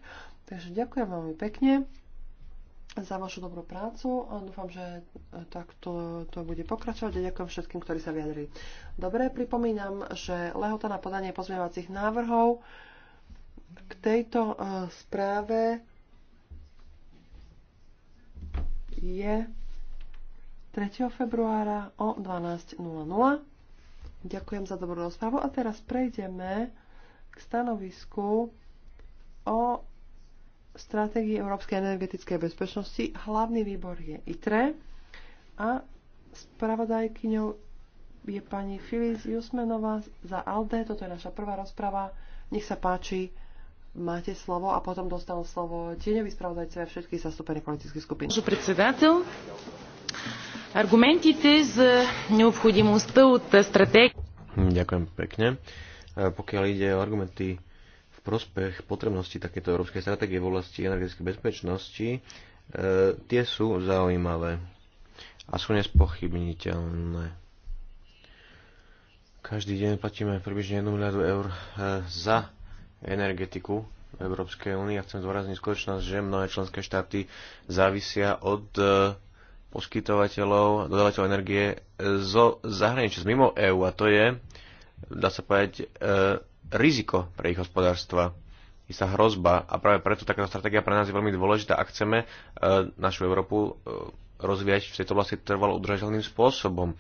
Takže ďakujem veľmi pekne za vašu dobrú prácu a dúfam, že takto to bude pokračovať a ďakujem všetkým, ktorí sa vyjadrili. Dobre, pripomínam, že lehota na podanie pozmeňovacích návrhov k tejto e, správe je 3. februára o 12.00. Ďakujem za dobrú rozprávu a teraz prejdeme k stanovisku o stratégii Európskej energetickej bezpečnosti. Hlavný výbor je ITRE a spravodajkyňou je pani Filiz Jusmenová za ALDE. Toto je naša prvá rozprava. Nech sa páči, máte slovo a potom dostal slovo tieňoví spravodajcovia všetkých zastupených politických skupín. Predsedateľ, Argumentите za neobchodimosť od stratégie... Ďakujem pekne. Pokiaľ ide o argumenty v prospech potrebnosti takéto európskej stratégie v oblasti energetickej bezpečnosti, e, tie sú zaujímavé a sú nespochybniteľné. Každý deň platíme približne 1 miliardu eur e, za energetiku v Európskej únie a chcem zvorazniť skutočnosť, že mnohé členské štáty závisia od e, poskytovateľov, dodávateľov energie zo zahraničia, z mimo EÚ a to je, dá sa povedať, e, riziko pre ich hospodárstva, istá hrozba a práve preto takáto stratégia pre nás je veľmi dôležitá, ak chceme e, našu Európu e, rozvíjať v tejto oblasti trvalo udržateľným spôsobom.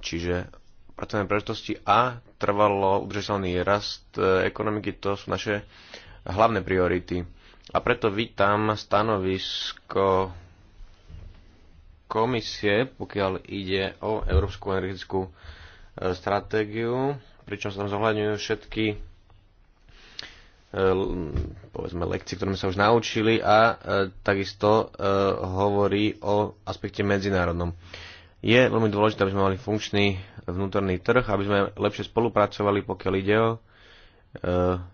Čiže pracovné príležitosti a trvalo udržateľný rast e, ekonomiky, to sú naše hlavné priority. A preto vítam stanovisko komisie, pokiaľ ide o Európsku energetickú e, stratégiu, pričom sa tam zohľadňujú všetky e, povedzme lekcie, ktoré sme sa už naučili a e, takisto hovorí o aspekte medzinárodnom. Je veľmi dôležité, aby sme mali funkčný vnútorný trh, aby sme lepšie spolupracovali, pokiaľ ide o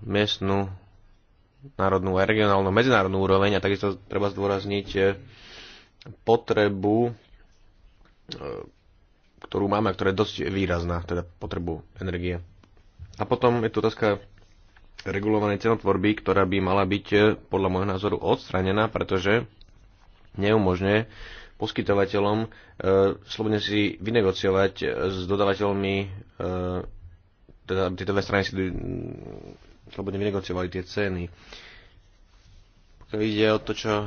miestnu, národnú a regionálnu, medzinárodnú úroveň a takisto treba zdôrazniť potrebu, e, ktorú máme a ktorá je dosť výrazná, teda potrebu energie. A potom je tu otázka regulovanej cenotvorby, ktorá by mala byť e, podľa môjho názoru odstranená, pretože neumožňuje poskytovateľom e, slobodne si vynegociovať e, s dodávateľmi, e, teda tieto dve strany si mm, slobodne vynegociovali tie ceny. E, ide o to, čo e,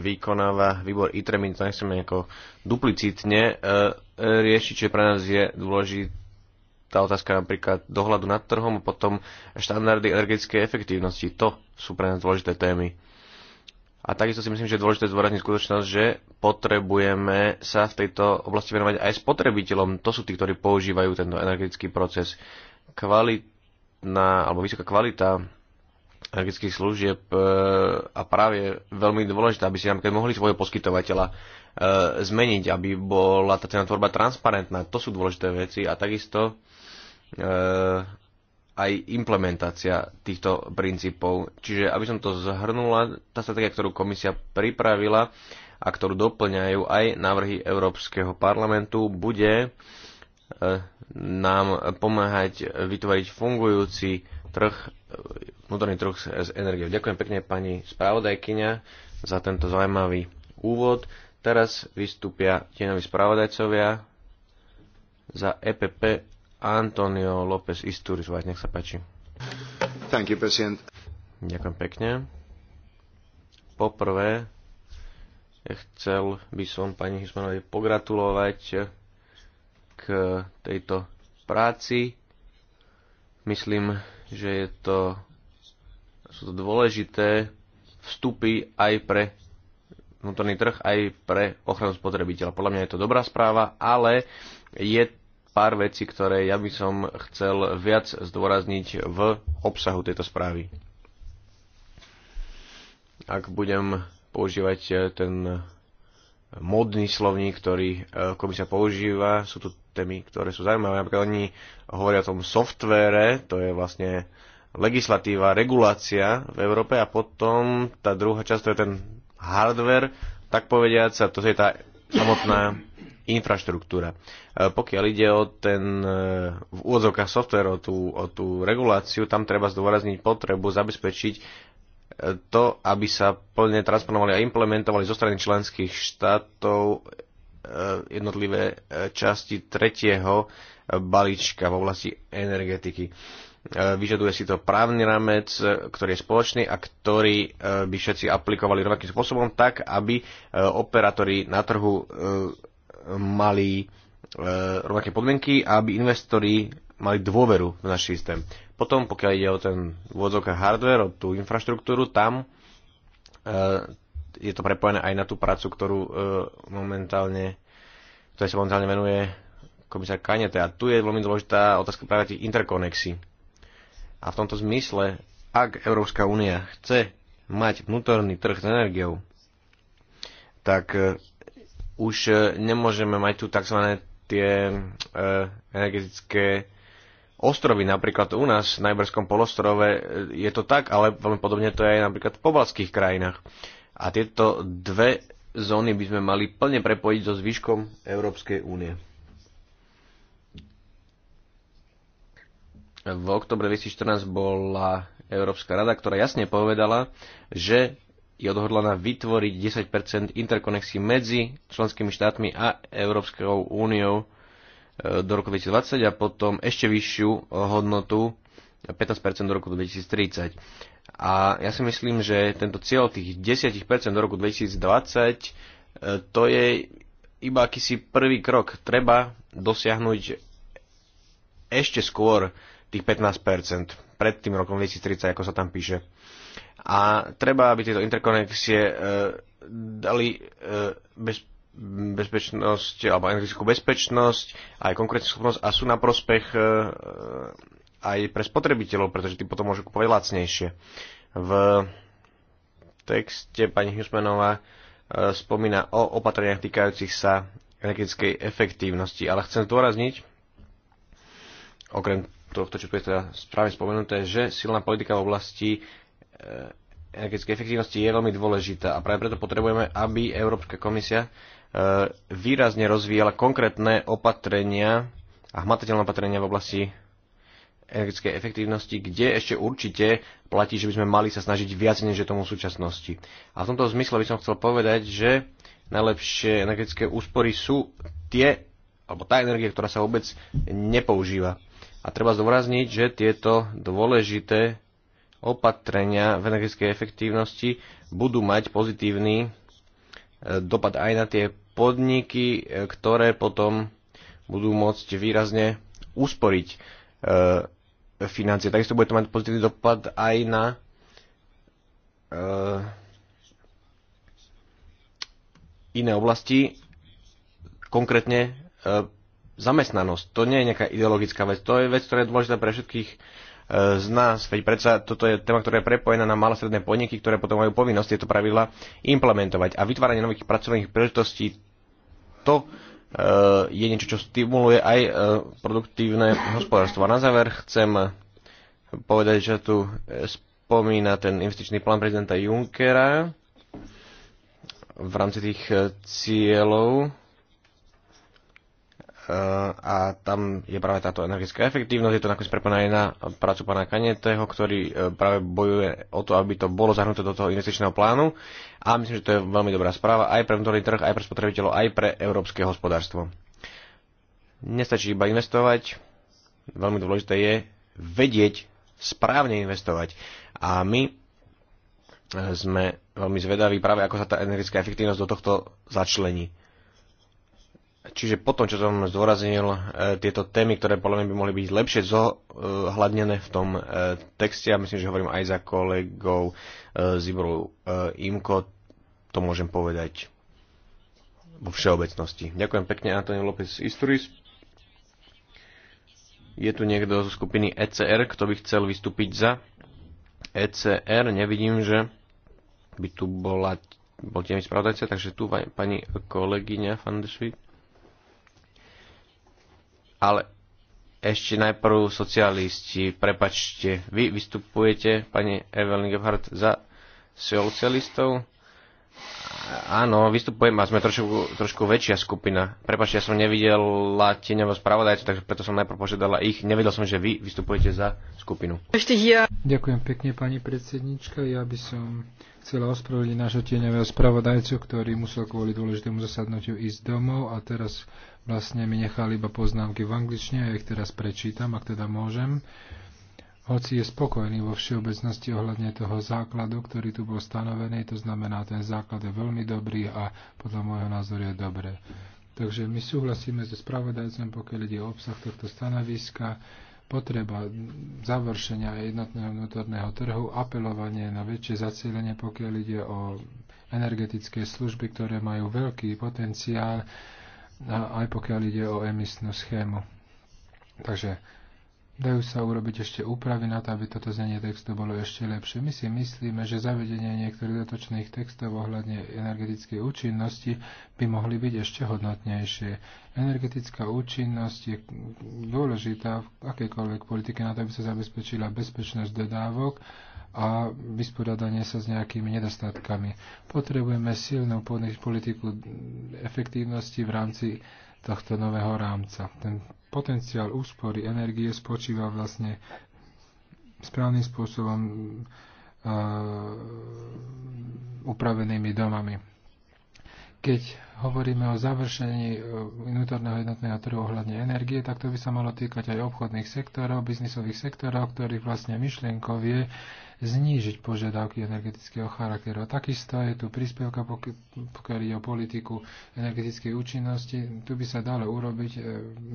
vykonáva výbor ITRE, my to nechceme nejako duplicitne e, riešiť, čiže pre nás je dôležitá otázka napríklad dohľadu nad trhom a potom štandardy energetickej efektívnosti. To sú pre nás dôležité témy. A takisto si myslím, že je dôležité zvorazniť skutočnosť, že potrebujeme sa v tejto oblasti venovať aj spotrebiteľom. To sú tí, ktorí používajú tento energetický proces. Kvalitná alebo vysoká kvalita energetických služieb e, a práve veľmi dôležité, aby si napríklad mohli svojho poskytovateľa e, zmeniť, aby bola tá tvorba transparentná. To sú dôležité veci a takisto e, aj implementácia týchto princípov. Čiže aby som to zhrnula, tá strategia, ktorú komisia pripravila a ktorú doplňajú aj návrhy Európskeho parlamentu, bude nám pomáhať vytvoriť fungujúci trh vnútorný trh s energiou. Ďakujem pekne pani spravodajkyňa za tento zaujímavý úvod. Teraz vystúpia tienoví spravodajcovia za EPP Antonio López Isturiz. Vás nech sa páči. Thank you, president. Ďakujem pekne. Poprvé chcel by som pani Hismanovi pogratulovať k tejto práci. Myslím, že je to sú to dôležité vstupy aj pre vnútorný trh, aj pre ochranu spotrebiteľa. Podľa mňa je to dobrá správa, ale je pár vecí, ktoré ja by som chcel viac zdôrazniť v obsahu tejto správy. Ak budem používať eh, ten modný slovník, ktorý eh, komisia používa, sú tu témy, ktoré sú zaujímavé. Napríklad oni hovoria o tom softvére, to je vlastne legislatíva, regulácia v Európe a potom tá druhá časť to je ten hardware, tak povediať sa, to je tá samotná infraštruktúra. E, pokiaľ ide o ten e, v úvodzovkách software, o tú, o tú reguláciu, tam treba zdôrazniť potrebu zabezpečiť e, to, aby sa plne transponovali a implementovali zo strany členských štátov jednotlivé časti tretieho balíčka v oblasti energetiky. E, vyžaduje si to právny ramec, e, ktorý je spoločný a ktorý e, by všetci aplikovali rovnakým spôsobom, tak aby operátori na trhu mali rovnaké podmienky a aby investori mali dôveru v náš systém. Potom, pokiaľ ide o ten vôdzok hardware, o tú infraštruktúru, tam je to prepojené aj na tú prácu, ktorú momentálne, ktorej sa momentálne venuje komisár Kanete. A tu je veľmi dôležitá otázka práve tých interkonexí a v tomto zmysle, ak Európska únia chce mať vnútorný trh s energiou, tak e, už e, nemôžeme mať tu tzv. tie e, energetické ostrovy, napríklad u nás na Iberskom polostrove je to tak, ale veľmi podobne to je aj napríklad v pobalských krajinách. A tieto dve zóny by sme mali plne prepojiť so zvyškom Európskej únie. V oktobre 2014 bola Európska rada, ktorá jasne povedala, že je odhodlaná vytvoriť 10 interkonexí medzi členskými štátmi a Európskou úniou e, do roku 2020 a potom ešte vyššiu hodnotu 15 do roku 2030. A ja si myslím, že tento cieľ tých 10 do roku 2020 e, to je iba akýsi prvý krok. Treba dosiahnuť ešte skôr tých 15%, pred tým rokom 2030, ako sa tam píše. A treba, aby tieto interkonexie e, dali e, bez, bezpečnosť, alebo energetickú bezpečnosť, aj schopnosť a sú na prospech e, aj pre spotrebiteľov, pretože tí potom môžu kúpovať lacnejšie. V texte pani Husmanová e, spomína o opatreniach týkajúcich sa energetickej efektívnosti, ale chcem zdôrazniť, okrem tohto, čo tu je teda správne spomenuté, že silná politika v oblasti eh, energetickej efektivnosti je veľmi dôležitá a práve preto potrebujeme, aby Európska komisia eh, výrazne rozvíjala konkrétne opatrenia a hmatateľné opatrenia v oblasti energetickej efektívnosti, kde ešte určite platí, že by sme mali sa snažiť viac než tomu v súčasnosti. A v tomto zmysle by som chcel povedať, že najlepšie energetické úspory sú tie, alebo tá energia, ktorá sa vôbec nepoužíva. A treba zdôrazniť, že tieto dôležité opatrenia v energetickej efektívnosti budú mať pozitívny e, dopad aj na tie podniky, e, ktoré potom budú môcť výrazne usporiť e, financie. Takisto bude to mať pozitívny dopad aj na iné oblasti, konkrétne zamestnanosť. To nie je nejaká ideologická vec, to je vec, ktorá je dôležitá pre všetkých e, z nás, veď predsa toto je téma, ktorá je prepojená na malé stredné podniky, ktoré potom majú povinnosť tieto pravidla implementovať. A vytváranie nových pracovných príležitostí, to e, je niečo, čo stimuluje aj e, produktívne hospodárstvo. A na záver chcem povedať, že tu spomína ten investičný plán prezidenta Junckera v rámci tých cieľov a tam je práve táto energetická efektívnosť. Je to nakoniec prepojené aj na prácu pána Kaneteho, ktorý e, práve bojuje o to, aby to bolo zahrnuté do toho investičného plánu. A myslím, že to je veľmi dobrá správa aj pre vnútorný trh, aj pre spotrebiteľov, aj pre európske hospodárstvo. Nestačí iba investovať. Veľmi dôležité je vedieť správne investovať. A my e, sme veľmi zvedaví práve, ako sa tá energetická efektívnosť do tohto začlení. Čiže potom, čo som zdôraznil, e, tieto témy, ktoré podľa mňa by mohli byť lepšie zohľadnené v tom e, texte, a myslím, že hovorím aj za kolegov e, z Iboru Imko, to môžem povedať vo všeobecnosti. Ďakujem pekne, Antonio López Isturis. Je tu niekto zo skupiny ECR, kto by chcel vystúpiť za? ECR, nevidím, že by tu bola, bol tiež spravodajca, takže tu pani kolegyňa van ale ešte najprv socialisti, prepačte, vy vystupujete, pani Evelyn Gebhardt, za socialistov? Áno, vystupujem a sme trošku, trošku väčšia skupina. Prepačte, ja som nevidela tieňového spravodajcu, takže preto som najprv požiadala ich. Nevedel som, že vy vystupujete za skupinu. Ešte ja. Ďakujem pekne, pani predsednička. Ja by som chcela ospravedliť nášho tieňového spravodajcu, ktorý musel kvôli dôležitému zasadnutiu ísť domov a teraz vlastne mi nechali iba poznámky v angličtine, ja ich teraz prečítam, ak teda môžem. Hoci je spokojný vo všeobecnosti ohľadne toho základu, ktorý tu bol stanovený, to znamená, ten základ je veľmi dobrý a podľa môjho názoru je dobré. Takže my súhlasíme so spravodajcom, pokiaľ ide o obsah tohto stanoviska, potreba završenia jednotného vnútorného trhu, apelovanie na väčšie zacielenie, pokiaľ ide o energetické služby, ktoré majú veľký potenciál a aj pokiaľ ide o emisnú schému. Takže dajú sa urobiť ešte úpravy na to, aby toto znenie textu bolo ešte lepšie. My si myslíme, že zavedenie niektorých dotočných textov ohľadne energetickej účinnosti by mohli byť ešte hodnotnejšie. Energetická účinnosť je dôležitá v akejkoľvek politike na to, aby sa zabezpečila bezpečnosť dodávok a vysporiadanie sa s nejakými nedostatkami. Potrebujeme silnú politiku efektívnosti v rámci tohto nového rámca. Ten potenciál úspory energie spočíva vlastne správnym spôsobom uh, upravenými domami. Keď hovoríme o završení e, vnútorného jednotného trhu ohľadne energie, tak to by sa malo týkať aj obchodných sektorov, biznisových sektorov, ktorých vlastne myšlienkovie. je uh, znížiť požiadavky energetického charakteru. A takisto je tu príspevka, pokiaľ ide o politiku energetickej účinnosti. Tu by sa dalo urobiť e,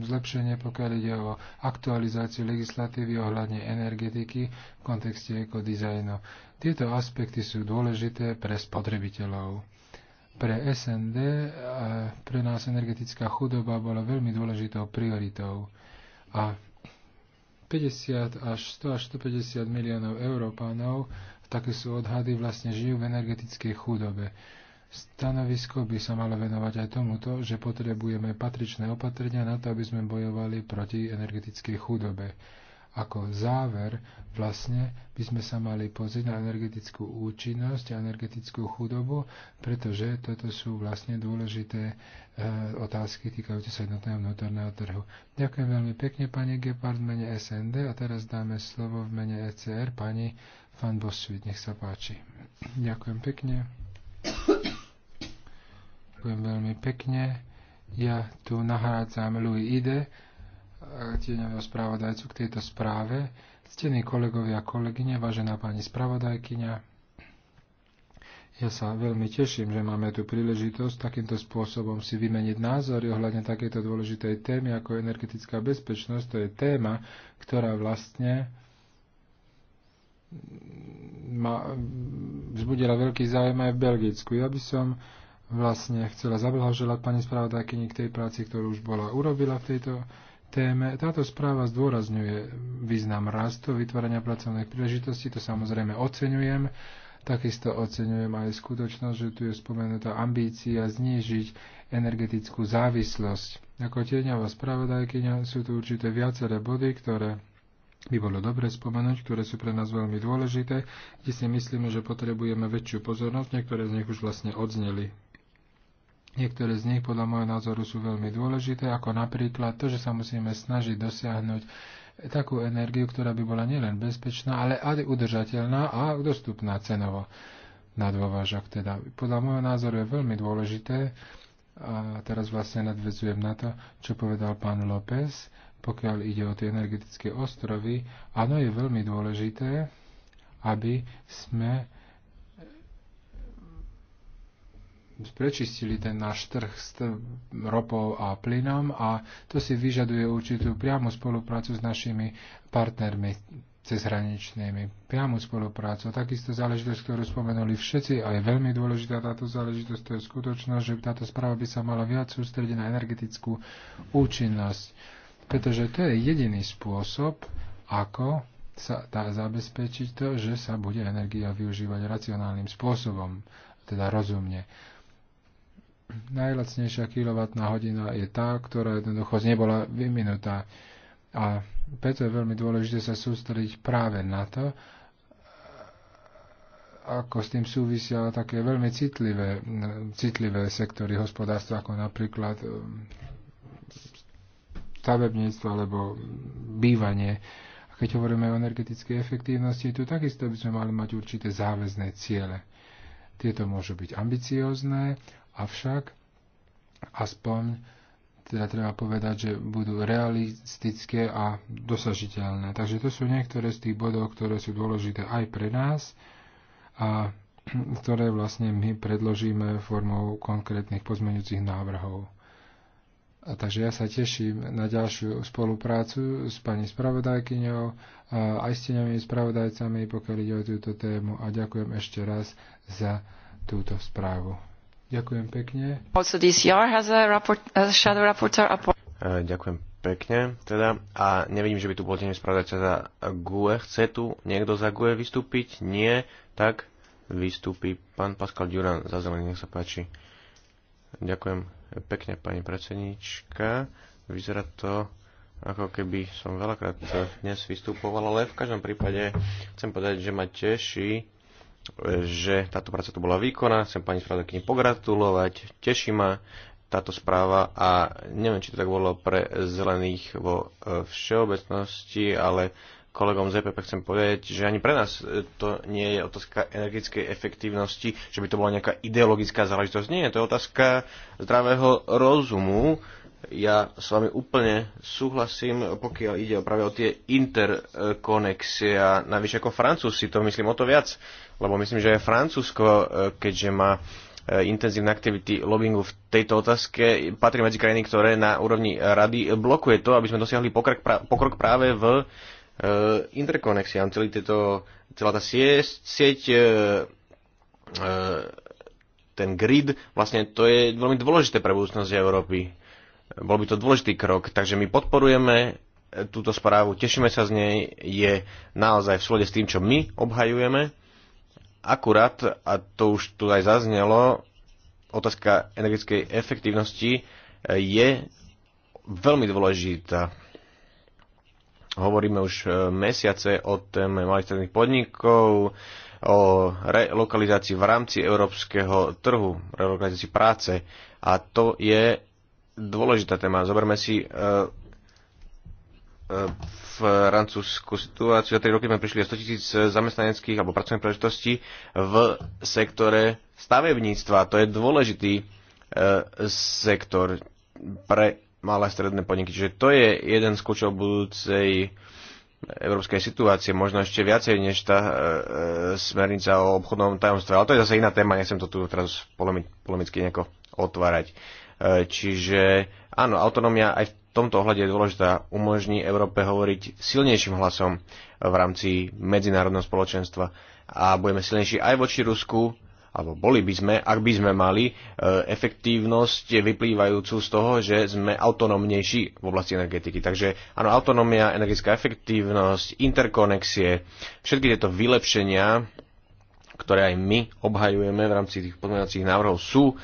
zlepšenie, pokiaľ ide o aktualizáciu legislatívy ohľadne energetiky v kontexte ekodizajnu. Tieto aspekty sú dôležité pre spotrebiteľov. Pre SND e, pre nás energetická chudoba bola veľmi dôležitou prioritou a 50 až 100 až 150 miliónov Európánov, také sú odhady, vlastne žijú v energetickej chudobe. Stanovisko by sa malo venovať aj tomuto, že potrebujeme patričné opatrenia na to, aby sme bojovali proti energetickej chudobe. Ako záver vlastne by sme sa mali pozrieť na energetickú účinnosť a energetickú chudobu, pretože toto sú vlastne dôležité e, otázky týkajúce sa jednotného vnútorného trhu. Ďakujem veľmi pekne pani Gepard v mene SND a teraz dáme slovo v mene ECR pani Fan Bosvit Nech sa páči. Ďakujem pekne. Ďakujem veľmi pekne. Ja tu nahrádzam Louis Ide, tieňového správodajcu k tejto správe. Ctení kolegovia a kolegyne, vážená pani spravodajkyňa, ja sa veľmi teším, že máme tu príležitosť takýmto spôsobom si vymeniť názory ohľadne takejto dôležitej témy ako energetická bezpečnosť. To je téma, ktorá vlastne ma vzbudila veľký záujem aj v Belgicku. Ja by som vlastne chcela zablahoželať pani spravodajkyni k tej práci, ktorú už bola urobila v tejto téme. Táto správa zdôrazňuje význam rastu, vytvárania pracovných príležitostí, to samozrejme oceňujem. Takisto oceňujem aj skutočnosť, že tu je spomenutá ambícia znížiť energetickú závislosť. Ako tieňová spravodajkyňa sú tu určité viaceré body, ktoré by bolo dobre spomenúť, ktoré sú pre nás veľmi dôležité, kde si myslíme, že potrebujeme väčšiu pozornosť, niektoré z nich už vlastne odzneli Niektoré z nich podľa môjho názoru sú veľmi dôležité, ako napríklad to, že sa musíme snažiť dosiahnuť takú energiu, ktorá by bola nielen bezpečná, ale aj udržateľná a dostupná cenovo na dôvažok. Teda podľa môjho názoru je veľmi dôležité, a teraz vlastne nadvezujem na to, čo povedal pán López, pokiaľ ide o tie energetické ostrovy, áno, je veľmi dôležité, aby sme prečistili ten náš trh s ropou a plynom a to si vyžaduje určitú priamu spoluprácu s našimi partnermi cezhraničnými, priamu spoluprácu. Takisto záležitosť, ktorú spomenuli všetci a je veľmi dôležitá táto záležitosť, to je skutočnosť, že táto správa by sa mala viac sústrediť na energetickú účinnosť, pretože to je jediný spôsob, ako sa dá zabezpečiť to, že sa bude energia využívať racionálnym spôsobom, teda rozumne najlacnejšia hodina je tá, ktorá jednoducho nebola vyminutá. A preto je veľmi dôležité sa sústrediť práve na to, ako s tým súvisia také veľmi citlivé, citlivé sektory hospodárstva, ako napríklad um, stavebníctvo alebo bývanie. A keď hovoríme o energetickej efektívnosti, tu takisto by sme mali mať určité záväzné ciele. Tieto môžu byť ambiciózne, Avšak aspoň teda treba povedať, že budú realistické a dosažiteľné. Takže to sú niektoré z tých bodov, ktoré sú dôležité aj pre nás a ktoré vlastne my predložíme formou konkrétnych pozmeňujúcich návrhov. A takže ja sa teším na ďalšiu spoluprácu s pani spravodajkyňou a aj s tenami spravodajcami, pokiaľ ide o túto tému a ďakujem ešte raz za túto správu. Ďakujem pekne. Rapport, rapport... E, ďakujem pekne. Teda, a nevidím, že by tu bol tiež spravodajca za GUE. Chce tu niekto za GUE vystúpiť? Nie. Tak vystúpi pán Pascal Duran za zelený, nech sa páči. Ďakujem pekne, pani predsednička. Vyzerá to ako keby som veľakrát dnes vystupoval, ale v každom prípade chcem povedať, že ma teší, že táto práca tu bola výkonná. Chcem pani spravodajkyni pogratulovať. Teší ma táto správa a neviem, či to tak bolo pre zelených vo e, všeobecnosti, ale kolegom z EPP chcem povedať, že ani pre nás e, to nie je otázka energetickej efektívnosti, že by to bola nejaká ideologická záležitosť. Nie, to je otázka zdravého rozumu. Ja s vami úplne súhlasím, pokiaľ ide práve o tie interkonexie a navyše ako Francúz si to myslím o to viac lebo myslím, že aj Francúzsko, e, keďže má e, intenzívne aktivity lobbyingu v tejto otázke, patrí medzi krajiny, ktoré na úrovni rady blokuje to, aby sme dosiahli pokrok práve v e, interkonexiám. Celý tieto, celá tá sieť, ten grid, vlastne to je veľmi dôležité pre budúcnosť Európy. Bol by to dôležitý krok, takže my podporujeme túto správu, tešíme sa z nej, je naozaj v slode s tým, čo my obhajujeme akurát, a to už tu aj zaznelo, otázka energetickej efektívnosti e, je veľmi dôležitá. Hovoríme už e, mesiace o téme malých stredných podnikov, o relokalizácii v rámci európskeho trhu, relokalizácii práce. A to je dôležitá téma. Zoberme si e, francúzsku situáciu. Za 3 roky sme prišli o 100 tisíc zamestnaneckých alebo pracovných príležitostí v sektore stavebníctva. To je dôležitý e, sektor pre malé a stredné podniky. Čiže to je jeden z kľúčov budúcej európskej situácie, možno ešte viacej než tá e, e smernica o obchodnom tajomstve. Ale to je zase iná téma, nechcem to tu teraz polemicky nejako otvárať. E, čiže áno, autonómia aj v tomto ohľade je dôležitá, umožní Európe hovoriť silnejším hlasom v rámci medzinárodného spoločenstva a budeme silnejší aj voči Rusku, alebo boli by sme, ak by sme mali e, efektívnosť vyplývajúcu z toho, že sme autonómnejší v oblasti energetiky. Takže áno, autonómia, energetická efektívnosť, interkonexie, všetky tieto vylepšenia, ktoré aj my obhajujeme v rámci tých pozmeňovacích návrhov, sú e,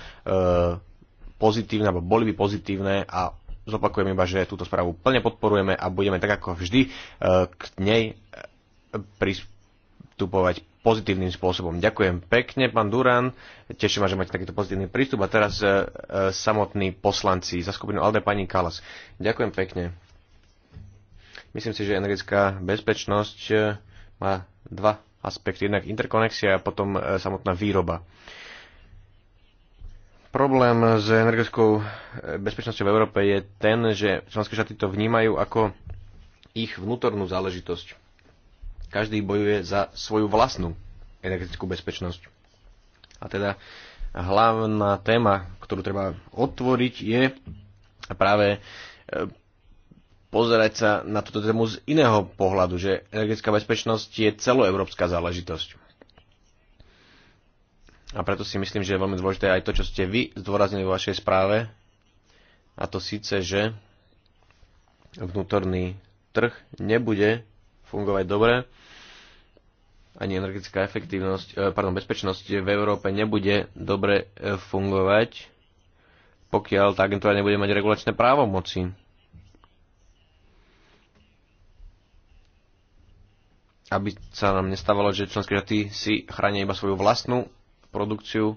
pozitívne, alebo boli by pozitívne a Zopakujem iba, že túto správu plne podporujeme a budeme tak ako vždy e, k nej e, pristupovať pozitívnym spôsobom. Ďakujem pekne, pán Duran. Teším ma, že máte takýto pozitívny prístup. A teraz e, samotní poslanci za skupinu ALDE pani Kalas. Ďakujem pekne. Myslím si, že energetická bezpečnosť má dva aspekty. Jednak interkonexia a potom samotná výroba. Problém s energetickou eh, bezpečnosťou v Európe je ten, že členské štáty to vnímajú ako ich vnútornú záležitosť. Každý bojuje za svoju vlastnú energetickú bezpečnosť. A teda hlavná téma, ktorú treba otvoriť, je práve eh, pozerať sa na túto tému z iného pohľadu, že energetická bezpečnosť je celoevropská záležitosť. A preto si myslím, že je veľmi dôležité aj to, čo ste vy zdôraznili vo vašej správe, a to síce, že vnútorný trh nebude fungovať dobre, ani energetická efektívnosť, eh, pardon, bezpečnosť v Európe nebude dobre eh, fungovať, pokiaľ tá agentúra nebude mať regulačné právo moci. Aby sa nám nestávalo, že členské štáty si chránia iba svoju vlastnú produkciu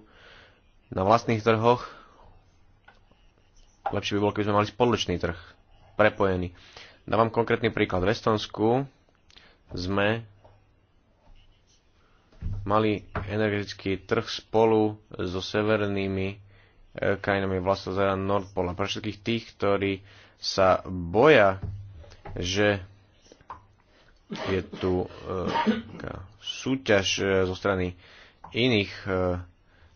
na vlastných trhoch. Lepšie by bolo, keby sme mali spoločný trh, prepojený. Dávam konkrétny príklad. V Estonsku sme mali energetický trh spolu so severnými e, krajinami vlastozera Nordpola. Pre všetkých tých, ktorí sa boja, že je tu e, súťaž e, zo strany iných e,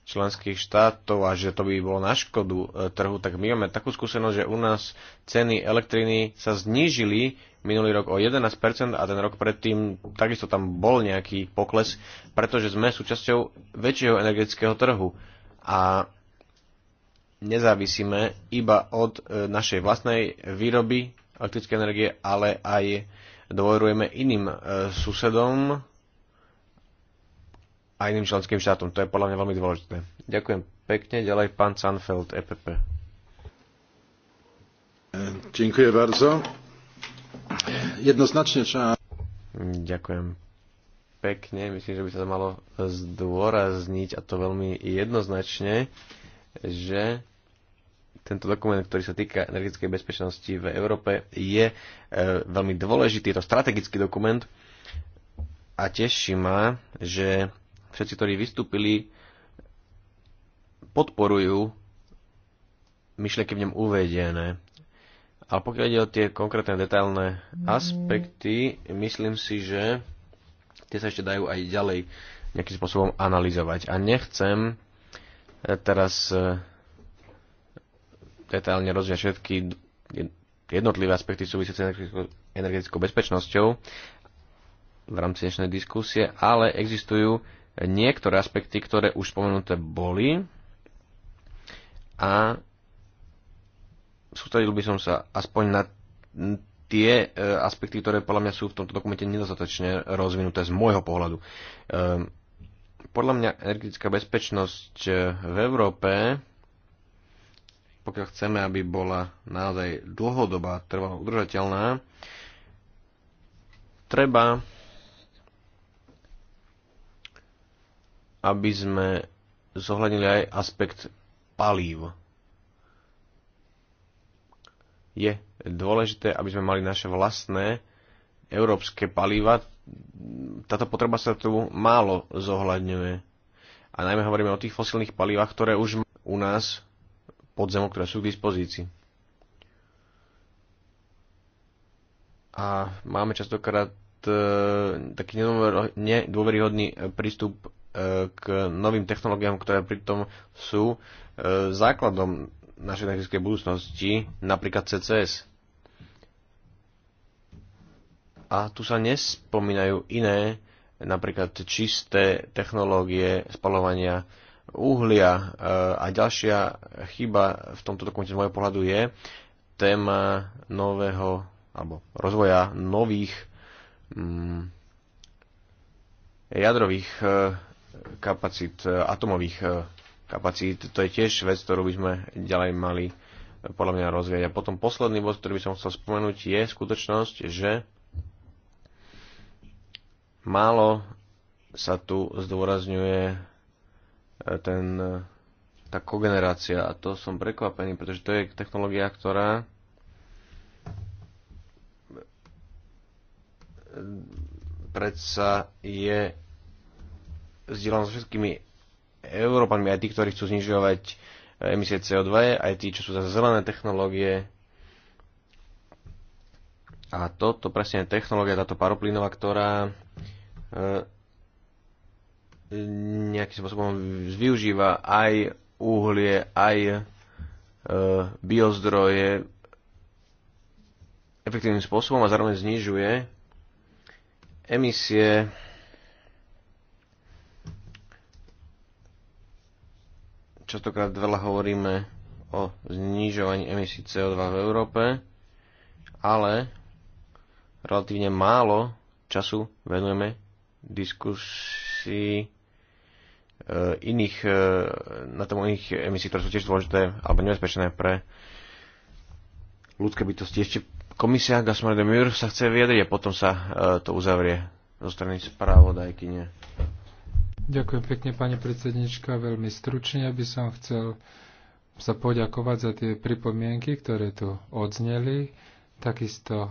členských štátov a že to by bolo na škodu e, trhu, tak my máme takú skúsenosť, že u nás ceny elektriny sa znížili minulý rok o 11% a ten rok predtým takisto tam bol nejaký pokles, pretože sme súčasťou väčšieho energetického trhu a nezávisíme iba od e, našej vlastnej výroby elektrickej energie, ale aj dôverujeme iným susedom, a iným členským štátom. To je podľa mňa veľmi dôležité. Ďakujem pekne. Ďalej pán Sanfeld, EPP. Ďakujem bardzo. Jednoznačne čo... Ďakujem pekne. Myslím, že by sa to malo zdôrazniť a to veľmi jednoznačne, že tento dokument, ktorý sa týka energetickej bezpečnosti v Európe, je e, veľmi dôležitý, je to strategický dokument a teší ma, že všetci, ktorí vystúpili, podporujú myšlenky v ňom uvedené. Ale pokiaľ ide o tie konkrétne detailné mm. aspekty, myslím si, že tie sa ešte dajú aj ďalej nejakým spôsobom analyzovať. A nechcem eh, teraz eh, detailne rozvíjať všetky jednotlivé aspekty súvisiace s energetickou bezpečnosťou v rámci dnešnej diskusie, ale existujú niektoré aspekty, ktoré už spomenuté boli a sústredil by som sa aspoň na tie e, aspekty, ktoré podľa mňa sú v tomto dokumente nedostatočne rozvinuté z môjho pohľadu. E, podľa mňa energetická bezpečnosť e, v Európe, pokiaľ chceme, aby bola naozaj dlhodobá, trvalo udržateľná, treba aby sme zohľadnili aj aspekt palív. Je dôležité, aby sme mali naše vlastné európske palíva. Táto potreba sa tu málo zohľadňuje. A najmä hovoríme o tých fosilných palívach, ktoré už u nás pod zemou, ktoré sú k dispozícii. A máme častokrát e, taký nedôveryhodný prístup k novým technológiám, ktoré pritom sú e, základom našej technickej budúcnosti, napríklad CCS. A tu sa nespomínajú iné, napríklad čisté technológie spalovania uhlia. E, a ďalšia chyba v tomto dokumente z môjho pohľadu je téma nového alebo rozvoja nových mm, jadrových e, kapacít, e, atomových e, kapacít. To je tiež vec, ktorú by sme ďalej mali e, podľa mňa rozvíjať. A potom posledný bod, ktorý by som chcel spomenúť, je skutočnosť, že málo sa tu zdôrazňuje ten, tá kogenerácia a to som prekvapený, pretože to je technológia, ktorá predsa je zdieľam so všetkými Európanmi, aj tí, ktorí chcú znižovať e, emisie CO2, aj tí, čo sú za zelené technológie. A toto presne je technológia, táto paroplínová, ktorá e, nejakým spôsobom využíva aj uhlie, aj e, biozdroje efektívnym spôsobom a zároveň znižuje emisie Častokrát veľa hovoríme o znižovaní emisí CO2 v Európe, ale relatívne málo času venujeme diskusii e, iných, e, na tom iných emisí, ktoré sú tiež dôležité alebo nebezpečné pre ľudské bytosti. Ešte komisia Gasmar de Mur sa chce vyjadriť a potom sa e, to uzavrie zo strany správodajkyne. Ďakujem pekne, pani predsednička. Veľmi stručne by som chcel sa poďakovať za tie pripomienky, ktoré tu odzneli, takisto e,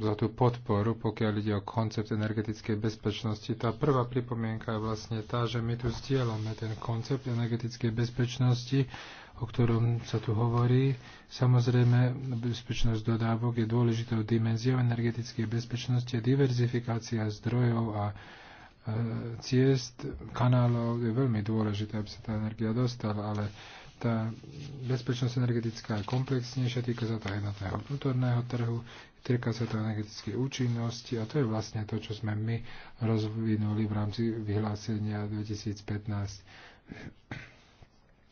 za tú podporu, pokiaľ ide o koncept energetickej bezpečnosti. Tá prvá pripomienka je vlastne tá, že my tu zdieľame ten koncept energetickej bezpečnosti, o ktorom sa tu hovorí. Samozrejme, bezpečnosť dodávok je dôležitou dimenziou energetickej bezpečnosti, diverzifikácia zdrojov a ciest, kanálov, je veľmi dôležité, aby sa tá energia dostala, ale tá bezpečnosť energetická je komplexnejšia, týka sa to jednotného vnútorného trhu, týka sa to energetickej účinnosti a to je vlastne to, čo sme my rozvinuli v rámci vyhlásenia 2015.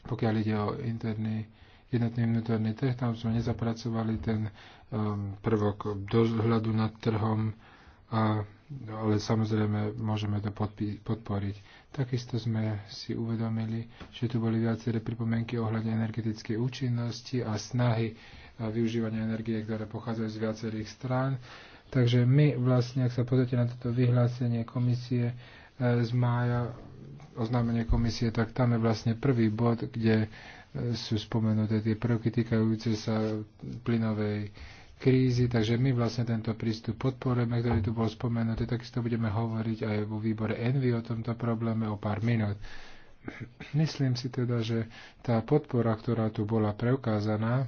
Pokiaľ ide o interný, jednotný vnútorný trh, tam sme nezapracovali ten um, prvok dohľadu nad trhom a No, ale samozrejme môžeme to podporiť. Takisto sme si uvedomili, že tu boli viaceré pripomienky ohľadne energetickej účinnosti a snahy a využívania energie, ktoré pochádzajú z viacerých strán. Takže my vlastne, ak sa pozrite na toto vyhlásenie komisie e, z mája, oznámenie komisie, tak tam je vlastne prvý bod, kde e, sú spomenuté tie prvky týkajúce sa plynovej krízy, takže my vlastne tento prístup podporujeme, ktorý tu bol spomenutý, takisto budeme hovoriť aj vo výbore Envy o tomto probléme o pár minút. Myslím si teda, že tá podpora, ktorá tu bola preukázaná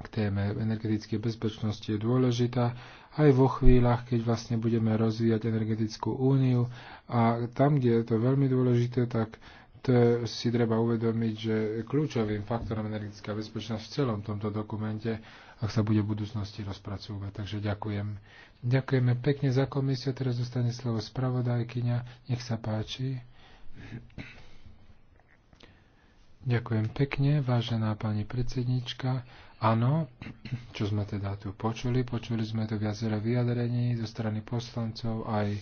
k téme energetickej bezpečnosti je dôležitá aj vo chvíľach, keď vlastne budeme rozvíjať energetickú úniu a tam, kde je to veľmi dôležité, tak to si treba uvedomiť, že kľúčovým faktorom energetická bezpečnosť v celom tomto dokumente ak sa bude v budúcnosti rozpracúvať. Takže ďakujem. Ďakujeme pekne za komisiu. Teraz zostane slovo spravodajkyňa. Nech sa páči. Ďakujem pekne, vážená pani predsednička. Áno, čo sme teda tu počuli, počuli sme tu viacero vyjadrení zo strany poslancov aj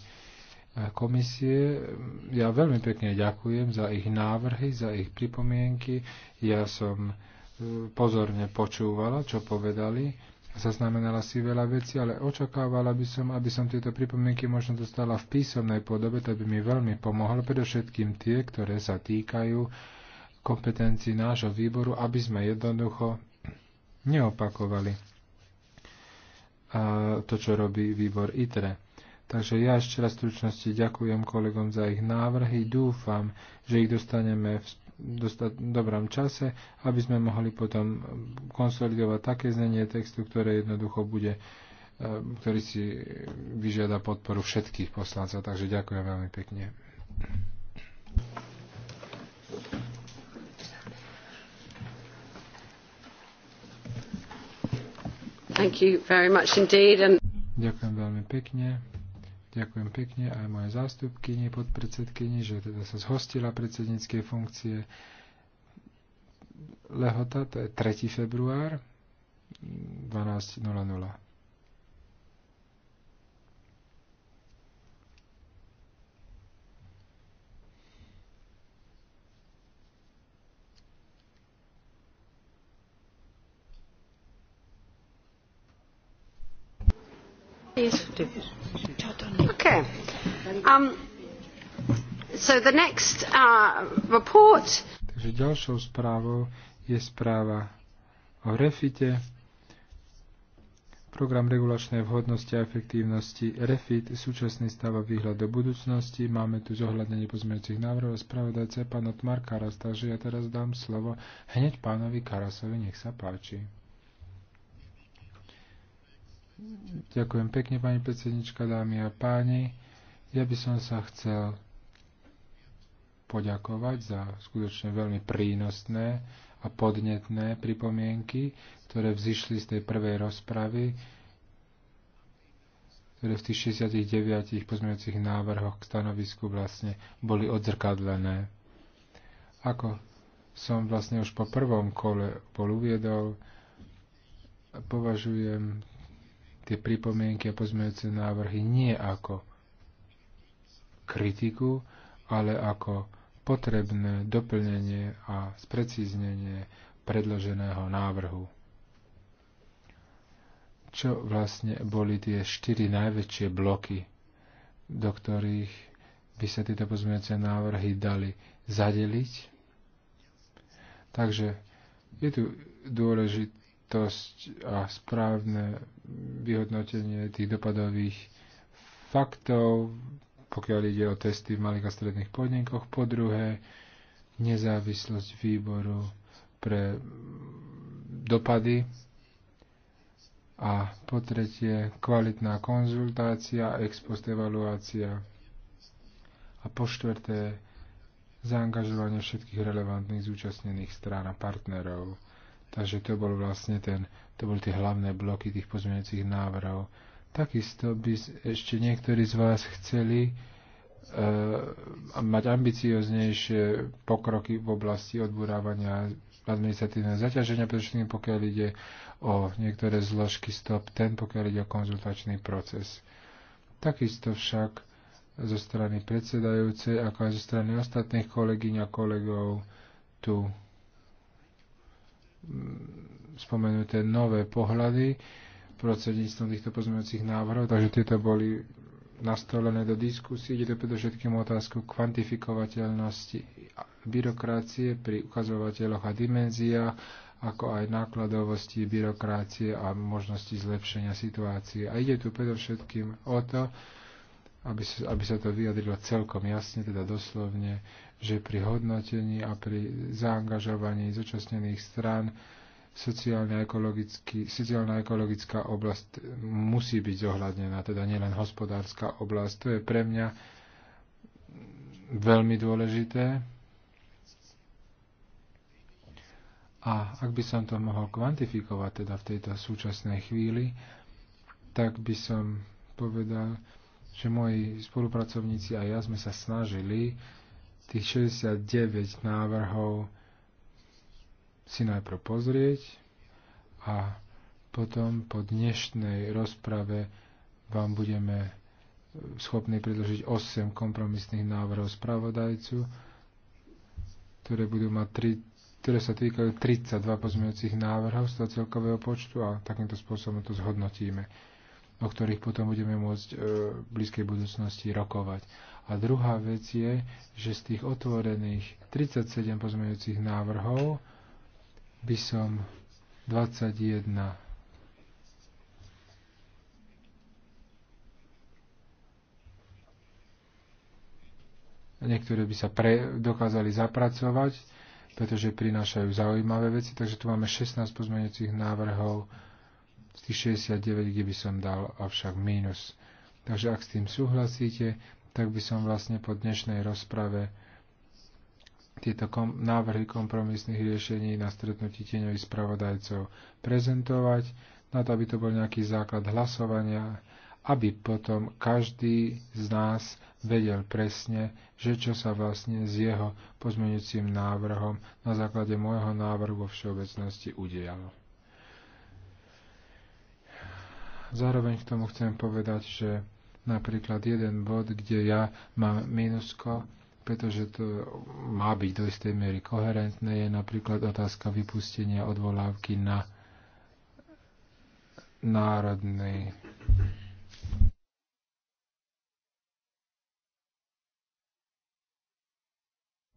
komisie. Ja veľmi pekne ďakujem za ich návrhy, za ich pripomienky. Ja som pozorne počúvala, čo povedali, zaznamenala si veľa vecí, ale očakávala by som, aby som tieto pripomienky možno dostala v písomnej podobe, to by mi veľmi pomohlo, predovšetkým tie, ktoré sa týkajú kompetencií nášho výboru, aby sme jednoducho neopakovali to, čo robí výbor ITRE. Takže ja ešte raz stručnosti ďakujem kolegom za ich návrhy, dúfam, že ich dostaneme v dostat dobrom čase, aby sme mohli potom konsolidovať také znenie textu, ktoré jednoducho bude, e, ktorý si vyžiada podporu všetkých poslancov. Takže ďakujem veľmi pekne. Thank you very much indeed. And... Ďakujem veľmi pekne. Ďakujem pekne aj moje zástupkyni, podpredsedkyni, že teda sa zhostila predsedníckej funkcie. Lehota, to je 3. február 12.00. Yes, Okay. Um, so the next uh, report... Takže ďalšou správou je správa o refite. Program regulačnej vhodnosti a efektívnosti REFIT, súčasný stav a výhľad do budúcnosti. Máme tu zohľadnenie pozmeňujúcich návrhov spravodajca pán Otmar Karas, takže ja teraz dám slovo hneď pánovi Karasovi, nech sa páči. Ďakujem pekne, pani predsednička, dámy a páni. Ja by som sa chcel poďakovať za skutočne veľmi prínosné a podnetné pripomienky, ktoré vzýšli z tej prvej rozpravy, ktoré v tých 69 pozmeňujúcich návrhoch k stanovisku vlastne boli odzrkadlené. Ako som vlastne už po prvom kole bol uviedol, považujem tie pripomienky a pozmeňujúce návrhy nie ako kritiku, ale ako potrebné doplnenie a sprecíznenie predloženého návrhu. Čo vlastne boli tie štyri najväčšie bloky, do ktorých by sa tieto pozmeňujúce návrhy dali zadeliť? Takže je tu dôležit, dôležitosť a správne vyhodnotenie tých dopadových faktov, pokiaľ ide o testy v malých a stredných podnikoch. Po druhé, nezávislosť výboru pre dopady a po tretie kvalitná konzultácia, ex post evaluácia a po štvrté zaangažovanie všetkých relevantných zúčastnených strán a partnerov. Takže to bol vlastne ten, to boli tie hlavné bloky tých pozmeňujúcich návrhov. Takisto by ešte niektorí z vás chceli uh, mať ambicioznejšie pokroky v oblasti odburávania administratívneho zaťaženia, tým pokiaľ ide o niektoré zložky stop ten, pokiaľ ide o konzultačný proces. Takisto však zo strany predsedajúcej, ako aj zo strany ostatných kolegyň a kolegov tu spomenuté nové pohľady prostredníctvom týchto pozmeňujúcich návrhov, takže tieto boli nastolené do diskusie. Ide to predovšetkým otázku kvantifikovateľnosti byrokracie pri ukazovateľoch a dimenziách, ako aj nákladovosti byrokracie a možnosti zlepšenia situácie. A ide tu predovšetkým o to, aby, aby sa to vyjadrilo celkom jasne, teda doslovne, že pri hodnotení a pri zaangažovaní zúčastnených strán sociálna-ekologická oblasť musí byť zohľadnená, teda nielen hospodárska oblasť. To je pre mňa veľmi dôležité. A ak by som to mohol kvantifikovať teda v tejto súčasnej chvíli, tak by som povedal, že moji spolupracovníci a ja sme sa snažili tých 69 návrhov si najprv pozrieť a potom po dnešnej rozprave vám budeme schopní predložiť 8 kompromisných návrhov spravodajcu, ktoré budú mať 3, ktoré sa týkajú 32 pozmeňujúcich návrhov z toho celkového počtu a takýmto spôsobom to zhodnotíme o ktorých potom budeme môcť e, v blízkej budúcnosti rokovať. A druhá vec je, že z tých otvorených 37 pozmeňujúcich návrhov by som 21 Niektoré by sa pre, dokázali zapracovať, pretože prinášajú zaujímavé veci, takže tu máme 16 pozmeňujúcich návrhov z tých 69, kde by som dal avšak mínus. Takže ak s tým súhlasíte, tak by som vlastne po dnešnej rozprave tieto kom- návrhy kompromisných riešení na stretnutí tieňových spravodajcov prezentovať, na to, aby to bol nejaký základ hlasovania, aby potom každý z nás vedel presne, že čo sa vlastne s jeho pozmeňujúcim návrhom na základe môjho návrhu vo všeobecnosti udialo. Zároveň k tomu chcem povedať, že napríklad jeden bod, kde ja mám minusko, pretože to má byť do istej miery koherentné, je napríklad otázka vypustenia odvolávky na národný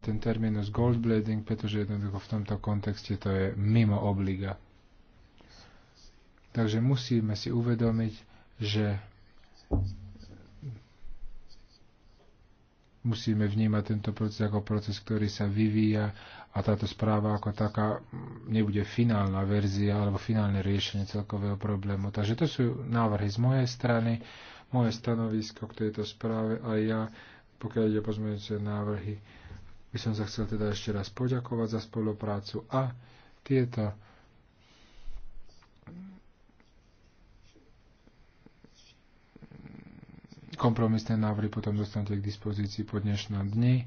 ten terminus goldblading, pretože jednoducho v tomto kontexte to je mimo obliga. Takže musíme si uvedomiť, že musíme vnímať tento proces ako proces, ktorý sa vyvíja a táto správa ako taká nebude finálna verzia alebo finálne riešenie celkového problému. Takže to sú návrhy z mojej strany, moje stanovisko k tejto správe a ja, pokiaľ ide pozmeňujúce návrhy, by som sa chcel teda ešte raz poďakovať za spoluprácu a tieto kompromisné návrhy potom dostanete k dispozícii po dnešnom dni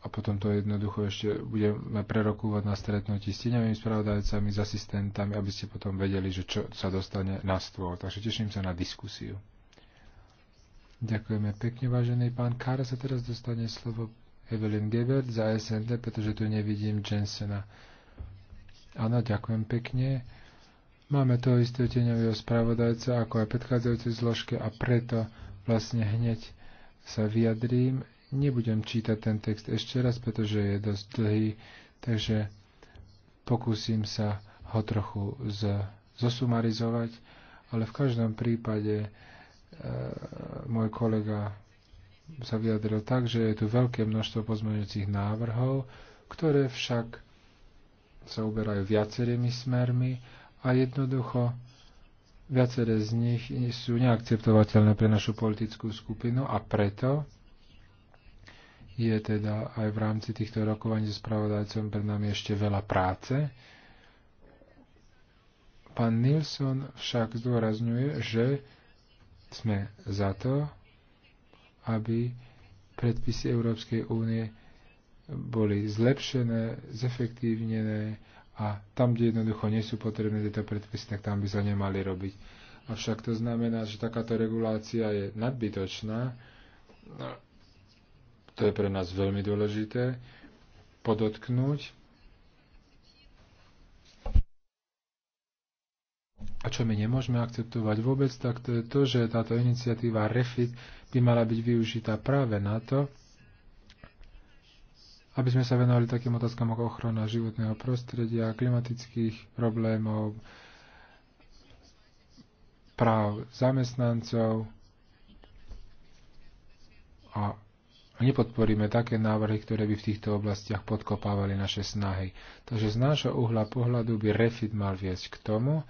a potom to jednoducho ešte budeme prerokúvať na stretnutí s tieňovými spravodajcami, s asistentami, aby ste potom vedeli, že čo sa dostane na stôl. Takže teším sa na diskusiu. Ďakujeme pekne, vážený pán Kára sa teraz dostane slovo Evelyn Gebert za SND, pretože tu nevidím Jensena. Áno, ďakujem pekne. Máme to isté teňového spravodajca ako aj predchádzajúce zložke a preto vlastne hneď sa vyjadrím. Nebudem čítať ten text ešte raz, pretože je dosť dlhý, takže pokúsim sa ho trochu z, zosumarizovať, ale v každom prípade e, môj kolega sa vyjadril tak, že je tu veľké množstvo pozmeňujúcich návrhov, ktoré však sa uberajú viacerými smermi a jednoducho viaceré z nich sú neakceptovateľné pre našu politickú skupinu a preto je teda aj v rámci týchto rokovaní so spravodajcom pred nami ešte veľa práce. Pán Nilsson však zdôrazňuje, že sme za to, aby predpisy Európskej únie boli zlepšené, zefektívnené a tam, kde jednoducho nie sú potrebné tieto predpisy, tak tam by sa nemali robiť. Avšak to znamená, že takáto regulácia je nadbytočná. No, to je pre nás veľmi dôležité podotknúť. A čo my nemôžeme akceptovať vôbec, tak to je to, že táto iniciatíva REFIT by mala byť využitá práve na to, aby sme sa venovali takým otázkam ako ochrana životného prostredia, klimatických problémov, práv zamestnancov a nepodporíme také návrhy, ktoré by v týchto oblastiach podkopávali naše snahy. Takže z nášho uhla pohľadu by refit mal viesť k tomu,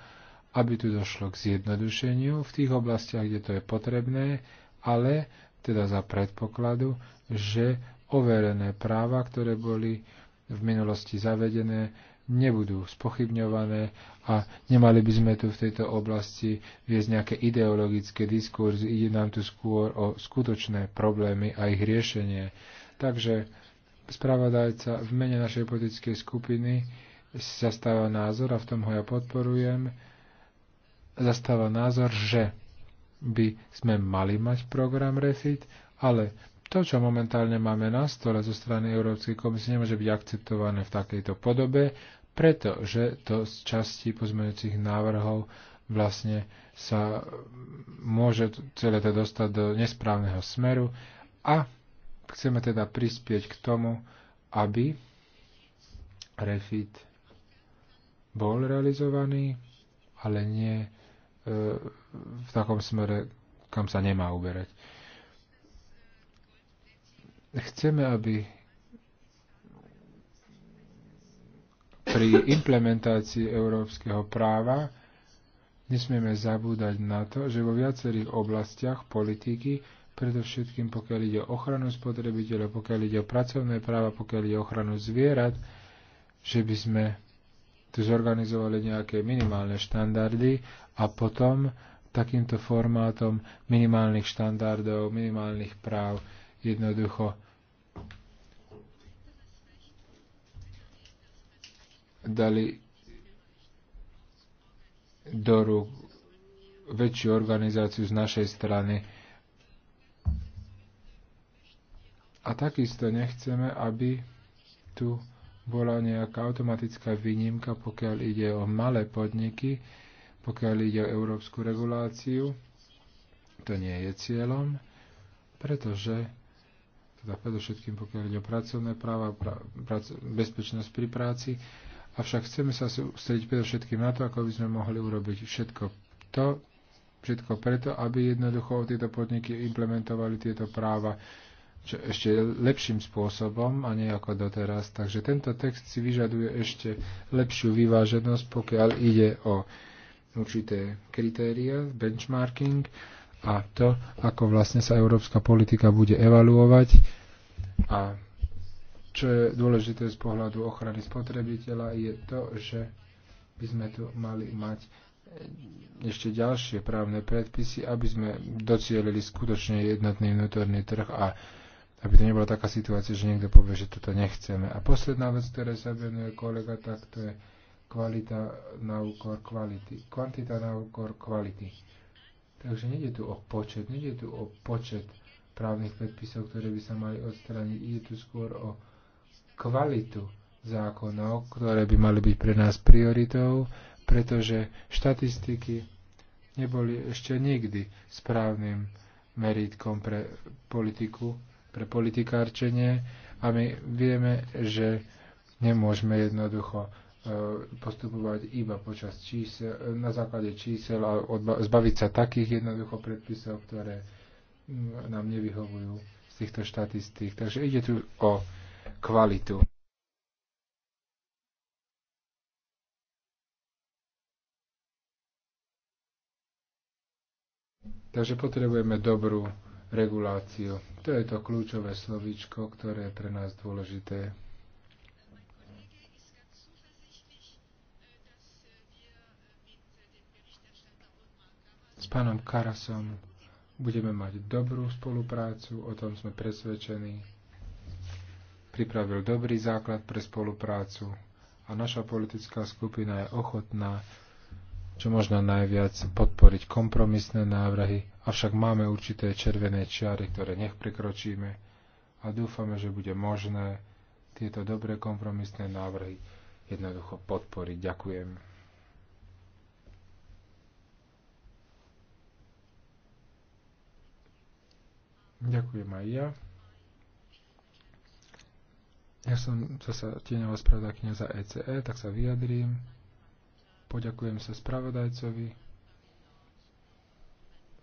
aby tu došlo k zjednodušeniu v tých oblastiach, kde to je potrebné, ale teda za predpokladu, že overené práva, ktoré boli v minulosti zavedené, nebudú spochybňované a nemali by sme tu v tejto oblasti viesť nejaké ideologické diskurzy. Ide nám tu skôr o skutočné problémy a ich riešenie. Takže spravodajca v mene našej politickej skupiny zastáva názor, a v tom ho ja podporujem, zastáva názor, že by sme mali mať program REFIT, ale to, čo momentálne máme na stole zo strany Európskej komisie, nemôže byť akceptované v takejto podobe, pretože to z časti pozmeňujúcich návrhov vlastne sa môže celé to dostať do nesprávneho smeru a chceme teda prispieť k tomu, aby refit bol realizovaný, ale nie e, v takom smere, kam sa nemá uberať. Chceme, aby pri implementácii európskeho práva nesmieme zabúdať na to, že vo viacerých oblastiach politiky, predovšetkým pokiaľ ide o ochranu spotrebiteľa, pokiaľ ide o pracovné práva, pokiaľ ide o ochranu zvierat, že by sme tu zorganizovali nejaké minimálne štandardy a potom takýmto formátom minimálnych štandardov, minimálnych práv jednoducho dali do rúk väčšiu organizáciu z našej strany. A takisto nechceme, aby tu bola nejaká automatická výnimka, pokiaľ ide o malé podniky, pokiaľ ide o európsku reguláciu. To nie je cieľom, pretože teda predovšetkým pokiaľ ide o pracovné práva, pra, prac, bezpečnosť pri práci. Avšak chceme sa sústrediť predovšetkým na to, ako by sme mohli urobiť všetko to, všetko preto, aby jednoducho tieto podniky implementovali tieto práva čo ešte lepším spôsobom a nie ako doteraz. Takže tento text si vyžaduje ešte lepšiu vyváženosť, pokiaľ ide o určité kritéria, benchmarking a to, ako vlastne sa európska politika bude evaluovať a čo je dôležité z pohľadu ochrany spotrebiteľa je to, že by sme tu mali mať ešte ďalšie právne predpisy, aby sme docielili skutočne jednotný vnútorný trh a aby to nebola taká situácia, že niekto povie, že toto nechceme. A posledná vec, ktoré sa venuje kolega, tak to je kvalita na úkor kvality. Kvantita na úkor kvality. Takže nejde tu o počet, nejde tu o počet právnych predpisov, ktoré by sa mali odstrániť. Ide tu skôr o kvalitu zákonov, ktoré by mali byť pre nás prioritou, pretože štatistiky neboli ešte nikdy správnym merítkom pre politiku, pre politikárčenie a my vieme, že nemôžeme jednoducho E, postupovať iba počas čísel, na základe čísel a odba- zbaviť sa takých jednoducho predpisov, ktoré nám nevyhovujú z týchto štatistík. Takže ide tu o kvalitu. Takže potrebujeme dobrú reguláciu. To je to kľúčové slovičko, ktoré je pre nás dôležité. pánom Karasom budeme mať dobrú spoluprácu, o tom sme presvedčení. Pripravil dobrý základ pre spoluprácu a naša politická skupina je ochotná čo možno najviac podporiť kompromisné návrhy, avšak máme určité červené čiary, ktoré nech prekročíme a dúfame, že bude možné tieto dobré kompromisné návrhy jednoducho podporiť. Ďakujem. Ďakujem aj ja. Ja som zase tieňová spravodajkňa za ECE, e, tak sa vyjadrím. Poďakujem sa spravodajcovi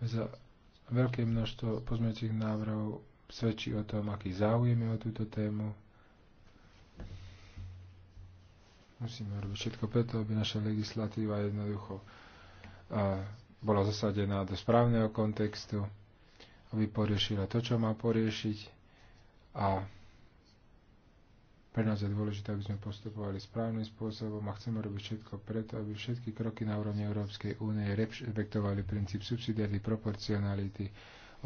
za veľké množstvo pozmeňujúcich návrhov svedčí o tom, aký záujem je o túto tému. Musíme robiť všetko preto, aby naša legislatíva jednoducho bola zasadená do správneho kontextu aby poriešila to, čo má poriešiť a pre nás je dôležité, aby sme postupovali správnym spôsobom a chceme robiť všetko preto, aby všetky kroky na úrovni Európskej únie rešpektovali princíp subsidiarity, proporcionality.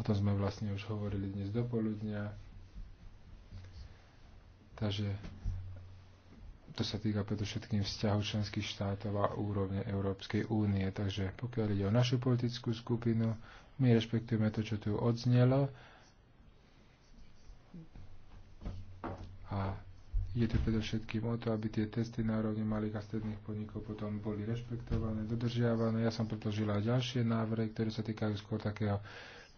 O tom sme vlastne už hovorili dnes do poludnia. Takže to sa týka predovšetkým vzťahu členských štátov a úrovne Európskej únie. Takže pokiaľ ide o našu politickú skupinu, my rešpektujeme to, čo tu odznelo. A je to predovšetkým o to, aby tie testy na úrovni malých a stredných podnikov potom boli rešpektované, dodržiavané. Ja som predložila ďalšie návrhy, ktoré sa týkajú skôr takého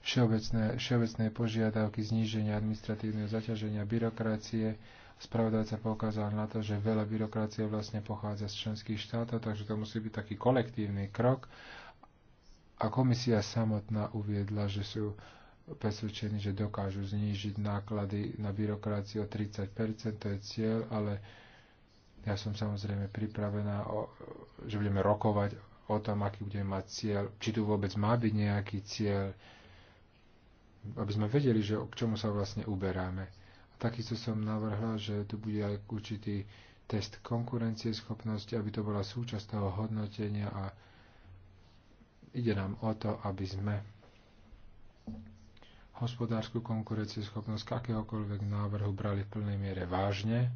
všeobecné, všeobecné požiadavky zníženia administratívneho zaťaženia byrokracie. Spravodajca poukázal na to, že veľa byrokracie vlastne pochádza z členských štátov, takže to musí byť taký kolektívny krok a komisia samotná uviedla, že sú presvedčení, že dokážu znížiť náklady na byrokraciu o 30%, to je cieľ, ale ja som samozrejme pripravená, o, že budeme rokovať o tom, aký budeme mať cieľ, či tu vôbec má byť nejaký cieľ, aby sme vedeli, že k čomu sa vlastne uberáme. A takisto som navrhla, že tu bude aj určitý test konkurencieschopnosti, aby to bola súčasť toho hodnotenia a Ide nám o to, aby sme hospodárskú konkurencieschopnosť akéhokoľvek návrhu brali v plnej miere vážne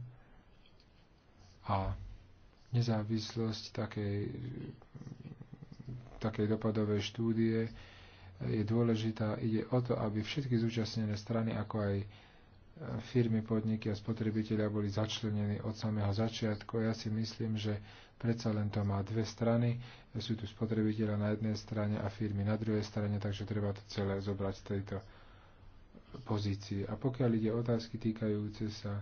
a nezávislosť takej, takej dopadovej štúdie je dôležitá. Ide o to, aby všetky zúčastnené strany, ako aj firmy, podniky a spotrebitelia boli začlenení od samého začiatku. Ja si myslím, že Predsa len to má dve strany. Sú tu spotrebiteľa na jednej strane a firmy na druhej strane, takže treba to celé zobrať z tejto pozície. A pokiaľ ide otázky týkajúce sa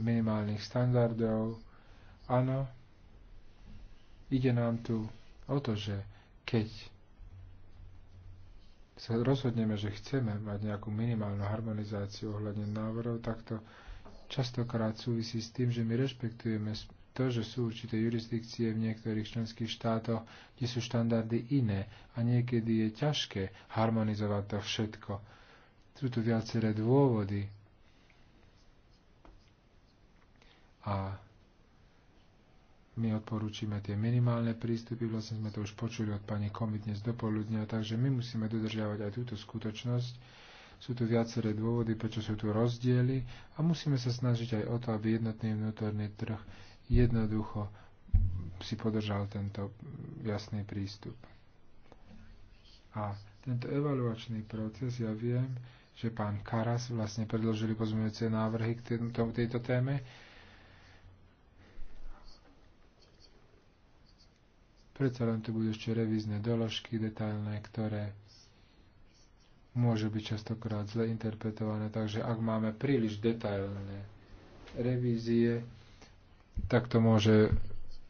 minimálnych standardov, áno, ide nám tu o to, že keď sa rozhodneme, že chceme mať nejakú minimálnu harmonizáciu ohľadne návrhov, tak to častokrát súvisí s tým, že my rešpektujeme to, že sú určité jurisdikcie v niektorých členských štátoch, kde sú štandardy iné a niekedy je ťažké harmonizovať to všetko. Sú tu viaceré dôvody a my odporúčime tie minimálne prístupy, vlastne sme to už počuli od pani Komi dnes do poludnia, takže my musíme dodržiavať aj túto skutočnosť, sú tu viaceré dôvody, prečo sú tu rozdiely a musíme sa snažiť aj o to, aby jednotný vnútorný trh jednoducho si podržal tento jasný prístup. A tento evaluačný proces, ja viem, že pán Karas vlastne predložili pozmeňujúce návrhy k tejto, tejto téme. Preto len tu budú ešte revízne doložky detailné, ktoré môžu byť častokrát zle interpretované, takže ak máme príliš detailné revízie, tak to môže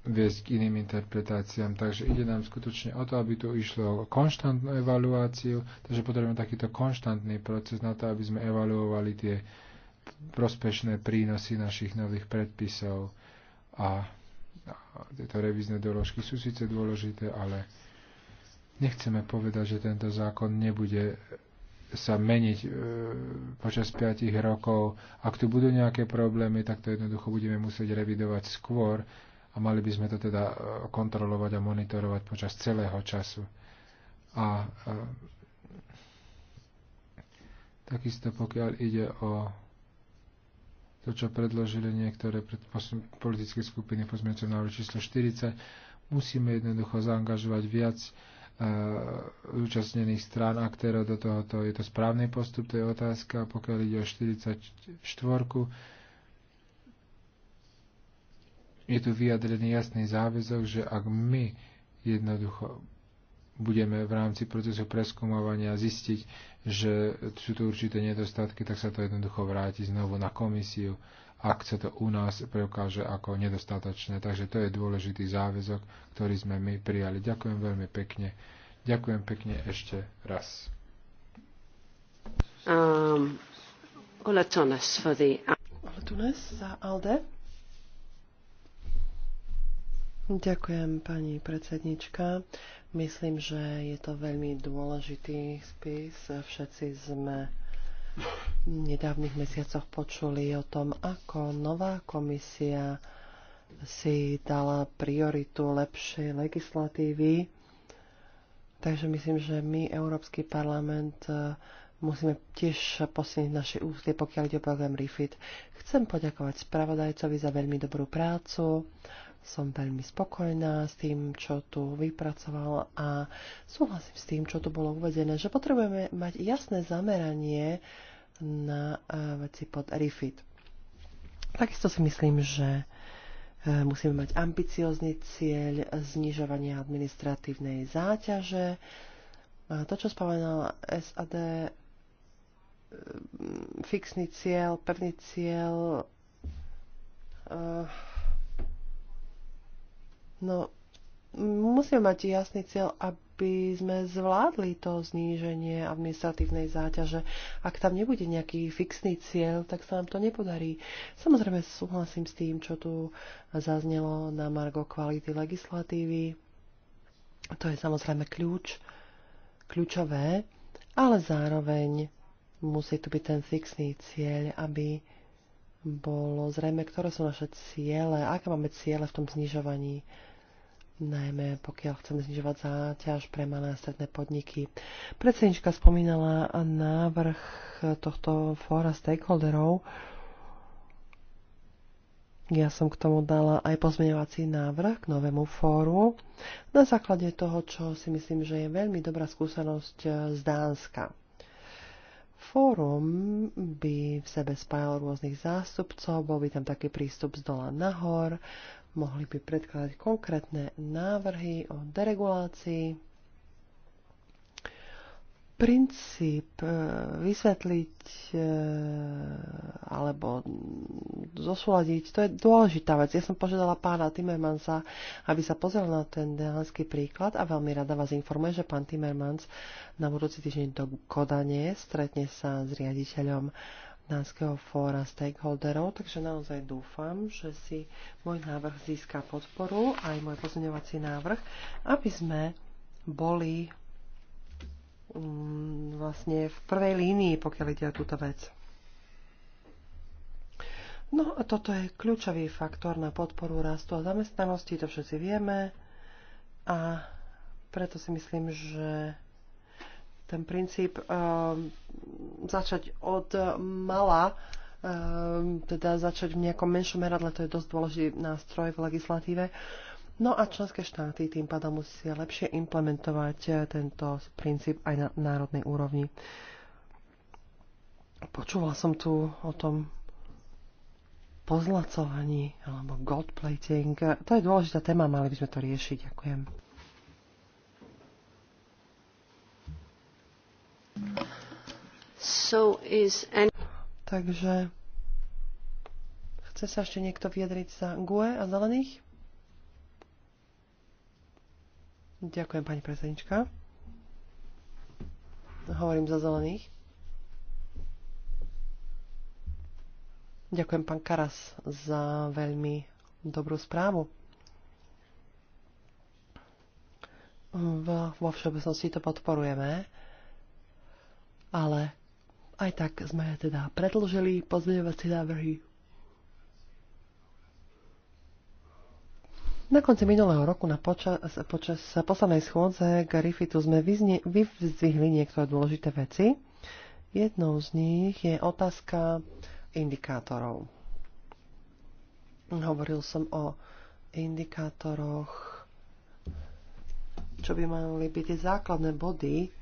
viesť k iným interpretáciám. Takže ide nám skutočne o to, aby tu išlo o konštantnú evaluáciu, takže potrebujeme takýto konštantný proces na to, aby sme evaluovali tie prospešné prínosy našich nových predpisov. A, a tieto revízne doložky sú síce dôležité, ale nechceme povedať, že tento zákon nebude sa meniť e, počas 5 rokov. Ak tu budú nejaké problémy, tak to jednoducho budeme musieť revidovať skôr a mali by sme to teda e, kontrolovať a monitorovať počas celého času. A e, takisto pokiaľ ide o to, čo predložili niektoré politické skupiny v pozmeňujúcom návrhu číslo 40, musíme jednoducho zaangažovať viac Eh, zúčastnených strán aktérov do tohoto. Je to správny postup, to je otázka, pokiaľ ide o 44. Je tu vyjadrený jasný záväzok, že ak my jednoducho budeme v rámci procesu preskúmovania zistiť, že sú tu určité nedostatky, tak sa to jednoducho vráti znovu na komisiu ak sa to u nás preukáže ako nedostatočné. Takže to je dôležitý záväzok, ktorý sme my prijali. Ďakujem veľmi pekne. Ďakujem pekne ešte raz. Um, Ola Tunes for the... Ola Tunes za ALDE. Ďakujem, pani predsednička. Myslím, že je to veľmi dôležitý spis. Všetci sme nedávnych mesiacoch počuli o tom, ako nová komisia si dala prioritu lepšej legislatívy. Takže myslím, že my, Európsky parlament, e, musíme tiež posilniť naše úsilie, pokiaľ ide o program REFIT. Chcem poďakovať spravodajcovi za veľmi dobrú prácu som veľmi spokojná s tým, čo tu vypracoval a súhlasím s tým, čo tu bolo uvedené, že potrebujeme mať jasné zameranie na e, veci pod refit. Takisto si myslím, že e, musíme mať ambiciózny cieľ znižovania administratívnej záťaže. To, čo spomenala SAD, e, fixný cieľ, pevný cieľ, No, musíme mať jasný cieľ, aby sme zvládli to zníženie administratívnej záťaže. Ak tam nebude nejaký fixný cieľ, tak sa nám to nepodarí. Samozrejme súhlasím s tým, čo tu zaznelo na margo kvality legislatívy. To je samozrejme kľúč, kľúčové, ale zároveň musí tu byť ten fixný cieľ, aby bolo zrejme, ktoré sú naše ciele, aké máme ciele v tom znižovaní najmä pokiaľ chceme znižovať záťaž pre malé a stredné podniky. Predsednička spomínala návrh tohto fóra stakeholderov. Ja som k tomu dala aj pozmeňovací návrh k novému fóru na základe toho, čo si myslím, že je veľmi dobrá skúsenosť eh, z Dánska. Fórum by v sebe spájal rôznych zástupcov, bol by tam taký prístup z dola nahor, mohli by predkladať konkrétne návrhy o deregulácii. Princíp e, vysvetliť e, alebo zosúľadiť, to je dôležitá vec. Ja som požiadala pána Timmermansa, aby sa pozrel na ten dánsky príklad a veľmi rada vás informuje, že pán Timmermans na budúci týždeň do Kodane stretne sa s riaditeľom uh, nánskeho fóra stakeholderov, takže naozaj dúfam, že si môj návrh získa podporu, aj môj pozmeňovací návrh, aby sme boli um, vlastne v prvej línii, pokiaľ ide o túto vec. No a toto je kľúčový faktor na podporu rastu a zamestnanosti, to všetci vieme a preto si myslím, že ten princíp eh, začať od mala, eh, teda začať v nejakom menšom meradle, to je dosť dôležitý nástroj v legislatíve. No a členské štáty tým pádom musia lepšie implementovať eh, tento princíp aj na národnej úrovni. Počúvala som tu o tom pozlacovaní alebo gold plating. To je dôležitá téma, mali by sme to riešiť. Ďakujem. Takže chce sa ešte niekto vyjadriť za GUE a zelených? Ďakujem, pani predsednička. Hovorím za zelených. Ďakujem, pán Karas, za veľmi dobrú správu. vo všeobecnosti to podporujeme ale aj tak sme teda predlžili pozmeňovacie návrhy. Na konci minulého roku na počas, počas poslednej schôdze Gariffitu sme vyzne, vyvzdvihli niektoré dôležité veci. Jednou z nich je otázka indikátorov. Hovoril som o indikátoroch, čo by mali byť tie základné body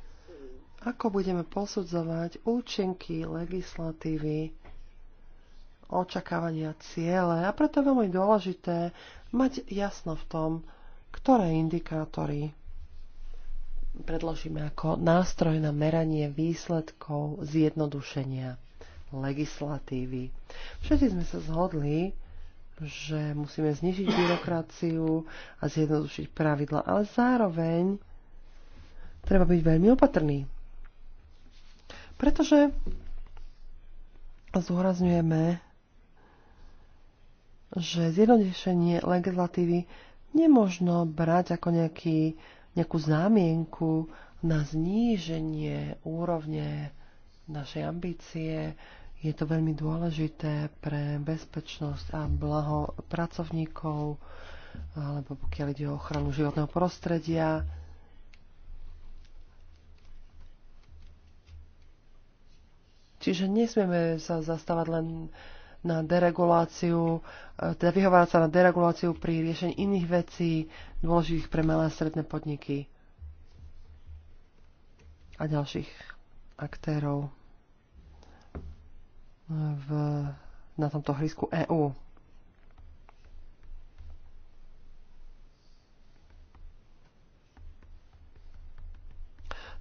ako budeme posudzovať účinky legislatívy, očakávania ciele a preto je veľmi dôležité mať jasno v tom, ktoré indikátory predložíme ako nástroj na meranie výsledkov zjednodušenia legislatívy. Všetci sme sa zhodli, že musíme znižiť byrokraciu a zjednodušiť pravidla, ale zároveň treba byť veľmi opatrný. Pretože zúrazňujeme, že zjednodušenie legislatívy nemôžno brať ako nejaký, nejakú zámienku na zníženie úrovne našej ambície. Je to veľmi dôležité pre bezpečnosť a blaho pracovníkov, alebo pokiaľ ide o ochranu životného prostredia. Čiže nesmieme sa zastávať len na dereguláciu, e, teda vyhovárať sa na dereguláciu pri riešení iných vecí dôležitých pre malé a stredné podniky a ďalších aktérov e, v, na tomto hrysku EÚ.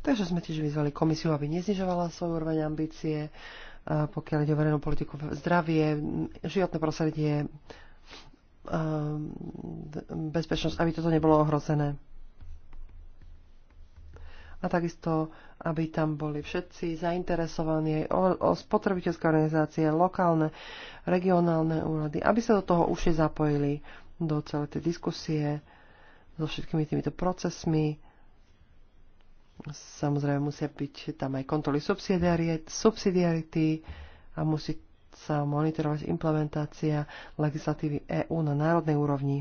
Takže sme tiež vyzvali komisiu, aby neznižovala svoju úroveň ambície, pokiaľ ide o verejnú politiku zdravie, životné prostredie, bezpečnosť, aby toto nebolo ohrozené. A takisto, aby tam boli všetci zainteresovaní, o, o spotrebiteľské organizácie, lokálne, regionálne úrady, aby sa do toho už zapojili do celej tej diskusie so všetkými týmito procesmi Samozrejme musia byť tam aj kontroly subsidiarity a musí sa monitorovať implementácia legislatívy EÚ na národnej úrovni.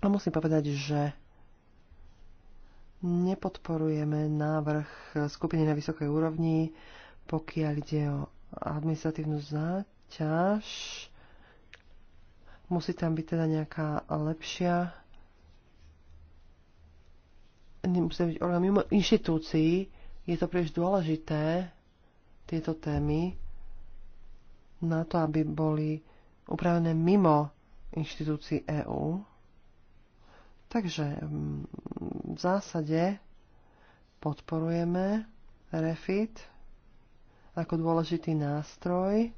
A musím povedať, že nepodporujeme návrh skupiny na vysokej úrovni, pokiaľ ide o administratívnu záťaž. Musí tam byť teda nejaká lepšia nemusí byť orgán mimo inštitúcií. Je to príliš dôležité, tieto témy, na to, aby boli upravené mimo inštitúcií EÚ. Takže mm, v zásade podporujeme REFIT ako dôležitý nástroj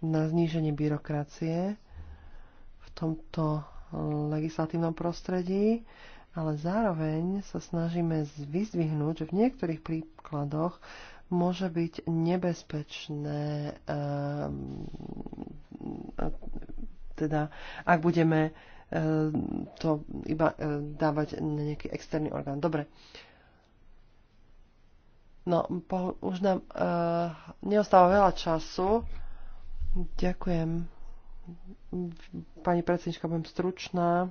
na zníženie byrokracie v tomto legislatívnom prostredí ale zároveň sa snažíme vyzdvihnúť, že v niektorých príkladoch môže byť nebezpečné, ehm, teda ak budeme ehm, to iba e, dávať na nejaký externý orgán. Dobre. No, po, už nám uh, neostáva veľa času. Ďakujem. Pani predsednička, budem stručná.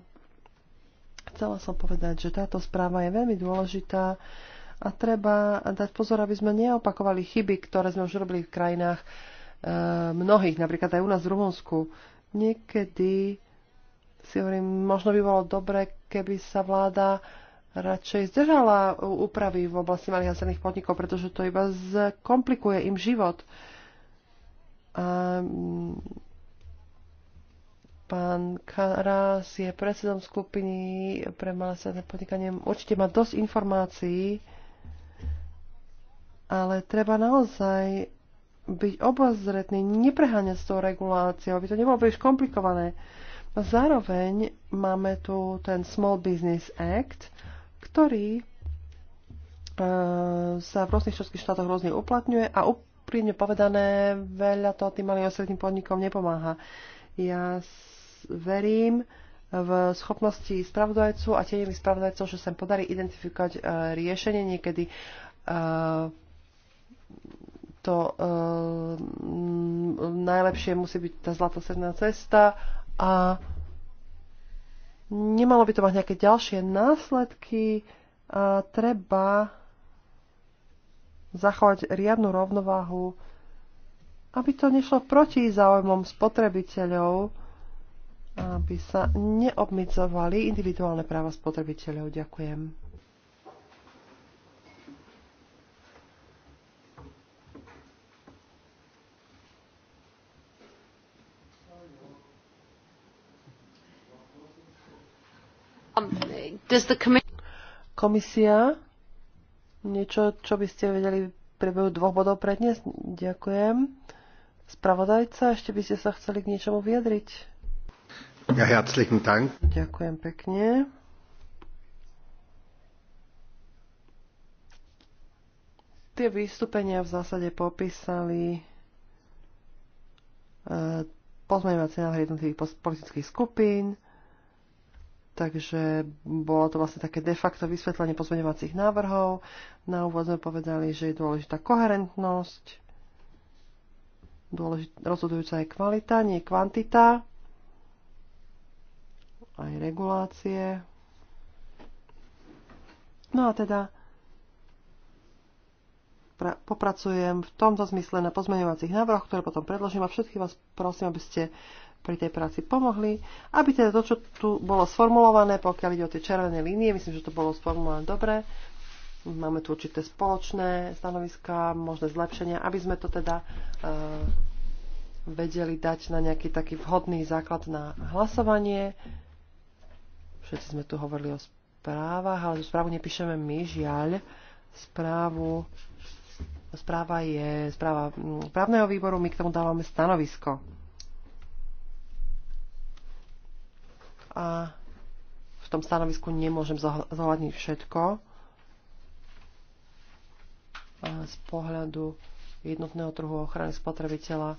Chcela som povedať, že táto správa je veľmi dôležitá a treba dať pozor, aby sme neopakovali chyby, ktoré sme už robili v krajinách e, mnohých, napríklad aj u nás v Rumunsku. Niekedy si hovorím, možno by bolo dobre, keby sa vláda radšej zdržala úpravy v oblasti malých a stredných podnikov, pretože to iba zkomplikuje im život. A Pán Karas je predsedom skupiny pre malé stredné podnikanie. Určite má dosť informácií, ale treba naozaj byť obozretný, nepreháňať s tou reguláciou, aby to nebolo príliš komplikované. A zároveň máme tu ten Small Business Act, ktorý e, sa v rôznych všetkých štátoch rôzne uplatňuje a úprimne povedané veľa to tým malým a stredným podnikom nepomáha. Ja verím v schopnosti spravodajcu a tieňových spravodajcov, že sa podarí identifikovať e, riešenie niekedy e, to uh, najlepšie musí byť tá zlatá sedná cesta a nemalo by to mať nejaké ďalšie následky a treba zachovať riadnu rovnováhu, aby to nešlo proti záujmom spotrebiteľov, aby sa neobmedzovali individuálne práva spotrebiteľov. Ďakujem. Um, Komisia, niečo, čo by ste vedeli v dvoch bodov predniesť? Ďakujem. Spravodajca, ešte by ste sa chceli k niečomu vyjadriť? Ja herzlichen Dank. Ďakujem pekne. Tie vystúpenia v zásade popísali e, pozmeňovacie návrhy jednotlivých politických skupín, takže bolo to vlastne také de facto vysvetlenie pozmeňovacích návrhov. Na úvod sme povedali, že je dôležitá koherentnosť, dôležit, rozhodujúca je kvalita, nie kvantita aj regulácie. No a teda popracujem v tomto zmysle na pozmeňovacích návrhoch, ktoré potom predložím a všetkých vás prosím, aby ste pri tej práci pomohli, aby teda to, čo tu bolo sformulované, pokiaľ ide o tie červené línie, myslím, že to bolo sformulované dobre, máme tu určité spoločné stanoviska, možné zlepšenia, aby sme to teda uh, vedeli dať na nejaký taký vhodný základ na hlasovanie. Všetci sme tu hovorili o správach, ale tú správu nepíšeme my, žiaľ. Správu, správa je správa mm, právneho výboru, my k tomu dávame stanovisko. A v tom stanovisku nemôžem zohľadniť všetko z pohľadu jednotného trhu ochrany spotrebiteľa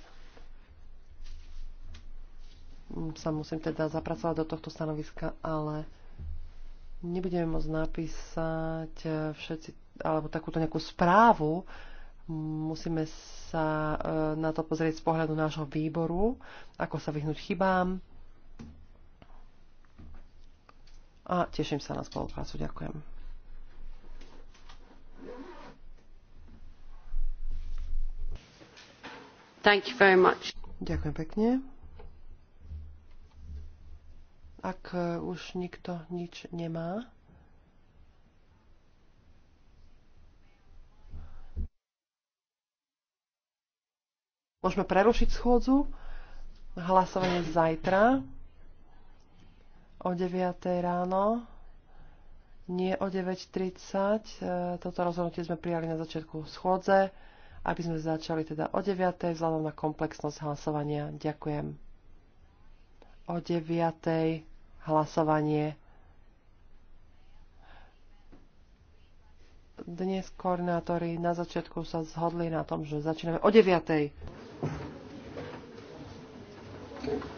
sa musím teda zapracovať do tohto stanoviska, ale nebudeme môcť napísať e, všetci, alebo takúto nejakú správu. Musíme sa e, na to pozrieť z pohľadu nášho výboru, ako sa vyhnúť chybám. A teším sa na spoluprácu. Ďakujem. Thank you very much. Ďakujem pekne. Ak e, už nikto nič nemá. Môžeme prerušiť schôdzu. Hlasovanie zajtra o 9. ráno. Nie o 9.30. E, toto rozhodnutie sme prijali na začiatku schôdze, aby sme začali teda o 9. vzhľadom na komplexnosť hlasovania. Ďakujem o 9. hlasovanie. Dnes koordinátori na začiatku sa zhodli na tom, že začíname o 9. Thank you.